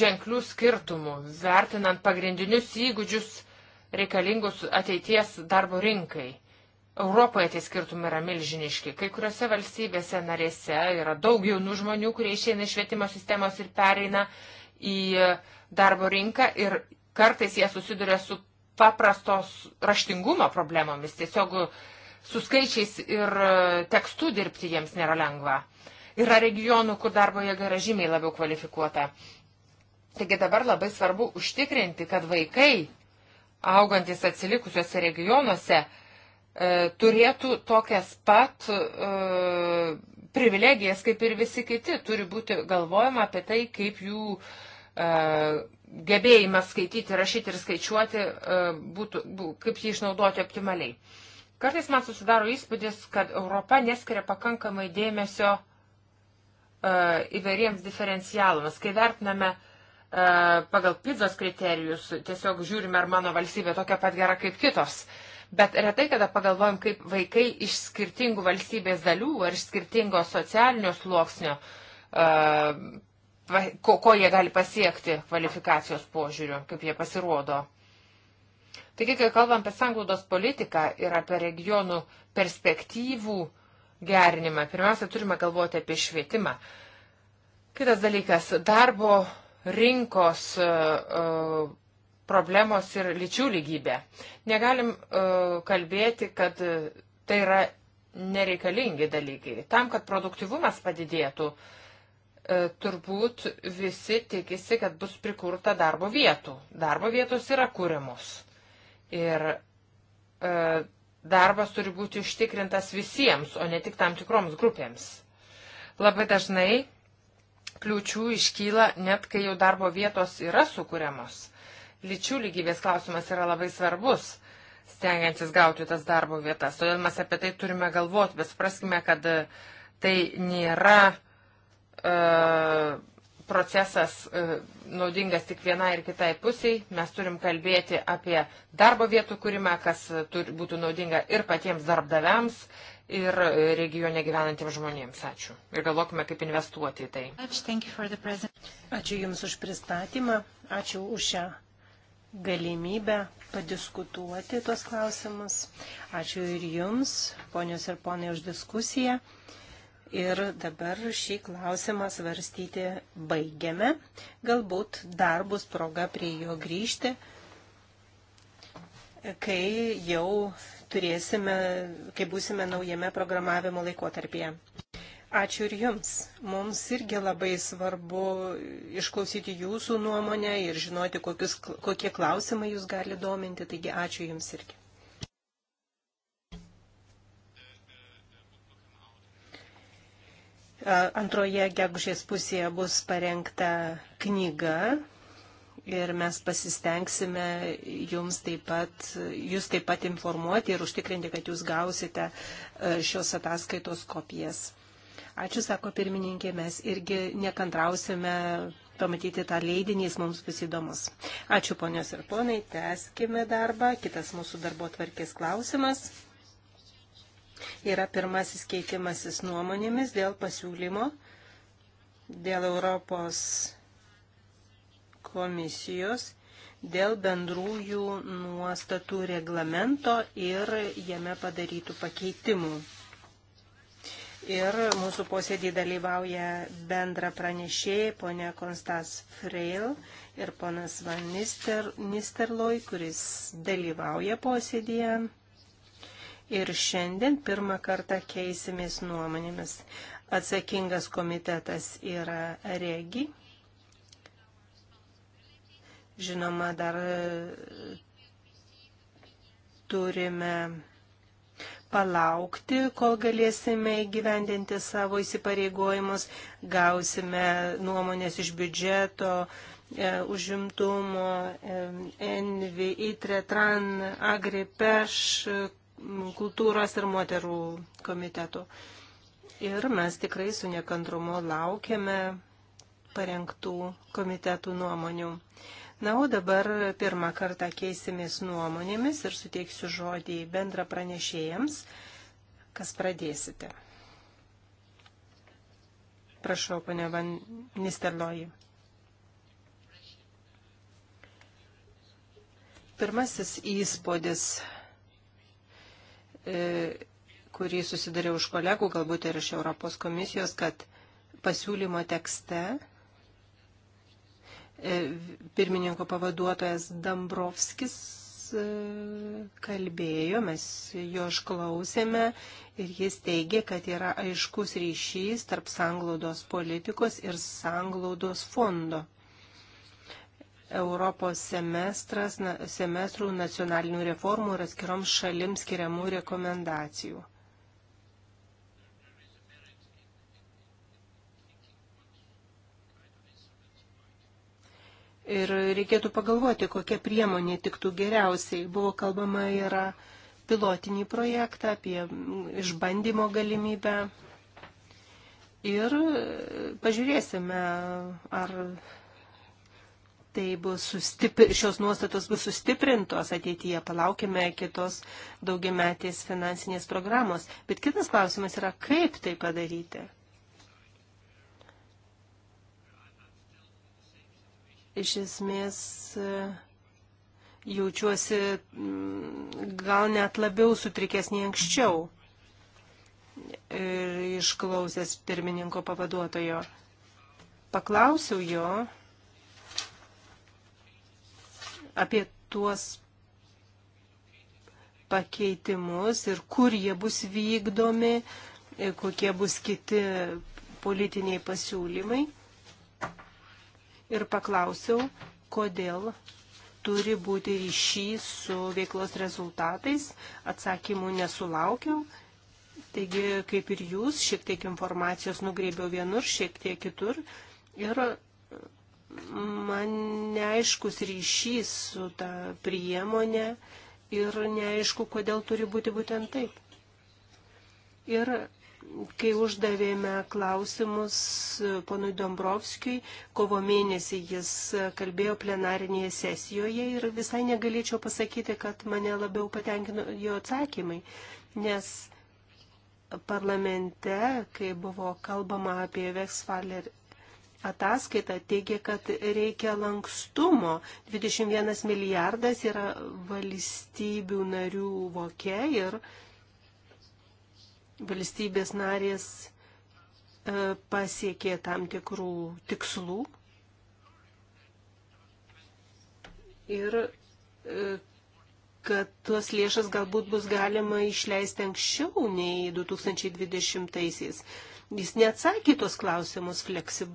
S4: ženklių skirtumų, vertinant pagrindinius įgūdžius reikalingus ateities darbo rinkai. Europoje tie skirtumai yra milžiniški. Kai kuriuose valstybėse narėse yra daug jaunų žmonių, kurie išeina iš švietimo sistemos ir pereina į darbo rinką ir kartais jie susiduria su paprastos raštingumo problemomis, tiesiog su skaičiais ir e, tekstu dirbti jiems nėra lengva. Yra regionų, kur darbo jėga yra žymiai labiau kvalifikuota. Taigi dabar labai svarbu užtikrinti, kad vaikai, augantis atsilikusiuose regionuose, e, turėtų tokias pat e, privilegijas kaip ir visi kiti. Turi būti galvojama apie tai, kaip jų uh, E, gebėjimas skaityti, rašyti ir skaičiuoti, e, būtų, bū, kaip jį išnaudoti optimaliai. Kartais man susidaro įspūdis, kad Europa neskiria pakankamai dėmesio e, įvairiems diferencialams. Kai vertiname pagal pizos kriterijus, tiesiog žiūrime, ar mano valstybė tokia pat gera kaip kitos. Bet retai kada pagalvojam, kaip vaikai iš skirtingų valstybės dalių ar iš skirtingo socialinio sluoksnio uh, ko, ko jie gali pasiekti kvalifikacijos požiūriu, kaip jie pasirodo. Taigi, kai kalbam apie sanglaudos politiką ir apie regionų perspektyvų gerinimą, pirmiausia, turime galvoti apie švietimą. Kitas dalykas - darbo rinkos uh, problemos ir lyčių lygybė. Negalim uh, kalbėti, kad tai yra nereikalingi dalykai. Tam, kad produktivumas padidėtų, uh, E, turbūt visi tikisi, kad bus prikurta darbo vietų. Darbo vietos yra kūriamos. Ir e, darbas turi būti užtikrintas visiems, o ne tik tam tikroms grupėms. Labai dažnai kliūčių iškyla net, kai jau darbo vietos yra sukūriamos. Lyčių lygybės klausimas yra labai svarbus stengiantis gauti tas darbo vietas. Todėl mes apie tai turime galvoti, bet supraskime, kad tai nėra uh, E, procesas e, naudingas tik vienai ir kitai pusiai. Mes turim kalbėti apie darbo vietų kūrimą, kas turi, būtų naudinga ir patiems darbdaviams, ir regione gyvenantiems žmonėms. Ačiū. Ir galvokime, kaip investuoti į tai.
S1: Ačiū Jums už pristatymą. Ačiū už šią galimybę padiskutuoti tuos klausimus. Ačiū ir Jums, ponios ir ponai, už diskusiją. Ir dabar šį klausimą svarstyti baigiame. Galbūt dar bus proga prie jo grįžti, kai jau turėsime, kai būsime naujame programavimo laikotarpyje. Ačiū ir Jums. Mums irgi labai svarbu išklausyti Jūsų nuomonę ir žinoti, kokius, kokie klausimai Jūs gali dominti. Taigi ačiū Jums irgi. Antroje gegužės pusėje bus parengta knyga ir mes pasistengsime jums taip pat, jūs taip pat informuoti ir užtikrinti, kad jūs gausite šios ataskaitos kopijas. Ačiū, sako pirmininkė, mes irgi nekantrausime pamatyti tą leidinį, jis mums bus įdomus. Ačiū ponios ir ponai, teskime darbą. Kitas mūsų darbo tvarkės klausimas. Yra pirmasis keitimasis nuomonėmis dėl pasiūlymo, dėl Europos komisijos, dėl bendrųjų nuostatų reglamento ir jame padarytų pakeitimų. Ir mūsų posėdį dalyvauja bendra pranešėjai ponė Konstas Freil ir ponas Van Nister, Nisterloj, kuris dalyvauja posėdėje ir šiandien pirmą kartą keisimės nuomonėmis. Atsakingas komitetas yra regi. Žinoma, dar e, turime palaukti, kol galėsime įgyvendinti savo įsipareigojimus, gausime nuomonės iš biudžeto, e, užimtumo, e, Envi, ITRE, TRAN, AGRIPEŠ kultūros ir moterų komitetų. Ir mes tikrai su nekantrumu laukiame parengtų komitetų nuomonių. Na, o dabar pirmą kartą keisimės nuomonėmis ir suteiksiu žodį bendra pranešėjams. Kas pradėsite? Prašau, ponia Van Nisterloji. Pirmasis įspūdis E, kurį susidariau iš kolegų, galbūt ir iš Europos komisijos, kad pasiūlymo tekste e, pirmininko pavaduotojas Dambrovskis e, kalbėjo, mes jo išklausėme ir jis teigė, kad yra aiškus ryšys tarp sanglaudos politikos ir sanglaudos fondo. Europos semestras, na, semestrų nacionalinių reformų ir atskiroms šalims skiriamų rekomendacijų. Ir reikėtų pagalvoti, kokia priemonė tiktų geriausiai. Buvo kalbama ir pilotinį projektą, apie išbandymo galimybę. Ir e, pažiūrėsime, ar tai bus sustipri, šios nuostatos bus sustiprintos ateityje, palaukime kitos daugiametės finansinės programos. Bet kitas klausimas yra, kaip tai padaryti. Iš esmės jaučiuosi mm, gal net labiau sutrikęs nei anksčiau ir išklausęs pirmininko pavaduotojo. Paklausiau jo, apie tuos pakeitimus ir kur jie bus vykdomi, e, kokie bus kiti politiniai pasiūlymai. Ir paklausiau, kodėl turi būti ryšys su veiklos rezultatais. Atsakymų nesulaukiau. Taigi, kaip ir jūs, šiek tiek informacijos nugrėbiau vienur, šiek tiek kitur. Ir man neaiškus ryšys su tą priemonė ir neaišku, kodėl turi būti būtent taip. Ir kai uždavėme klausimus ponui Dombrovskijui, kovo mėnesį jis kalbėjo plenarinėje sesijoje ir visai negalėčiau pasakyti, kad mane labiau patenkino jo atsakymai, nes parlamente, kai buvo kalbama apie Vexfaler ataskaita teigia, kad reikia lankstumo. 21 milijardas yra valstybių narių vokė ir valstybės narės e, pasiekė tam tikrų tikslų. Ir e, kad tuos lėšas galbūt bus galima išleisti anksčiau nei 2020. -aisiais. Jis neatsakė tuos klausimus, fleksi,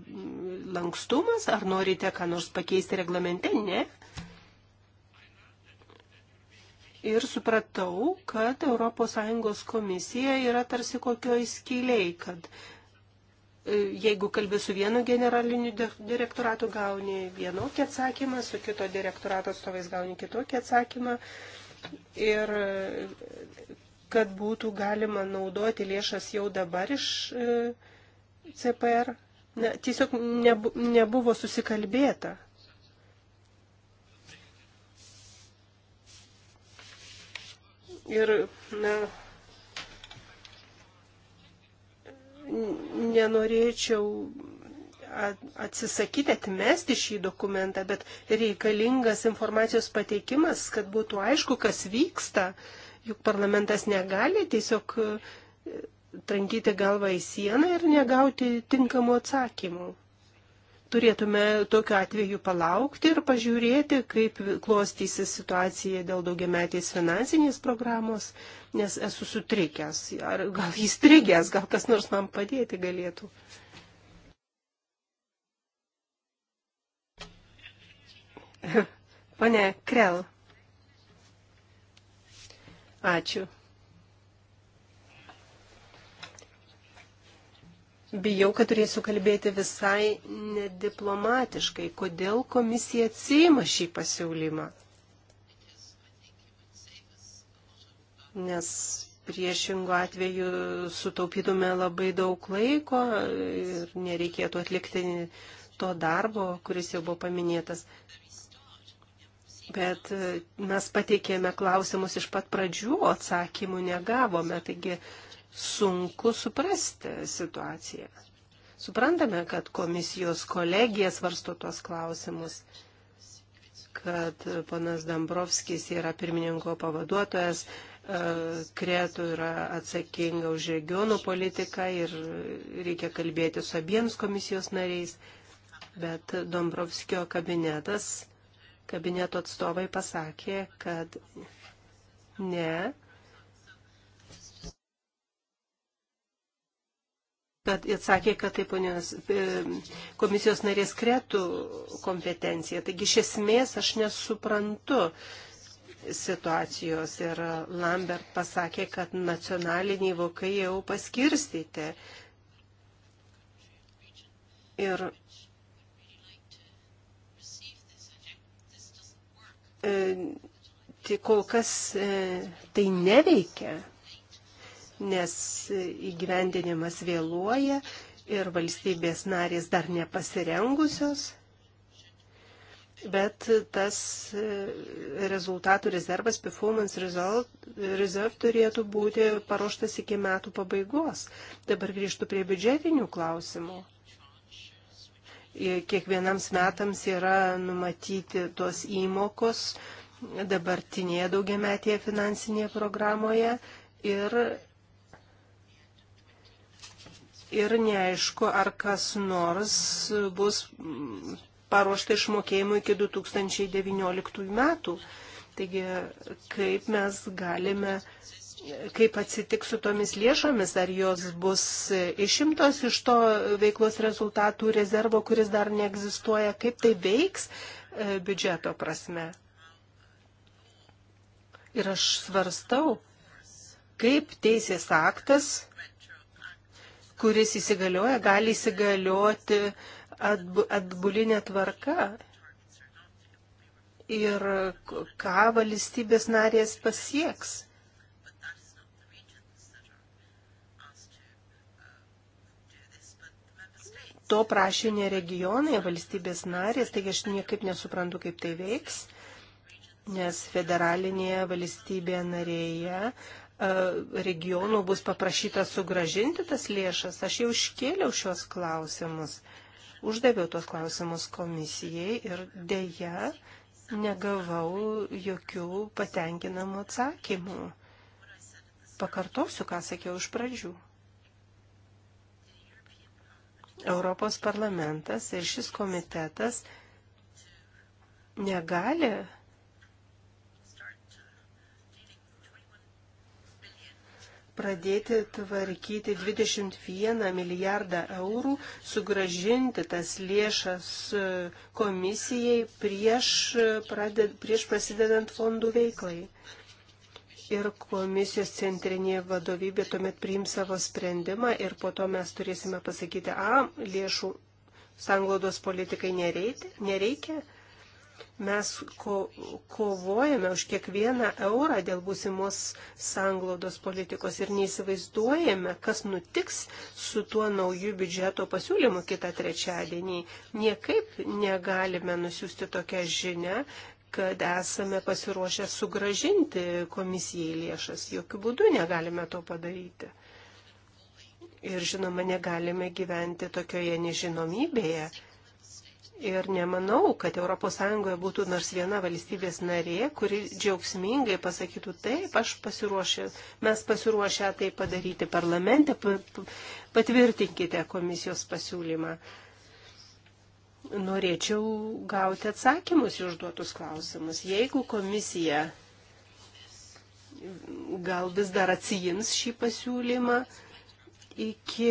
S1: lankstumas, ar norite ką nors pakeisti reglamente, ne. Ir supratau, kad ES komisija yra tarsi kokioj skyliai, kad e, jeigu kalbė su vienu generaliniu direktoratu, gauni vienokį atsakymą, su kito direktorato atstovais gauni kitokį atsakymą. Ir kad būtų galima naudoti lėšas jau dabar iš e, CPR. Na, tiesiog nebu, nebuvo susikalbėta. Ir, na, nenorėčiau atsisakyti, atmesti šį dokumentą, bet reikalingas informacijos pateikimas, kad būtų aišku, kas vyksta. Uh, Juk parlamentas negali tiesiog e, trankyti galvą į sieną ir negauti tinkamų atsakymų. Turėtume tokiu atveju palaukti ir pažiūrėti, kaip klostysi situacija dėl daugiametės finansinės programos, nes esu sutrikęs, ar gal įstrigęs, gal kas nors man padėti galėtų. Pane Krell. Ačiū. Bijau, kad turėsiu kalbėti visai nediplomatiškai. Kodėl komisija atsima šį pasiūlymą? Nes priešingų atveju sutaupytume labai daug laiko ir nereikėtų atlikti to darbo, kuris jau buvo paminėtas. Bet e, mes pateikėme klausimus iš pat pradžių, atsakymų negavome, taigi sunku suprasti situaciją. Suprantame, kad komisijos kolegija svarsto tuos klausimus, kad ponas Dambrovskis yra pirmininko pavaduotojas, e, Kretų yra atsakinga už regionų politiką ir reikia kalbėti su abiems komisijos nariais, bet Dombrovskio kabinetas kabineto atstovai pasakė, kad ne, kad atsakė, kad tai ponios e, komisijos narės kretų kompetencija. Taigi iš esmės aš nesuprantu situacijos ir Lambert pasakė, kad nacionaliniai vokai jau paskirstyti. Ir E, tai kol kas e, tai neveikia, nes įgyvendinimas vėluoja ir valstybės narės dar nepasirengusios, bet tas e, rezultatų rezervas, performance result, reserve turėtų būti paruoštas iki metų pabaigos. Dabar grįžtų prie biudžetinių klausimų kiekvienams metams yra numatyti tos įmokos dabartinėje daugiametėje finansinėje programoje ir, ir neaišku, ar kas nors bus paruošta išmokėjimu iki 2019 metų. Taigi, kaip mes galime kaip atsitiks su tomis lėšomis, ar jos bus išimtos iš to veiklos rezultatų rezervo, kuris dar neegzistuoja, kaip tai veiks e, biudžeto prasme. Ir aš svarstau, kaip teisės aktas, kuris įsigalioja, gali įsigalioti atbulinė tvarka ir ką valstybės narės pasieks. to prašė ne regionai, valstybės narės, taigi aš niekaip nesuprantu, kaip tai veiks, nes federalinėje valstybėje narėje e, regionų bus paprašyta sugražinti tas lėšas. Aš jau iškėliau šios klausimus, uždaviau tos klausimus komisijai ir dėja negavau jokių patenkinamų atsakymų. Pakartosiu, ką sakiau iš pradžių. Europos parlamentas ir šis komitetas negali pradėti tvarkyti 21 milijardą eurų, sugražinti tas lėšas komisijai prieš, praded, prieš prasidedant fondų veiklai ir komisijos centrinė vadovybė tuomet priims savo sprendimą ir po to mes turėsime pasakyti, a, lėšų sanglaudos politikai nereikia. Mes ko, kovojame už kiekvieną eurą dėl būsimos sanglaudos politikos ir neįsivaizduojame, kas nutiks su tuo nauju biudžeto pasiūlymu kitą trečiadienį. Niekaip negalime nusiųsti tokią žinę, kad esame pasiruošę sugražinti komisijai lėšas. Jokių būdų negalime to padaryti. Ir žinoma, negalime gyventi tokioje nežinomybėje. Ir nemanau, kad ES būtų nors viena valstybės narė, kuri džiaugsmingai pasakytų taip, aš pasiruošę, mes pasiruošę tai padaryti parlamente, patvirtinkite komisijos pasiūlymą. Norėčiau gauti atsakymus į užduotus klausimus. Jeigu komisija gal vis dar atsijims šį pasiūlymą iki,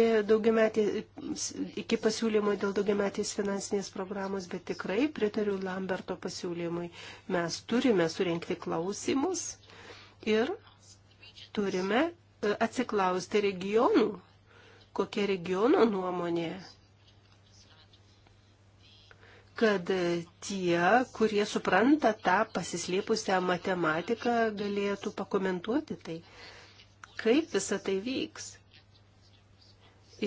S1: iki pasiūlymo dėl daugiametės finansinės programos, bet tikrai pritariu Lamberto pasiūlymui. Mes turime surenkti klausimus ir turime e, atsiklausti regionų, kokia regiono nuomonė kad tie, kurie supranta tą pasislėpusią matematiką, galėtų pakomentuoti tai, kaip visa tai vyks.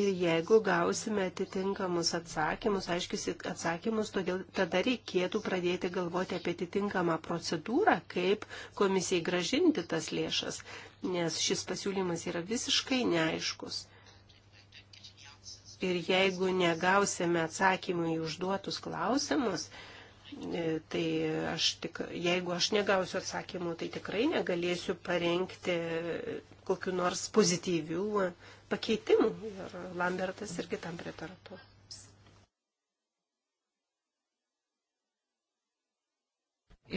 S1: Ir jeigu gausime atitinkamus atsakymus, aiškius atsakymus, todėl tada reikėtų pradėti galvoti apie atitinkamą procedūrą, kaip komisijai gražinti tas lėšas, nes šis pasiūlymas yra visiškai neaiškus ir jeigu negausime atsakymų į užduotus klausimus, e, tai aš tik, jeigu aš negausiu atsakymų, tai tikrai negalėsiu parengti kokiu nors pozityvių pakeitimų. Ir Lambertas irgi tam pritartų.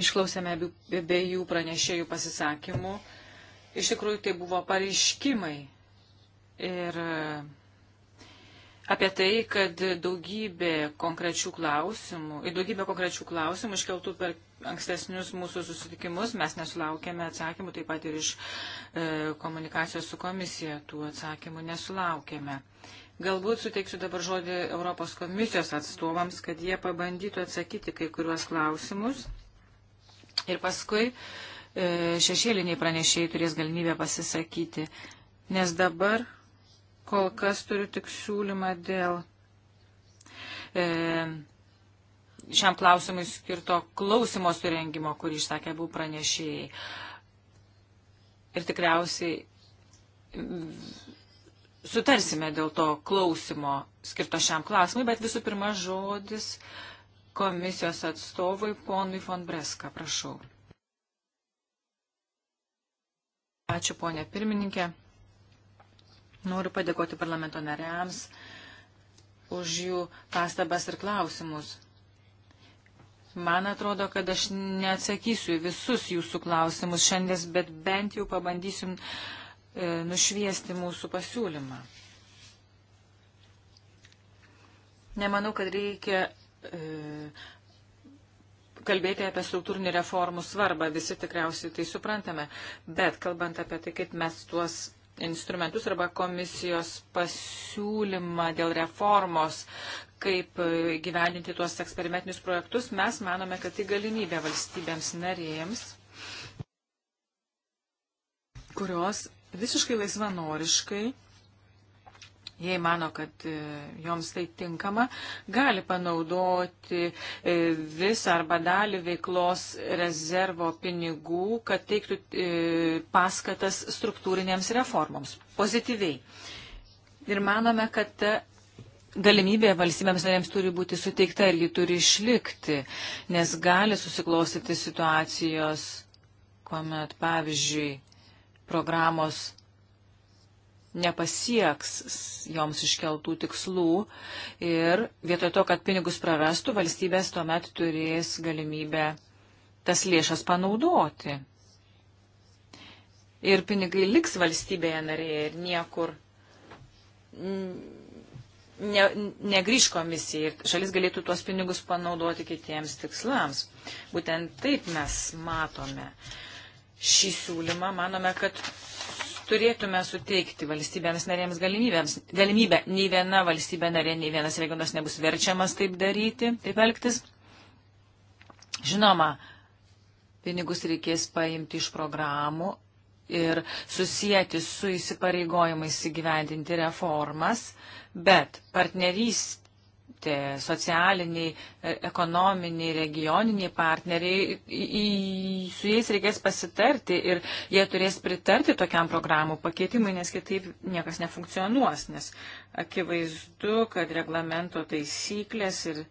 S2: Išklausėme abiejų pranešėjų pasisakymų. Iš tikrųjų, tai buvo pareiškimai. Ir apie tai, kad daugybė konkrečių klausimų, į daugybę konkrečių klausimų iškeltų per ankstesnius mūsų susitikimus mes nesulaukėme atsakymų, taip pat ir iš e, komunikacijos su komisija tų atsakymų nesulaukėme. Galbūt suteiksiu dabar žodį Europos komisijos atstovams, kad jie pabandytų atsakyti kai kuriuos klausimus. Ir paskui e, šešėliniai pranešėjai turės galimybę pasisakyti. Nes dabar Kol kas turiu tik siūlymą dėl e, šiam klausimui skirto klausimo surengimo, kurį išsakė buvų pranešėjai. Ir tikriausiai sutarsime dėl to klausimo skirto šiam klausimui, bet visų pirma žodis komisijos atstovui ponui von Breska, prašau. Ačiū ponė pirmininkė. Noriu padėkoti parlamento nariams už jų pastabas ir klausimus. Man atrodo, kad aš neatsakysiu visus jūsų klausimus šiandien, bet bent jau pabandysim e, nušviesti mūsų pasiūlymą. Nemanau, kad reikia e, kalbėti apie struktūrinį reformų svarbą, visi tikriausiai tai suprantame, bet kalbant apie tai, kaip mes tuos instrumentus arba komisijos pasiūlymą dėl reformos, kaip gyvendinti tuos eksperimentinius projektus, mes manome, kad tai galimybė valstybėms narėjams, kurios visiškai laisvanoriškai jei mano, kad e, joms tai tinkama, gali panaudoti e, visą arba dalį veiklos rezervo pinigų, kad teiktų e, paskatas struktūrinėms reformoms pozityviai. Ir manome, kad ta galimybė valstybėms narėms turi būti suteikta ir ji turi išlikti, nes gali susiklostyti situacijos, kuomet, pavyzdžiui, programos nepasieks joms iškeltų tikslų ir vietoj to, kad pinigus prarastų, valstybės tuomet turės galimybę tas lėšas panaudoti. Ir pinigai liks valstybėje narėje ir niekur ne, negrįž komisija ir šalis galėtų tuos pinigus panaudoti kitiems tikslams. Būtent taip mes matome šį siūlymą. Manome, kad turėtume suteikti valstybėms narėms galimybėms. Galimybę nei viena valstybė narė, nei vienas regionas nebus verčiamas taip daryti, taip elgtis. Žinoma, pinigus reikės paimti iš programų ir susijęti su įsipareigojimais įgyvendinti reformas, bet partnerys, įtraukti socialiniai, e, ekonominiai, regioniniai partneriai, į, į, su jais reikės pasitarti ir jie turės pritarti tokiam programų pakeitimui, nes kitaip niekas nefunkcionuos, nes akivaizdu, kad reglamento taisyklės ir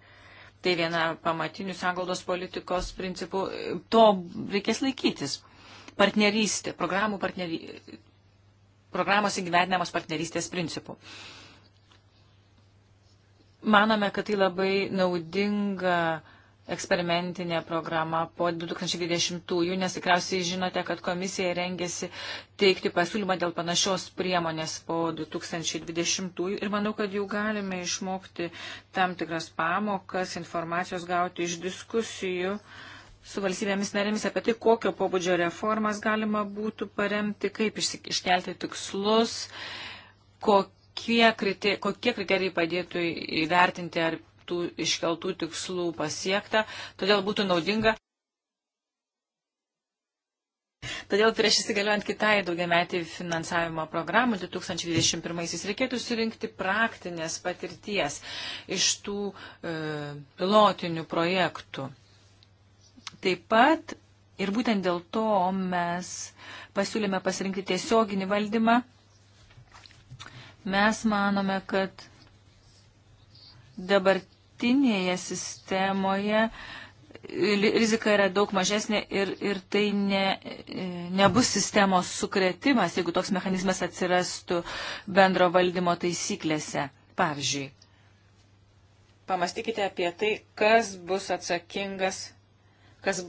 S2: tai viena pamatinių sangaldos politikos principų, e, to reikės laikytis. Partnerystė, programų partnerystė programos įgyvendinamos partnerystės principų. Uh, Manome, kad tai labai naudinga eksperimentinė programa po 2020-ųjų, nes tikriausiai žinote, kad komisija rengėsi teikti pasiūlymą dėl panašios priemonės po 2020-ųjų ir manau, kad jau galime išmokti tam tikras pamokas, informacijos gauti iš diskusijų su valstybėmis narėmis apie tai, kokio pobūdžio reformas galima būtų paremti, kaip iškelti tikslus, kokie kriter, kokie kriterijai padėtų įvertinti, ar tų iškeltų tikslų pasiekta. Todėl būtų naudinga. Todėl prieš įsigaliojant kitai daugiametį finansavimo programą 2021-aisiais reikėtų surinkti praktinės patirties iš tų e, pilotinių projektų. Taip pat ir būtent dėl to mes pasiūlėme pasirinkti tiesioginį valdymą Mes manome, kad dabartinėje sistemoje rizika yra daug mažesnė ir, ir tai ne, e, nebus sistemos sukretimas, jeigu toks mechanizmas atsirastų bendro valdymo taisyklėse. Pavyzdžiui, pamastykite apie tai, kas bus atsakingas kas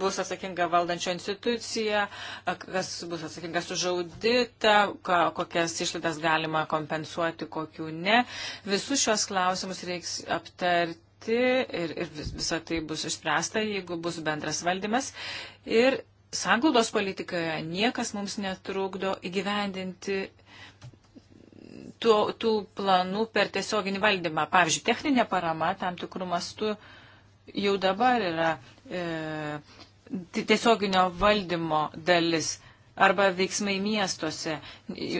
S2: bus atsakinga valdančio institucija, kas bus atsakingas už auditą, kokias išlaidas galima kompensuoti, kokių ne. Visus šios klausimus reiks aptarti dirbti ir, ir visą tai bus išspręsta, jeigu bus bendras valdymas. Ir sanglaudos politikoje niekas mums netrukdo įgyvendinti tų, tų planų per tiesioginį valdymą. Pavyzdžiui, techninė parama tam tikrų mastų jau dabar yra e, tiesioginio valdymo dalis arba veiksmai miestuose.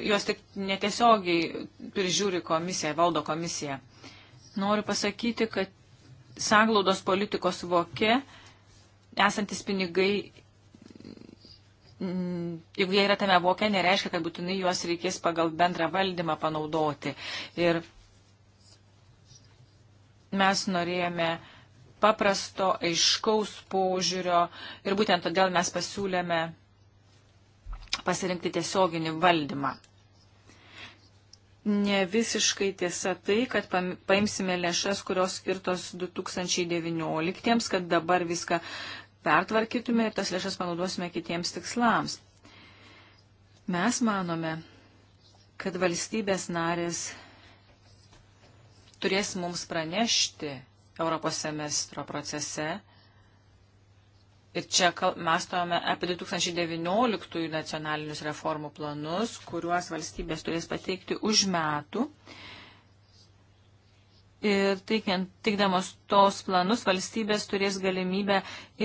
S2: Jos tik netiesiogiai prižiūri komisija, valdo komisija. Noriu pasakyti, kad sanglaudos politikos vokė esantis pinigai, jeigu jie yra tame vokė, nereiškia, kad būtinai juos reikės pagal bendrą valdymą panaudoti. Ir mes norėjome uh, paprasto, aiškaus požiūrio ir būtent todėl mes pasiūlėme pasirinkti tiesioginį valdymą. Ne visiškai tiesa tai, kad paimsime lėšas, kurios skirtos 2019, kad dabar viską pertvarkytume ir tas lėšas panaudosime kitiems tikslams. Mes manome, kad valstybės narės turės mums pranešti Europos semestro procese. Ir čia mastome apie 2019 nacionalinius reformų planus, kuriuos valstybės turės pateikti už metų. Ir teikiant, teikdamos tos planus, valstybės turės galimybę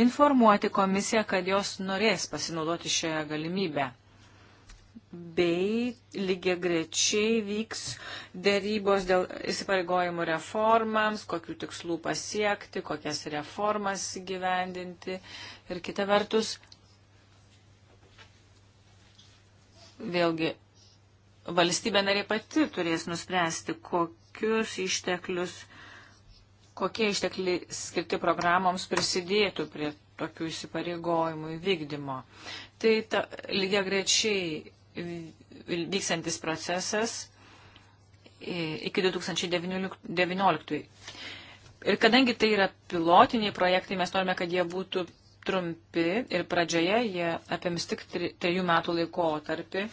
S2: informuoti komisiją, kad jos norės pasinaudoti šią galimybę bei lygiai grečiai vyks dėrybos dėl įsipareigojimų reformams, kokiu tikslų pasiekti, kokias reformas gyvendinti ir kita vertus. Vėlgi, valstybė narė pati turės nuspręsti, kokius išteklius, kokie ištekliai skirti programoms prisidėtų prie tokių įsipareigojimų įvykdymo. Tai ta, lygia grečiai vyksantis procesas iki 2019. Ir kadangi tai yra pilotiniai projektai, mes norime, kad jie būtų trumpi ir pradžioje jie apims tik trejų metų laikotarpį,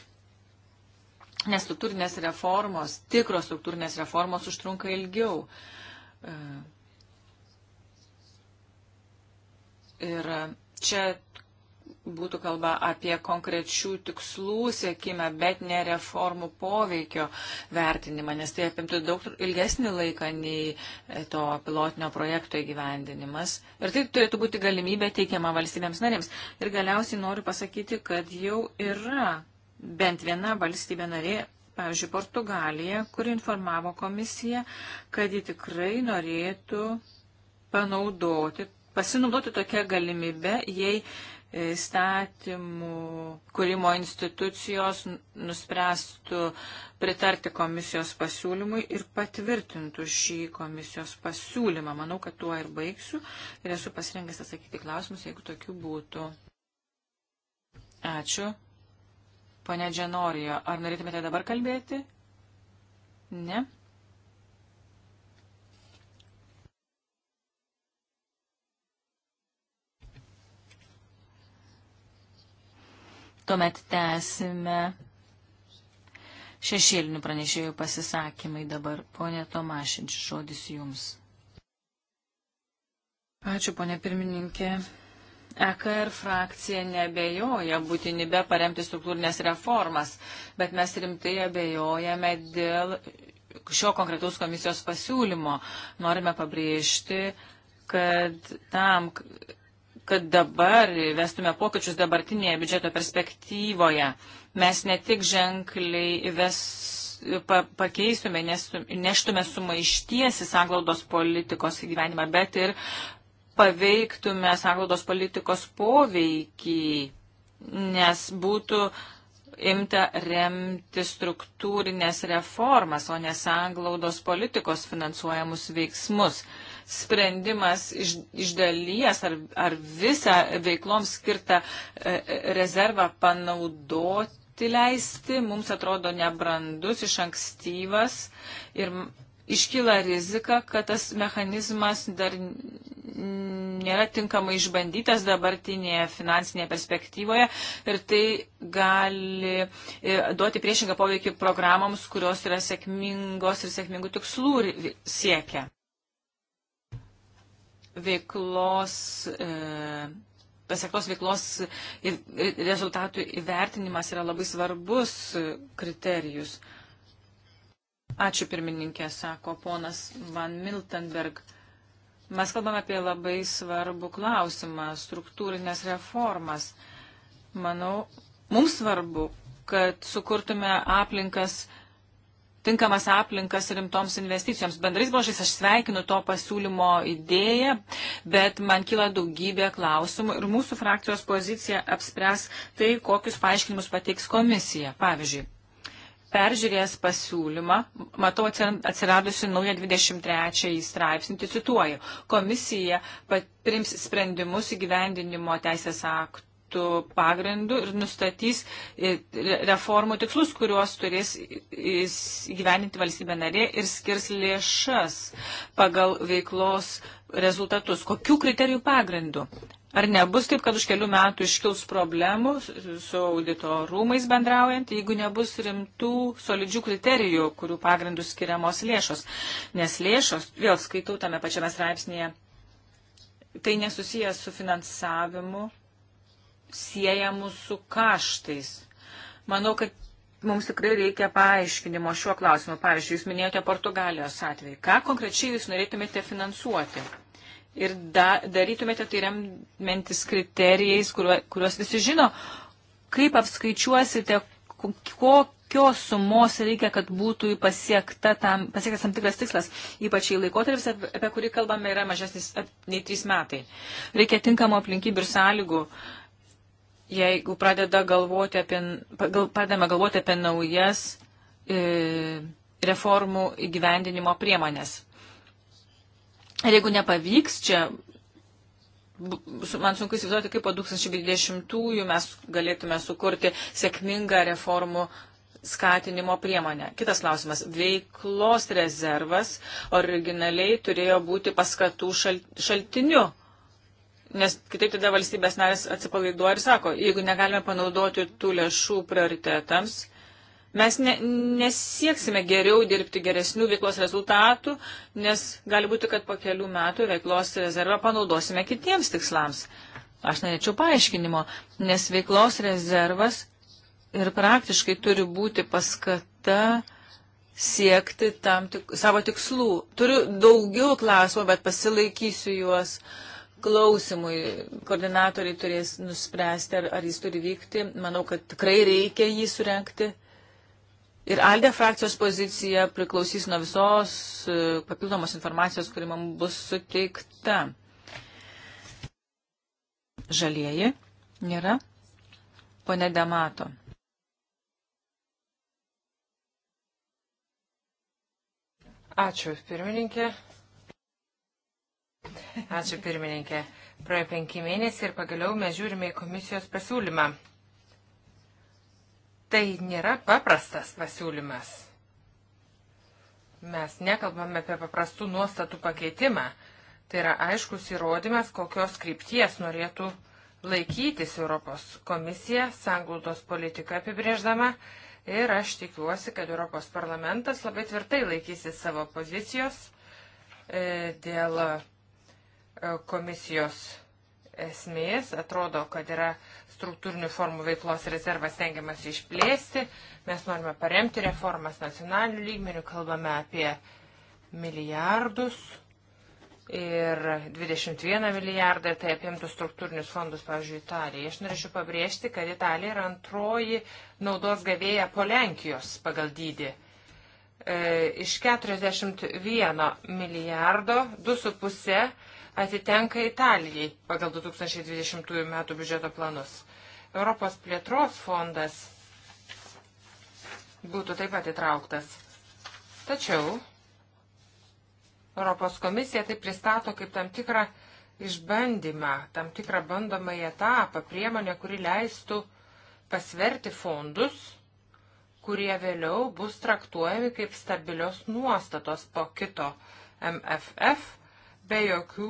S2: nes struktūrinės reformos, tikros struktūrinės reformos užtrunka ilgiau. E, ir čia būtų kalba apie konkrečių tikslų siekimą, bet ne reformų poveikio vertinimą, nes tai apimtų daug ilgesnį laiką nei e, to pilotinio projekto įgyvendinimas. Ir tai turėtų būti galimybė teikiama valstybėms narėms. Ir galiausiai noriu pasakyti, kad jau yra bent viena valstybė narė. Pavyzdžiui, Portugalija, kuri informavo komisiją, kad ji tikrai norėtų panaudoti pasinaudoti tokią galimybę, jei įstatymų kūrimo institucijos nuspręstų pritarti komisijos pasiūlymui ir patvirtintų šį komisijos pasiūlymą. Manau, kad tuo ir baigsiu ir esu pasirengęs atsakyti klausimus, jeigu tokių būtų. Ačiū. Pane Dženorijo, ar norėtumėte dabar kalbėti? Ne. Tuomet tęsime šešėlinių pranešėjų pasisakymai dabar. Pone Tomašič, žodis jums. Ačiū, ponė pirmininkė. EKR frakcija nebejoja būtinybę paremti struktūrinės reformas, bet mes rimtai abejojame dėl šio konkretaus komisijos pasiūlymo. Norime pabrėžti, kad tam kad dabar vestume pokyčius dabartinėje biudžeto perspektyvoje, mes ne tik ženkliai įves, pa, pakeistume, neštume sumaišties į sanglaudos politikos įgyvenimą, bet ir paveiktume sanglaudos politikos poveikį, nes būtų imta remti struktūrinės reformas, o ne sanglaudos politikos finansuojamus veiksmus sprendimas iš, iš dalies ar, ar visą veikloms skirtą e, e, rezervą panaudoti leisti, mums atrodo nebrandus, iš ankstyvas ir iškyla rizika, kad tas mechanizmas dar nėra tinkamai išbandytas dabartinėje finansinėje perspektyvoje ir tai gali e, duoti priešingą poveikį programoms, kurios yra sėkmingos ir sėkmingų tikslų siekia veiklos, e, pasiektos veiklos ir rezultatų įvertinimas yra labai svarbus kriterijus. Ačiū pirmininkė, sako ponas Van Miltenberg. Mes kalbame apie labai svarbų klausimą - struktūrinės reformas. Manau, mums svarbu, kad sukurtume aplinkas tinkamas aplinkas rimtoms investicijoms. Bendrais brožais aš sveikinu to pasiūlymo idėją, bet man kyla daugybė klausimų ir mūsų frakcijos pozicija apspręs tai, kokius paaiškinimus pateiks komisija. Pavyzdžiui, peržiūrėjęs pasiūlymą, matau atsiradusi nauja 23 straipsnį, tai cituoju, komisija prims sprendimus įgyvendinimo teisės aktų aktų pagrindų ir nustatys e, reformų tikslus, kuriuos turės įgyveninti valstybė narė ir skirs lėšas pagal veiklos rezultatus. Kokių kriterijų pagrindų? Ar nebus taip, kad už kelių metų iškils problemų su audito rūmais bendraujant, jeigu nebus rimtų solidžių kriterijų, kurių pagrindų skiriamos lėšos? Nes lėšos, vėl skaitau tame pačiame straipsnėje, tai nesusijęs su finansavimu siejamų su kaštais. Manau, kad mums tikrai reikia paaiškinimo šiuo klausimu. Pavyzdžiui, jūs minėjote Portugalijos atvejį. Ką konkrečiai jūs norėtumėte finansuoti? Ir da, darytumėte tai remiantis kriterijais, kuriuo, kuriuos visi žino, kaip apskaičiuosite, kokios sumos reikia, kad būtų tam, pasiektas tam tikras tikslas, ypač į laikotarpis, apie kurį kalbame, yra mažesnis nei 3 metai. Reikia tinkamo aplinkybių ir sąlygų. Uh, jeigu pradeda galvoti apie, pradedame galvoti apie naujas e, reformų įgyvendinimo priemonės. Ir jeigu nepavyks čia, man sunku įsivaizduoti, kaip po 2020-ųjų mes galėtume sukurti sėkmingą reformų skatinimo priemonę. Kitas klausimas. Veiklos rezervas originaliai turėjo būti paskatų šaltiniu nes kitaip tada valstybės narės atsipalaiduoja ir sako, jeigu negalime panaudoti tų lėšų prioritetams, mes ne, nesieksime geriau dirbti geresnių veiklos rezultatų, nes gali būti, kad po kelių metų veiklos rezervą panaudosime kitiems tikslams. Aš norėčiau paaiškinimo, nes veiklos rezervas ir praktiškai turi būti paskata siekti tam tik, savo tikslų. Turiu daugiau klausimų, bet pasilaikysiu juos. Uh, klausimui. Koordinatoriai turės nuspręsti, ar, ar jis turi vykti. Manau, kad tikrai reikia jį surenkti. Ir Aldė frakcijos pozicija priklausys nuo visos e, papildomos informacijos, kuri man bus suteikta. Žalieji nėra. Pone Demato.
S4: Ačiū, pirmininkė. Ačiū pirmininkė. Praėjo penki mėnesiai ir pagaliau mes žiūrime į komisijos pasiūlymą. Tai nėra paprastas pasiūlymas. Mes nekalbame apie paprastų nuostatų pakeitimą. Tai yra aiškus įrodymas, kokios krypties norėtų laikytis Europos komisija, sanglaudos politika apibrėždama. Ir aš tikiuosi, kad Europos parlamentas labai tvirtai laikysis savo pozicijos e, dėl E, komisijos esmės. Atrodo, kad yra struktūrinių formų veiklos rezervas tengiamas išplėsti. Mes norime paremti reformas nacionalinių lygmenių, kalbame apie milijardus ir 21 milijardą, tai apimtų struktūrinius fondus, pavyzdžiui, Italijai. Aš norėčiau pabrėžti, kad Italija yra antroji naudos gavėja po Lenkijos pagal dydį. E, iš 41 milijardo 2,5 atitenka Italijai pagal 2020 m. biudžeto planus. Europos plėtros fondas būtų taip pat įtrauktas. Tačiau Europos komisija tai pristato kaip tam tikrą išbandymą, tam tikrą bandomąją etapą, priemonę, kuri leistų pasverti fondus, kurie vėliau bus traktuojami kaip stabilios nuostatos po kito MFF be jokių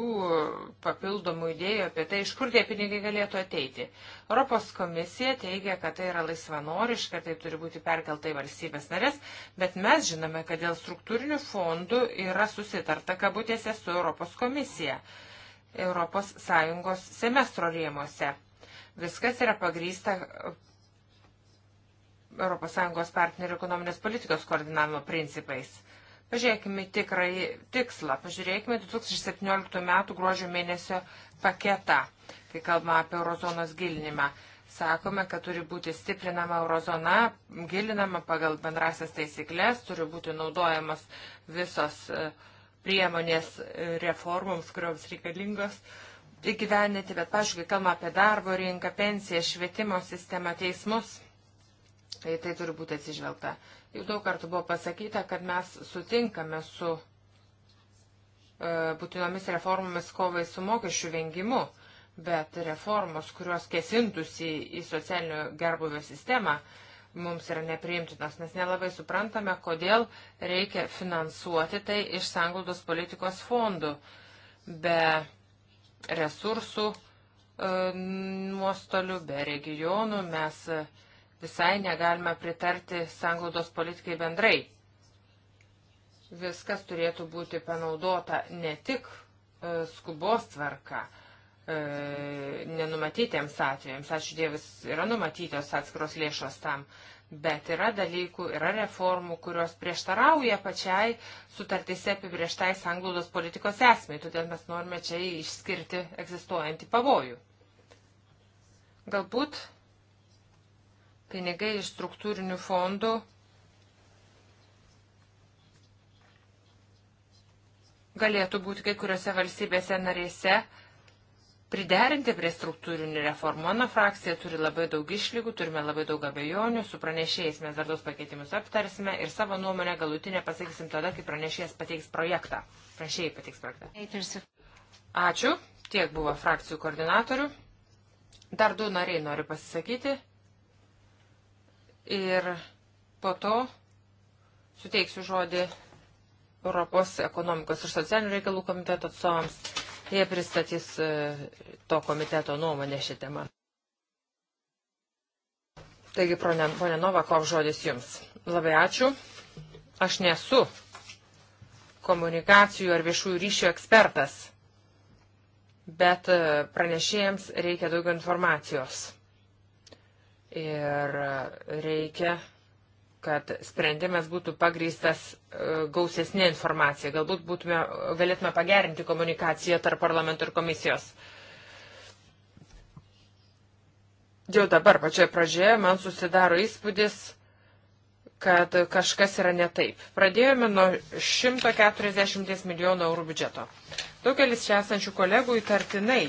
S4: papildomų idėjų apie tai, iš kur tie pinigai galėtų ateiti. Europos komisija teigia, kad tai yra laisvanoriška, tai turi būti perkelta į valstybės narės, bet mes žinome, kad dėl struktūrinių fondų yra susitarta kabutėse su Europos komisija, Europos Sąjungos semestro rėmose. Viskas yra pagrysta ES partnerių ekonominės politikos koordinavimo principais. Pažiūrėkime tikrai tikslą, pažiūrėkime 2017 m. gruodžio mėnesio paketą, kai kalbame apie eurozonos gilinimą. Sakome, kad turi būti stiprinama eurozona, gilinama pagal bendrasias taisyklės, turi būti naudojamas visos e, priemonės e, reformoms, kurioms reikalingos įgyvendinti, bet, pažiūrėk, kalbame apie darbo rinką, pensiją, švietimo sistemą, teismus, tai, tai turi būti atsižvelgta. Jau daug kartų buvo pasakyta, kad mes sutinkame su e, būtinomis reformomis kovai su mokesčių vengimu, bet reformos, kurios kesintusi į socialinio gerbuvio sistemą, mums yra nepriimtinos, nes nelabai suprantame, kodėl reikia finansuoti tai iš sanglaudos politikos fondų. Be resursų e, nuostolių, be regionų mes e, visai negalime pritarti sanglaudos politikai bendrai. Viskas turėtų būti panaudota ne tik e, skubos tvarka, e, nenumatytiems atvejams, ačiū Dievis, yra numatytos atskiros lėšos tam, bet yra dalykų, yra reformų, kurios prieštarauja pačiai sutartise apibrieštai sanglaudos politikos esmai, todėl mes norime čia išskirti egzistuojantį pavojų. Galbūt Pinigai iš struktūrinių fondų galėtų būti kai kuriuose valstybėse narėse priderinti prie struktūrinių reformų. Mano frakcija turi labai daug išlygų, turime labai daug abejonių, su pranešėjais mes dar tos pakeitimus aptarsime ir savo nuomonę galutinę pasakysim tada, kai pranešėjas pateiks projektą. Pranešėjai pateiks projektą. Ačiū, tiek buvo frakcijų koordinatorių. Dar du nariai noriu pasisakyti ir po to suteiksiu žodį Europos ekonomikos ir socialinių reikalų komiteto atstovams. Jie pristatys e, to komiteto nuomonę šią temą. Taigi, ponė Novakov, žodis jums. Labai ačiū. Aš nesu komunikacijų ar viešųjų ryšių ekspertas, bet e, pranešėjams reikia daugiau informacijos. Ir reikia, kad sprendimas būtų pagrįstas e, gausesnė informacija. Galbūt būtume, galėtume pagerinti komunikaciją tarp parlamento ir komisijos. Jau dabar pačioje pradžioje man susidaro įspūdis, kad kažkas yra ne taip. Pradėjome nuo 140 milijonų eurų biudžeto. Daugelis čia esančių kolegų įtartinai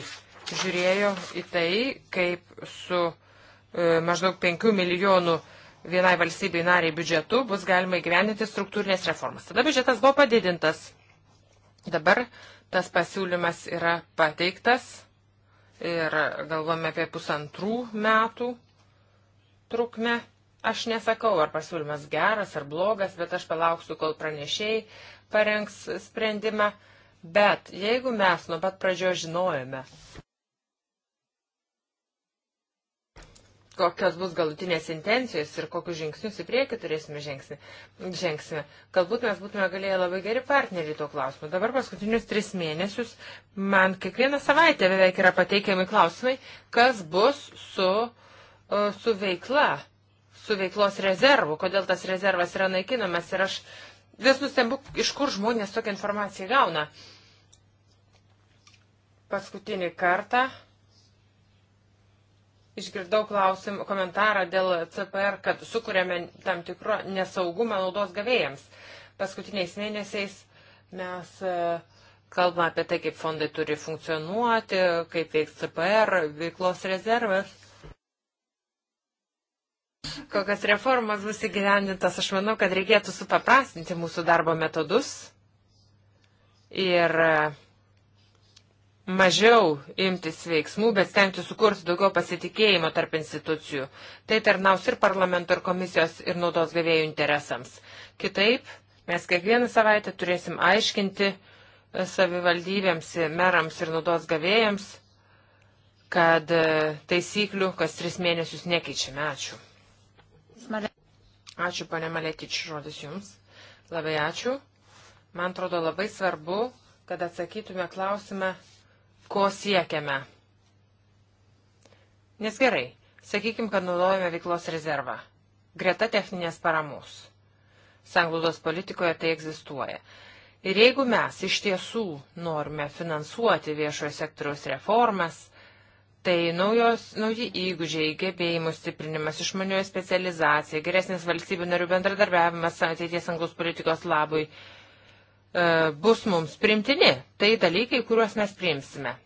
S4: žiūrėjo į tai, kaip su E, maždaug 5 milijonų vienai valstybei nariai biudžetu bus galima įgyvendinti struktūrinės reformas. Tada biudžetas buvo padidintas. Dabar tas pasiūlymas yra pateiktas ir galvome apie pusantrų metų trukmę. Aš nesakau, ar pasiūlymas geras ar blogas, bet aš palauksiu, kol pranešėjai parengs sprendimą. Bet jeigu mes nuo pat pradžio žinojame, kokios bus galutinės intencijos ir kokius žingsnius į priekį turėsime žengsi, žengsime. Galbūt mes būtume galėję labai geri partneriai tuo klausimu. Dabar paskutinius tris mėnesius man kiekvieną savaitę beveik yra pateikiami klausimai, kas bus su, e, su veikla, su veiklos rezervu, kodėl tas rezervas yra naikinamas ir aš vis nustembu, iš kur žmonės tokią informaciją gauna. Paskutinį kartą Išgirdau klausimą, komentarą dėl CPR, kad sukūrėme tam tikro nesaugumą naudos gavėjams. Paskutiniais mėnesiais mes e, kalbame apie tai, kaip fondai turi funkcionuoti, kaip veiks CPR, veiklos rezervas. Kokias reformas bus įgyvendintas, aš manau, kad reikėtų supaprastinti mūsų darbo metodus ir uh, mažiau imtis veiksmų, bet stengti sukurti daugiau pasitikėjimo tarp institucijų. Tai tarnaus ir parlamento, ir komisijos, ir naudos gavėjų interesams. Kitaip, mes kiekvieną savaitę turėsim aiškinti e, savivaldybėms, e, merams ir naudos gavėjams, kad e, taisyklių kas tris mėnesius nekeičiame. Ačiū. Ačiū, pane Maletič, žodis Jums. Labai ačiū. Man atrodo labai svarbu, kad atsakytume klausimą ko siekiame. Nes gerai, sakykime, kad naudojame veiklos rezervą. Greta techninės paramos. Sanglaudos politikoje tai egzistuoja. Ir jeigu mes iš tiesų norime finansuoti viešojo sektoriaus reformas, tai naujos, nauji įgūdžiai, gebėjimų stiprinimas, išmanioji specializacija, geresnis valstybių narių bendradarbiavimas ateities anglos politikos labui e, bus mums primtini. Tai dalykai, kuriuos mes priimsime.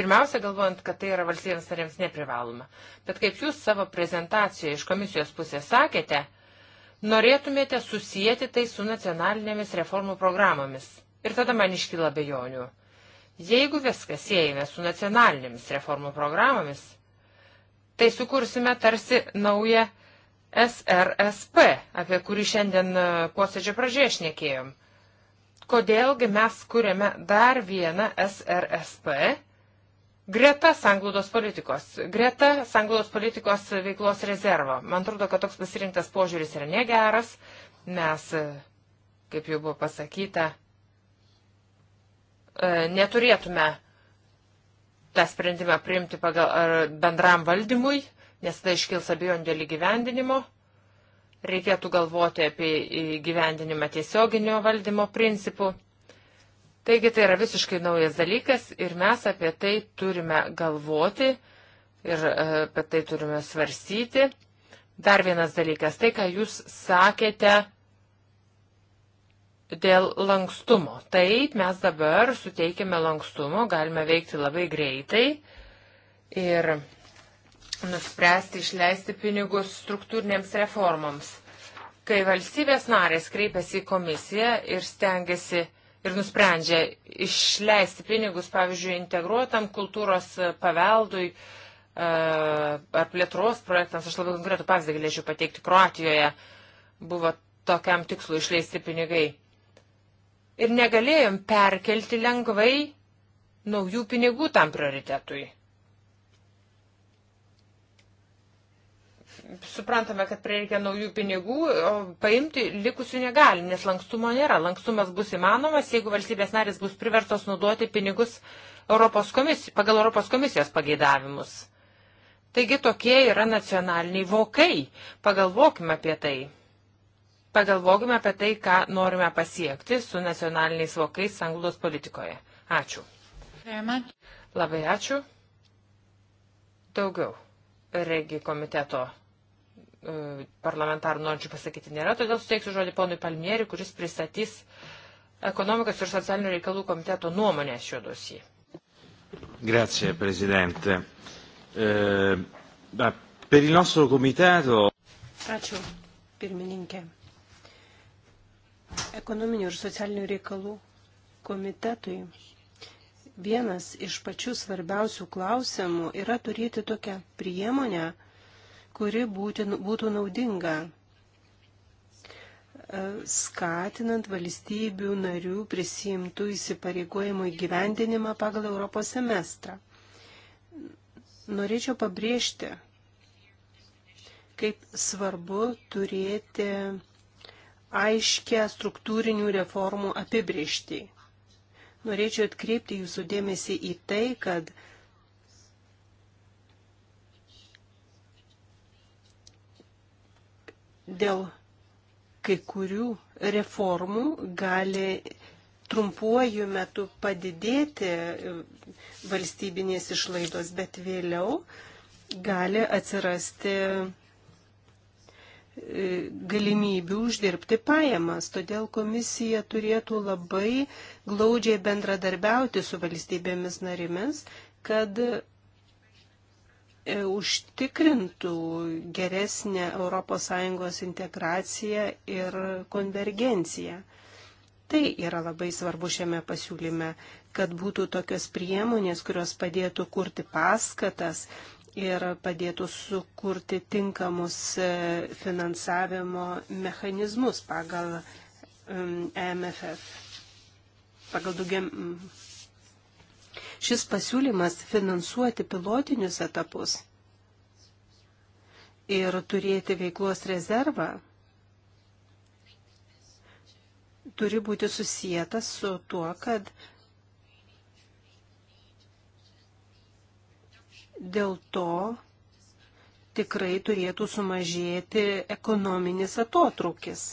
S4: Pirmiausia, galvojant, kad tai yra valstybėms narėms neprivaloma. Bet kaip jūs savo prezentacijoje iš komisijos pusės sakėte, norėtumėte susijęti tai su nacionalinėmis reformų programomis. Ir tada man iškyla bejonių. Jeigu viską siejame su nacionalinėmis reformų programomis, tai sukursime tarsi naują SRSP, apie kurį šiandien e, posėdžio pradžioje šnekėjom. Kodėlgi mes kuriame dar vieną SRSP, Greta sanglaudos politikos, greta sanglaudos politikos veiklos rezervo. Man atrodo, kad toks pasirinktas požiūris yra negeras. Mes, e, kaip jau buvo pasakyta, e, neturėtume tą sprendimą priimti pagal bendram valdymui, nes tai iškils abejonių dėl įgyvendinimo. Reikėtų galvoti apie įgyvendinimą tiesioginio valdymo principų. Taigi tai yra visiškai naujas dalykas ir mes apie tai turime galvoti ir e, apie tai turime svarstyti. Dar vienas dalykas, tai ką jūs sakėte dėl lankstumo. Taip, mes dabar suteikime lankstumo, galime veikti labai greitai ir nuspręsti išleisti pinigus struktūrinėms reformoms. Kai valstybės narės kreipiasi į komisiją ir stengiasi ir nusprendžia išleisti pinigus, pavyzdžiui, integruotam kultūros paveldui e, ar plėtros projektams, aš labai konkretų pavyzdį galėčiau pateikti, Kroatijoje buvo tokiam tikslui išleisti pinigai. Ir negalėjom perkelti lengvai naujų pinigų tam prioritetui. suprantame, kad prireikia naujų pinigų, o paimti likusių negalim, nes lankstumo nėra. Lankstumas bus įmanomas, jeigu valstybės narės bus privertos naudoti pinigus Europos komisijos, pagal Europos komisijos pageidavimus. Taigi tokie yra nacionaliniai vokai. Pagalvokime apie tai. Pagalvokime apie tai, ką norime pasiekti su nacionaliniais vokais anglos politikoje. Ačiū. Labai ačiū. Daugiau regi komiteto E, parlamentarų norinčių pasakyti nėra, todėl suteiksiu žodį ponui Palmieri, kuris pristatys ekonomikos ir socialinių reikalų komiteto nuomonę šiuo dosijai.
S3: Grazie, prezidente. E, da, per il nostro comitato.
S1: Ačiū, pirmininkė. Ekonominių ir socialinių reikalų komitetui vienas iš pačių svarbiausių klausimų yra turėti tokią priemonę, kuri būtin, būtų naudinga e, skatinant valstybių narių prisimtų įsipareigojimų įgyvendinimą pagal Europos semestrą. Norėčiau pabrėžti, kaip svarbu turėti aiškę struktūrinių reformų apibriežtį. Norėčiau atkreipti jūsų dėmesį į tai, kad dėl kai kurių reformų gali trumpuoju metu padidėti e, valstybinės išlaidos, bet vėliau gali atsirasti e, galimybių uždirbti pajamas. Todėl komisija turėtų labai glaudžiai bendradarbiauti su valstybėmis narimis, kad E, užtikrintų geresnę ES integraciją ir konvergenciją. Tai yra labai svarbu šiame pasiūlyme, kad būtų tokios priemonės, kurios padėtų kurti paskatas ir padėtų sukurti tinkamus e, finansavimo mechanizmus pagal MFF, e pagal daugiam šis pasiūlymas finansuoti pilotinius etapus ir turėti veiklos rezervą turi būti susijęs su tuo, kad dėl to tikrai turėtų sumažėti ekonominis atotrukis.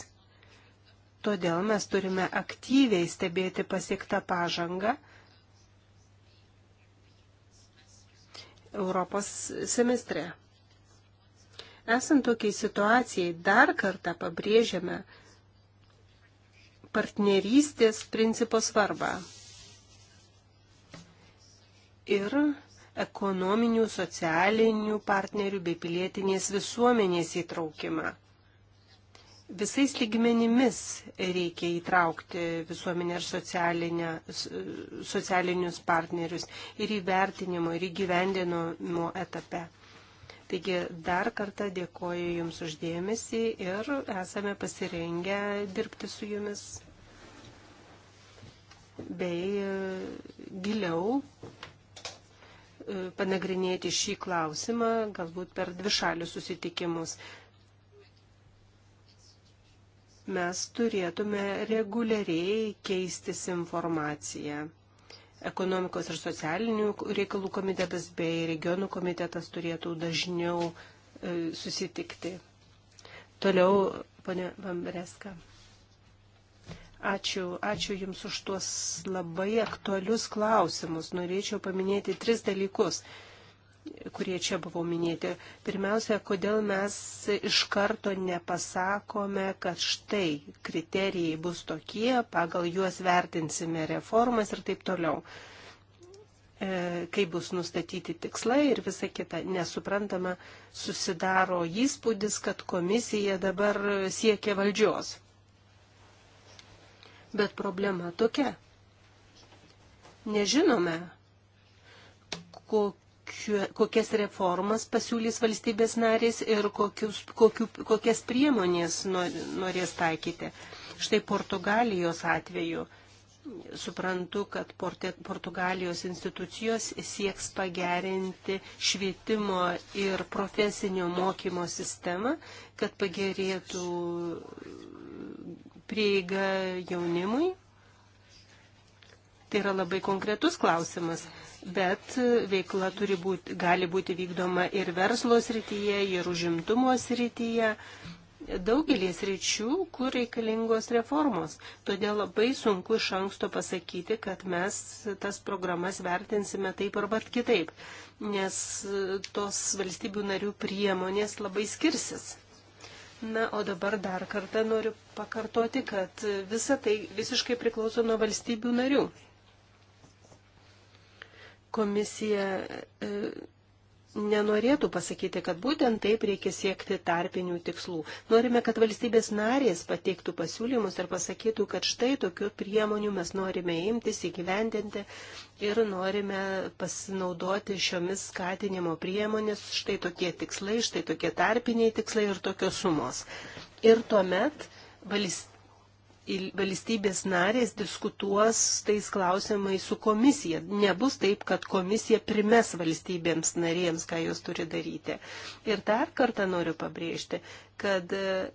S1: Todėl mes turime aktyviai stebėti pasiektą pažangą Europos semestre. Esant tokiai situacijai, dar kartą pabrėžiame partnerystės principo svarbą ir ekonominių, socialinių partnerių bei pilietinės visuomenės įtraukimą. Visais lygmenimis reikia įtraukti visuomenę ir socialinius partnerius ir įvertinimo, ir įgyvendinimo etape. Taigi dar kartą dėkoju Jums uždėmesį ir esame pasirengę dirbti su Jumis bei e, giliau e, panagrinėti šį klausimą, galbūt per dvišalius susitikimus mes turėtume reguliariai keistis informaciją. Ekonomikos ir socialinių reikalų komitetas bei regionų komitetas turėtų dažniau e, susitikti. Toliau, ponė Vambereska. Ačiū, ačiū Jums už tuos labai aktualius klausimus. Norėčiau paminėti tris dalykus kurie čia buvo minėti. Pirmiausia, kodėl mes iš karto nepasakome, kad štai kriterijai bus tokie, pagal juos vertinsime reformas ir taip toliau e, kaip bus nustatyti tikslai ir visa kita. Nesuprantama, susidaro įspūdis, kad komisija dabar siekia valdžios. Bet problema tokia. Nežinome, kokiu kokiu, kokias reformas pasiūlys valstybės narės ir kokius, kokiu, kokias priemonės norės taikyti. Štai Portugalijos atveju suprantu, kad Portugalijos institucijos sieks pagerinti švietimo ir profesinio mokymo sistemą, kad pagerėtų prieiga jaunimui Tai yra labai konkretus klausimas, bet veikla turi būti, gali būti vykdoma ir verslo srityje, ir užimtumo srityje, daugelį sričių, kur reikalingos reformos. Todėl labai sunku iš anksto pasakyti, kad mes tas programas vertinsime taip arba kitaip, nes tos valstybių narių priemonės labai skirsis. Na, o dabar dar kartą noriu pakartoti, kad visa tai visiškai priklauso nuo valstybių narių komisija e, nenorėtų pasakyti, kad būtent taip reikia siekti tarpinių tikslų. Norime, kad valstybės narės pateiktų pasiūlymus ir pasakytų, kad štai tokių priemonių mes norime imtis, įgyvendinti ir norime pasinaudoti šiomis skatinimo priemonės, štai tokie tikslai, štai tokie tarpiniai tikslai ir tokios sumos. Ir tuomet valstybės valstybės narės diskutuos tais klausimais su komisija. Nebus taip, kad komisija primes valstybėms narėms, ką jos turi daryti. Ir dar kartą noriu pabrėžti, kad e,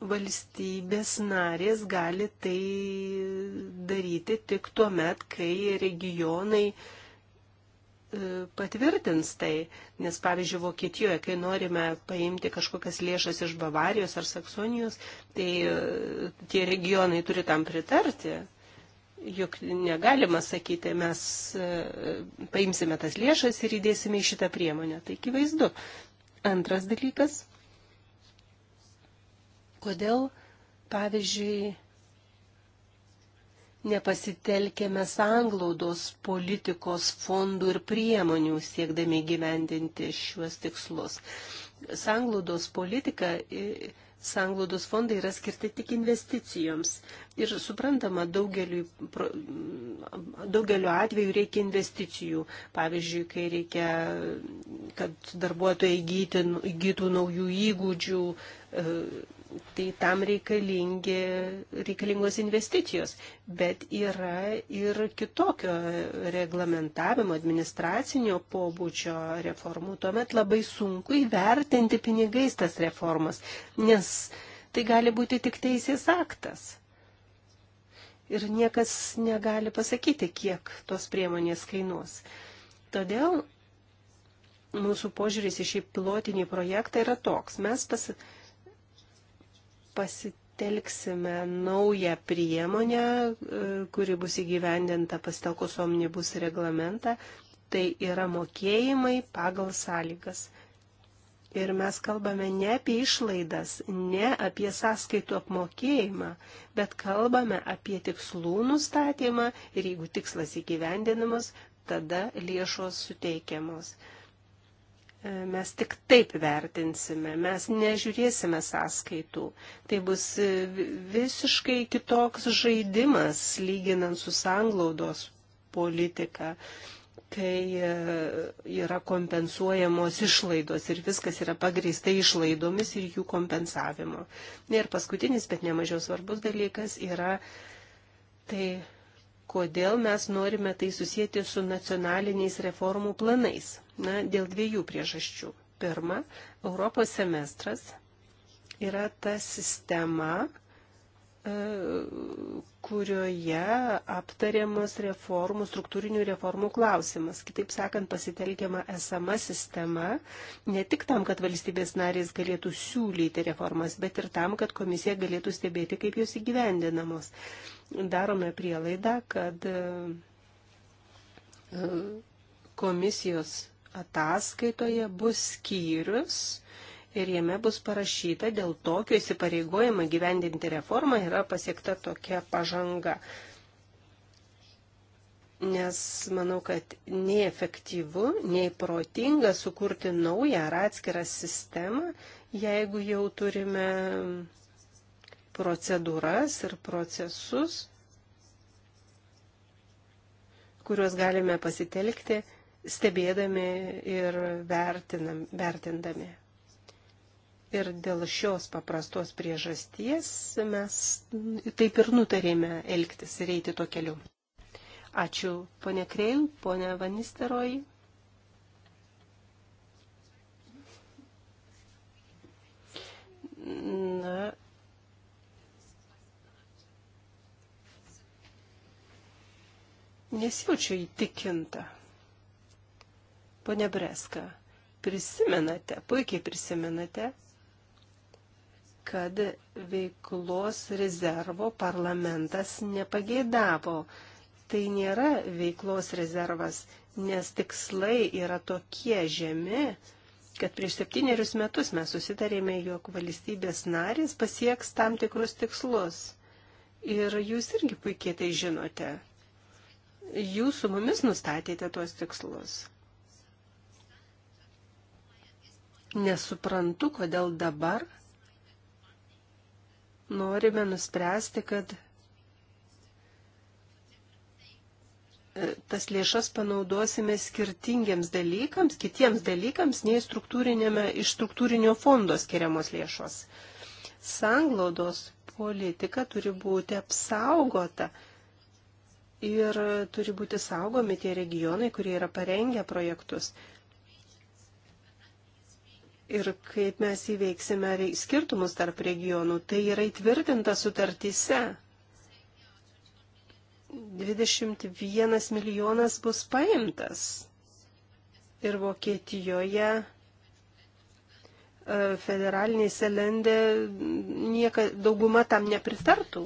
S1: valstybės narės gali tai daryti tik tuo met, kai regionai uh, E, patvirtins tai, nes pavyzdžiui, Vokietijoje, kai norime paimti kažkokias lėšas iš Bavarijos ar Saksonijos, tai e, tie regionai turi tam pritarti. Juk negalima sakyti, mes e, paimsime tas lėšas ir įdėsime į šitą priemonę. Tai akivaizdu. Antras dalykas. Kodėl, pavyzdžiui, nepasitelkėme sanglaudos politikos fondų ir priemonių siekdami gyvendinti šiuos tikslus. Sanglaudos politika sanglaudos fondai yra skirti tik investicijoms. Ir suprantama, daugeliu, daugeliu atveju reikia investicijų. Pavyzdžiui, kai reikia, kad darbuotojai įgyti, įgytų naujų įgūdžių, e, tai tam reikalingi, reikalingos investicijos, bet yra ir kitokio reglamentavimo, administracinio pobūdžio reformų. Tuomet labai sunku įvertinti pinigais tas reformas, nes tai gali būti tik teisės aktas. Ir niekas negali pasakyti, kiek tos priemonės kainuos. Todėl mūsų požiūris į šį pilotinį projektą yra toks. Mes pasakome, pasitelksime naują priemonę, e, kuri bus įgyvendinta pastelkus omnibus reglamentą. Tai yra mokėjimai pagal sąlygas. Ir mes kalbame ne apie išlaidas, ne apie sąskaitų apmokėjimą, bet kalbame apie tikslų nustatymą ir jeigu tikslas įgyvendinamas, tada lėšos suteikiamos. E, mes tik taip vertinsime, mes nežiūrėsime sąskaitų. Tai bus e, visiškai kitoks žaidimas, lyginant su sanglaudos politika, kai e, yra kompensuojamos išlaidos ir viskas yra pagrįsta išlaidomis ir jų kompensavimo. Ir paskutinis, bet nemažiau svarbus dalykas yra tai kodėl mes norime tai susijęti su nacionaliniais reformų planais. Na, dėl dviejų priežasčių. Pirma, Europos semestras yra ta sistema, E, kurioje aptariamas reformų, struktūrinių reformų klausimas. Kitaip sakant, pasitelkiama esama sistema ne tik tam, kad valstybės narės galėtų siūlyti reformas, bet ir tam, kad komisija galėtų stebėti, kaip jos įgyvendinamos. Darome prielaidą, kad e, e, komisijos ataskaitoje bus skyrius, ir jame bus parašyta, dėl tokio įsipareigojimo gyvendinti reformą yra pasiekta tokia pažanga. Nes manau, kad nei efektyvu, nei protinga sukurti naują ar atskirą sistemą, jeigu jau turime procedūras ir procesus, kuriuos galime pasitelkti, stebėdami ir vertinam, vertindami. Ir dėl šios paprastos priežasties mes taip ir nutarėme elgtis ir eiti tuo keliu. Ačiū, ponė Kreil, ponė Vanisteroj. Na. Nesijaučiu įtikinta. Pone Breska, prisimenate, puikiai prisimenate, kad veiklos rezervo parlamentas nepageidavo. Tai nėra veiklos rezervas, nes tikslai yra tokie žemi, kad prieš septynerius metus mes susitarėme, jog valstybės narės pasieks tam tikrus tikslus. Ir jūs irgi puikiai tai žinote. Jūs su mumis nustatėte tuos tikslus. Nesuprantu, kodėl dabar norime nuspręsti, kad e, tas lėšas panaudosime skirtingiems dalykams, kitiems dalykams, nei struktūrinėme iš struktūrinio fondo skiriamos lėšos. Sanglaudos politika turi būti apsaugota ir turi būti saugomi tie regionai, kurie yra parengę projektus ir kaip mes įveiksime skirtumus tarp regionų. Tai yra įtvirtinta sutartyse. 21 milijonas bus paimtas. Ir Vokietijoje e, federaliniai selendė nieka, dauguma tam nepritartų.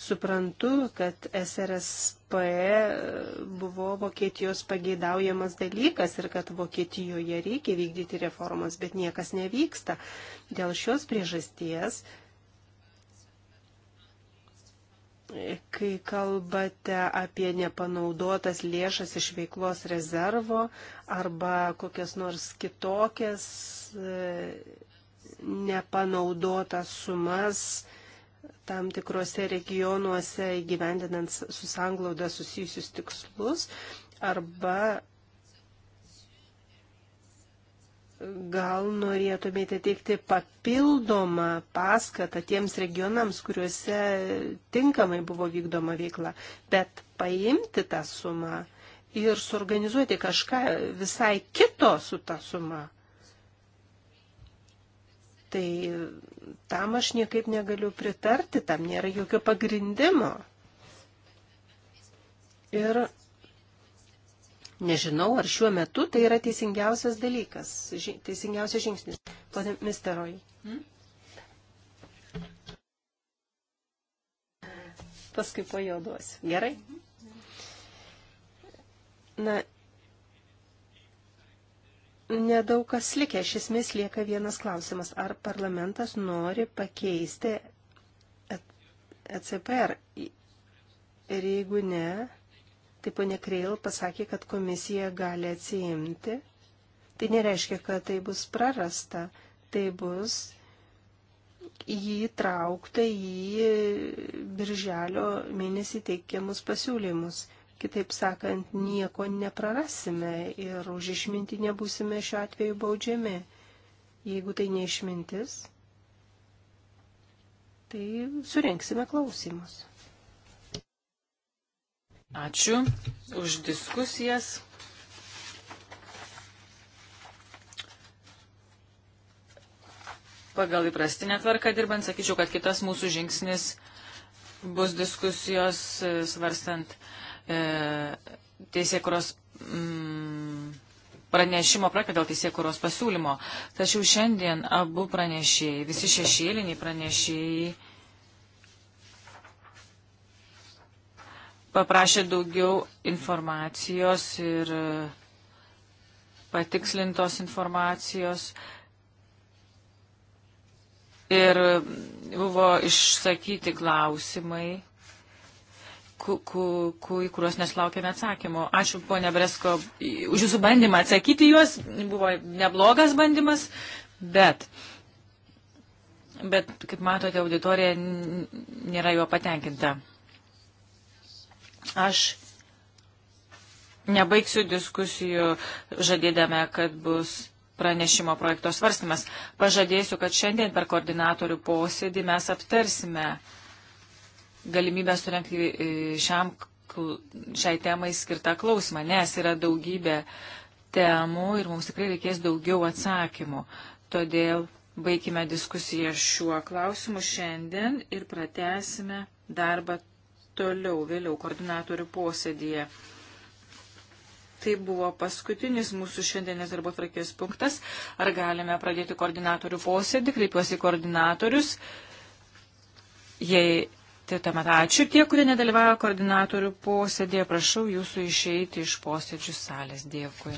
S1: Suprantu, kad SRSP e, e, buvo Vokietijos pageidaujamas dalykas ir kad Vokietijoje reikia vykdyti reformas, bet niekas nevyksta. Dėl šios priežasties, kai kalbate apie nepanaudotas lėšas iš veiklos rezervo arba kokias nors kitokias e, nepanaudotas sumas, tam tikrose regionuose įgyvendinant su sanglauda susijusius tikslus arba gal norėtumėte teikti papildomą paskatą tiems regionams, kuriuose tinkamai buvo vykdoma veikla, bet paimti tą sumą ir suorganizuoti kažką visai kito su tą sumą. Tai tam aš niekaip negaliu pritarti, tam nėra jokio pagrindimo. Ir nežinau, ar šiuo metu tai yra teisingiausias dalykas, teisingiausias žingsnis. Pone Misteroj. Hmm? Paskui pajoduosiu. Gerai? Mhm. Na, nedaug kas likę. Iš esmės lieka vienas klausimas. Ar parlamentas nori pakeisti ECPR? E Ir jeigu ne, tai ponė Kreil pasakė, kad komisija gali atsiimti. Tai nereiškia, kad tai bus prarasta. Tai bus jį traukta į birželio mėnesį teikiamus pasiūlymus. Kitaip sakant, nieko neprarasime ir už išmintį nebūsime šiuo atveju baudžiami. Jeigu tai neišmintis, tai surenksime klausimus.
S2: Ačiū už diskusijas. Pagal įprastinę tvarką dirbant, sakyčiau, kad kitas mūsų žingsnis bus diskusijos e, svarstant E, teisėkuros mm, pranešimo projektą dėl teisėkuros pasiūlymo. Tačiau šiandien abu pranešėjai, visi šešėliniai pranešėjai paprašė daugiau informacijos ir patikslintos informacijos. Ir buvo išsakyti klausimai į kuriuos neslaukėme atsakymų. Ačiū, ponia Bresko, už jūsų bandymą atsakyti juos. Buvo neblogas bandymas, bet, bet kaip matote, auditorija nėra juo patenkinta. Aš nebaigsiu diskusijų žadėdame, kad bus pranešimo projekto svarstymas. Pažadėsiu, kad šiandien per koordinatorių posėdį mes aptarsime uh, galimybę surenkti e, šiam, šiai temai skirtą klausimą, nes yra daugybė temų ir mums tikrai reikės daugiau atsakymų. Todėl baigime diskusiją šiuo klausimu šiandien ir pratesime darbą toliau, vėliau koordinatorių posėdėje. Tai buvo paskutinis mūsų šiandienės darbo tvarkės punktas. Ar galime pradėti koordinatorių posėdį? Kreipiuosi koordinatorius. Jei baigti tame. Ačiū tie, kurie nedalyvavo koordinatorių posėdėje. Prašau jūsų išeiti iš posėdžių salės. Dėkui.